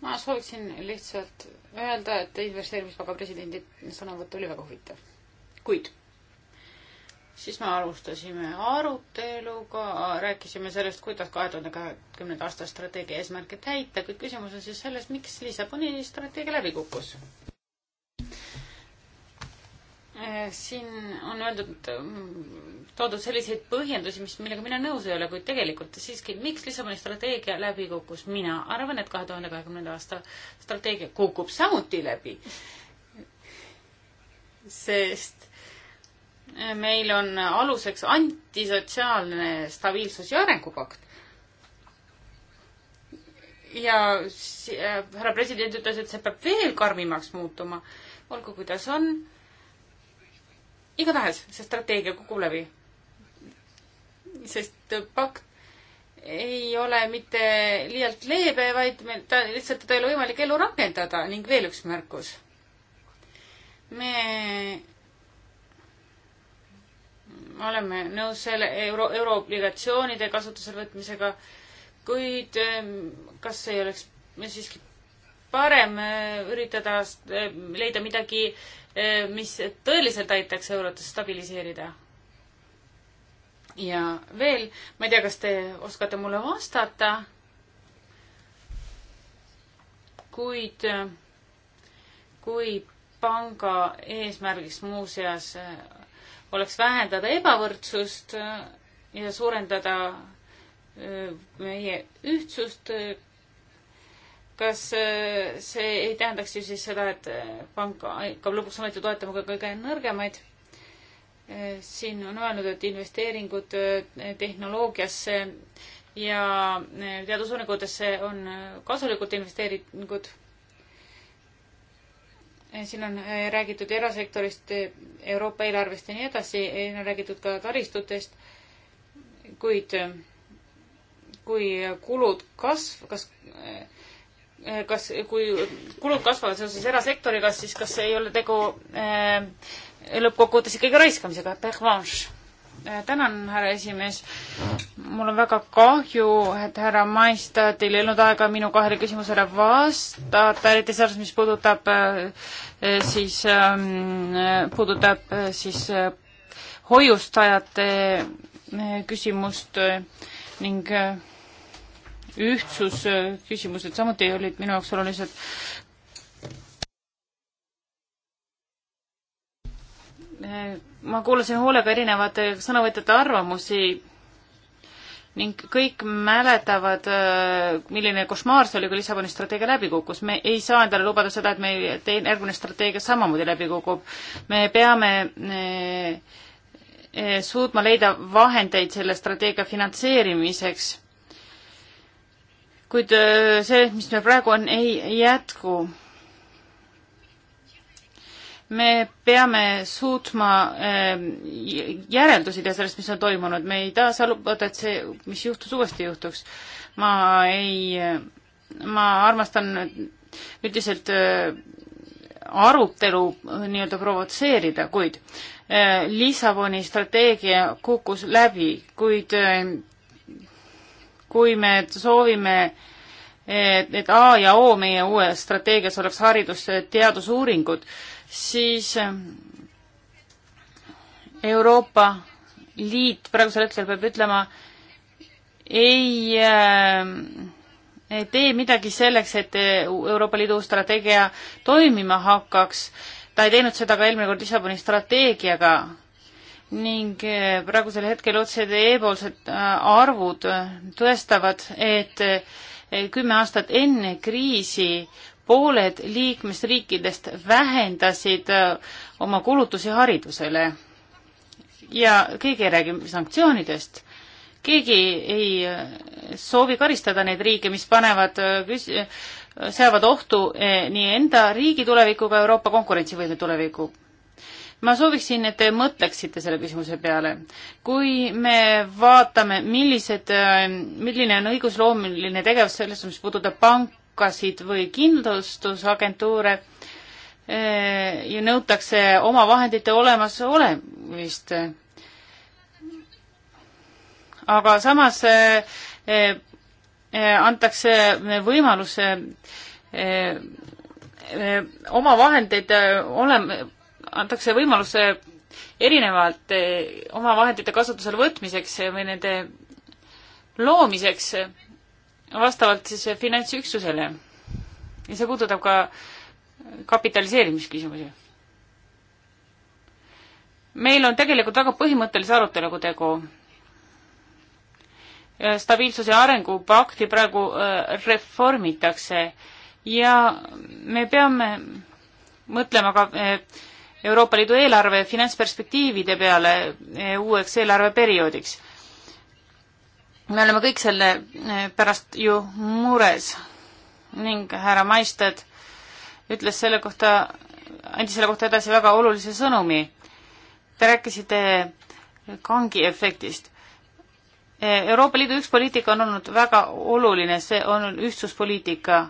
ma sooviksin lihtsalt öelda, et investeerimispanga presidendi sõnavõtt oli väga huvitav. kuid siis me alustasime aruteluga, rääkisime sellest, kuidas kahe tuhande kahekümnenda aasta strateegia eesmärke täita, kuid küsimus on siis selles, miks Lissaboni strateegia läbi kukkus Äh, siin on öeldud, mm, toodud selliseid põhjendusi, mis, millega mina nõus ei ole, kuid tegelikult siiski, miks Lissaboni strateegia läbi kukkus? mina arvan, et kahe tuhande kahekümnenda aasta strateegia kukub samuti läbi. sest äh, meil on aluseks antisotsiaalne stabiilsus ja arengupakt. ja äh, härra president ütles, et see peab veel karmimaks muutuma. olgu, kuidas on igatahes see strateegia kukub läbi. sest pakt ei ole mitte liialt leebe, vaid meil ta lihtsalt, teda ei ole võimalik ellu rakendada ning veel üks märkus. me oleme nõus selle euro, euroobligatsioonide kasutusele võtmisega, kuid eh, kas ei oleks siiski parem äh, üritada äh, leida midagi, äh, mis tõeliselt aitaks eurot stabiliseerida. ja veel, ma ei tea, kas te oskate mulle vastata, kuid kui panga eesmärgiks muuseas oleks vähendada ebavõrdsust ja suurendada meie ühtsust, kas äh, see ei tähendaks ju siis seda, et äh, pank hakkab lõpuks ometi toetama ka kõige nõrgemaid? Äh, siin on öelnud, et investeeringud tehnoloogiasse ja teadusuuringutesse on kasulikud investeeringud. siin on räägitud erasektorist, Euroopa eelarvest ja nii edasi, on räägitud ka taristutest, kuid kui kulud kasv-, kas Eh, kas, kui kulud kasvavad seoses erasektoriga, siis kas ei ole tegu äh, lõppkokkuvõttes ikkagi raiskamisega? Eh, tänan, härra esimees. mul on väga kahju, et härra Maistatil ei olnud aega minu kahele küsimusele vastata, eriti selles, mis puudutab äh, siis äh,, puudutab siis hoiustajate küsimust ning ühtsusküsimused samuti olid minu jaoks olulised. ma kuulasin hoolega erinevate sõnavõtjate arvamusi ning kõik mäletavad, milline košmaar see oli, kui Lissaboni strateegia läbi kukkus. me ei saa endale lubada seda, et meie teine, järgmine strateegia samamoodi läbi kukub. me peame eh, eh, suutma leida vahendeid selle strateegia finantseerimiseks kuid see, mis meil praegu on, ei jätku. me peame suutma järeldusi teha sellest, mis on toimunud, me ei taha lubada, et see, mis juhtus, uuesti juhtuks. ma ei, ma armastan üldiselt arutelu nii-öelda provotseerida, kuid Lissaboni strateegia kukkus läbi, kuid kui me soovime, et, et A ja O meie uues strateegias oleks haridus, teadusuuringud, siis ähm, Euroopa Liit praegusel hetkel peab ütlema, ei äh, tee midagi selleks, et äh, Euroopa Liidu strateegia toimima hakkaks. ta ei teinud seda ka eelmine kord Lissaboni strateegiaga ning eh, praegusel hetkel OCDE poolsed eh, arvud eh, tõestavad, et kümme aastat enne kriisi pooled liikmesriikidest vähendasid oma kulutusi haridusele. ja keegi ei räägi sanktsioonidest, keegi ei soovi karistada neid riike, mis panevad küs-, seavad ohtu nii enda riigi tuleviku kui Euroopa konkurentsivõime tuleviku ma sooviksin, et te mõtleksite selle küsimuse peale. kui me vaatame, millised, äh, milline on õigusloomiline tegevus selles, mis puudutab pankasid või kindlustusagentuure, äh, ja nõutakse oma vahendite olemasolemist. aga samas äh, antakse võimalus oma vahendeid olema antakse võimalus erinevalt eh, oma vahendite kasutusele võtmiseks eh, või nende loomiseks eh, vastavalt siis finantsüksusele. ja see puudutab ka kapitaliseerimisküsimusi. meil on tegelikult väga põhimõttelise aruteluga tegu. stabiilsuse arengupakti praegu reformitakse ja me peame mõtlema ka Euroopa Liidu eelarve finantsperspektiivide peale eh, uueks eelarveperioodiks. me oleme kõik selle eh, pärast ju mures ning härra Maistad ütles selle kohta, andis selle kohta edasi väga olulise sõnumi. Te rääkisite kangi efektist. Eh, Euroopa Liidu üks poliitika on olnud väga oluline, see on ühtsuspoliitika,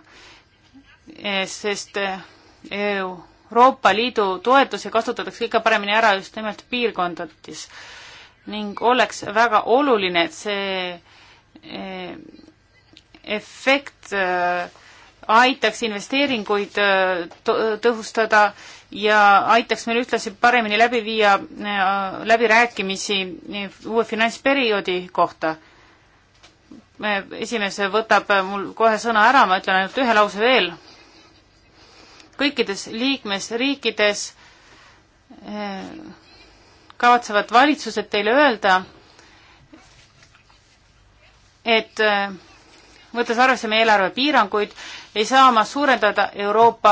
sest EU e Euroopa Liidu toetusi kasutatakse ikka paremini ära just nimelt piirkondades ning oleks väga oluline, et see eh, efekt eh, aitaks investeeringuid eh, tõhustada ja aitaks meil ühtlasi paremini läbi viia läbirääkimisi uue finantsperioodi kohta. esimees võtab mul kohe sõna ära, ma ütlen ainult ühe lause veel kõikides liikmesriikides eh, kavatsevad valitsused teile öelda, et eh, võttes arvesse meie eelarve piiranguid, ei saa ma suurendada Euroopa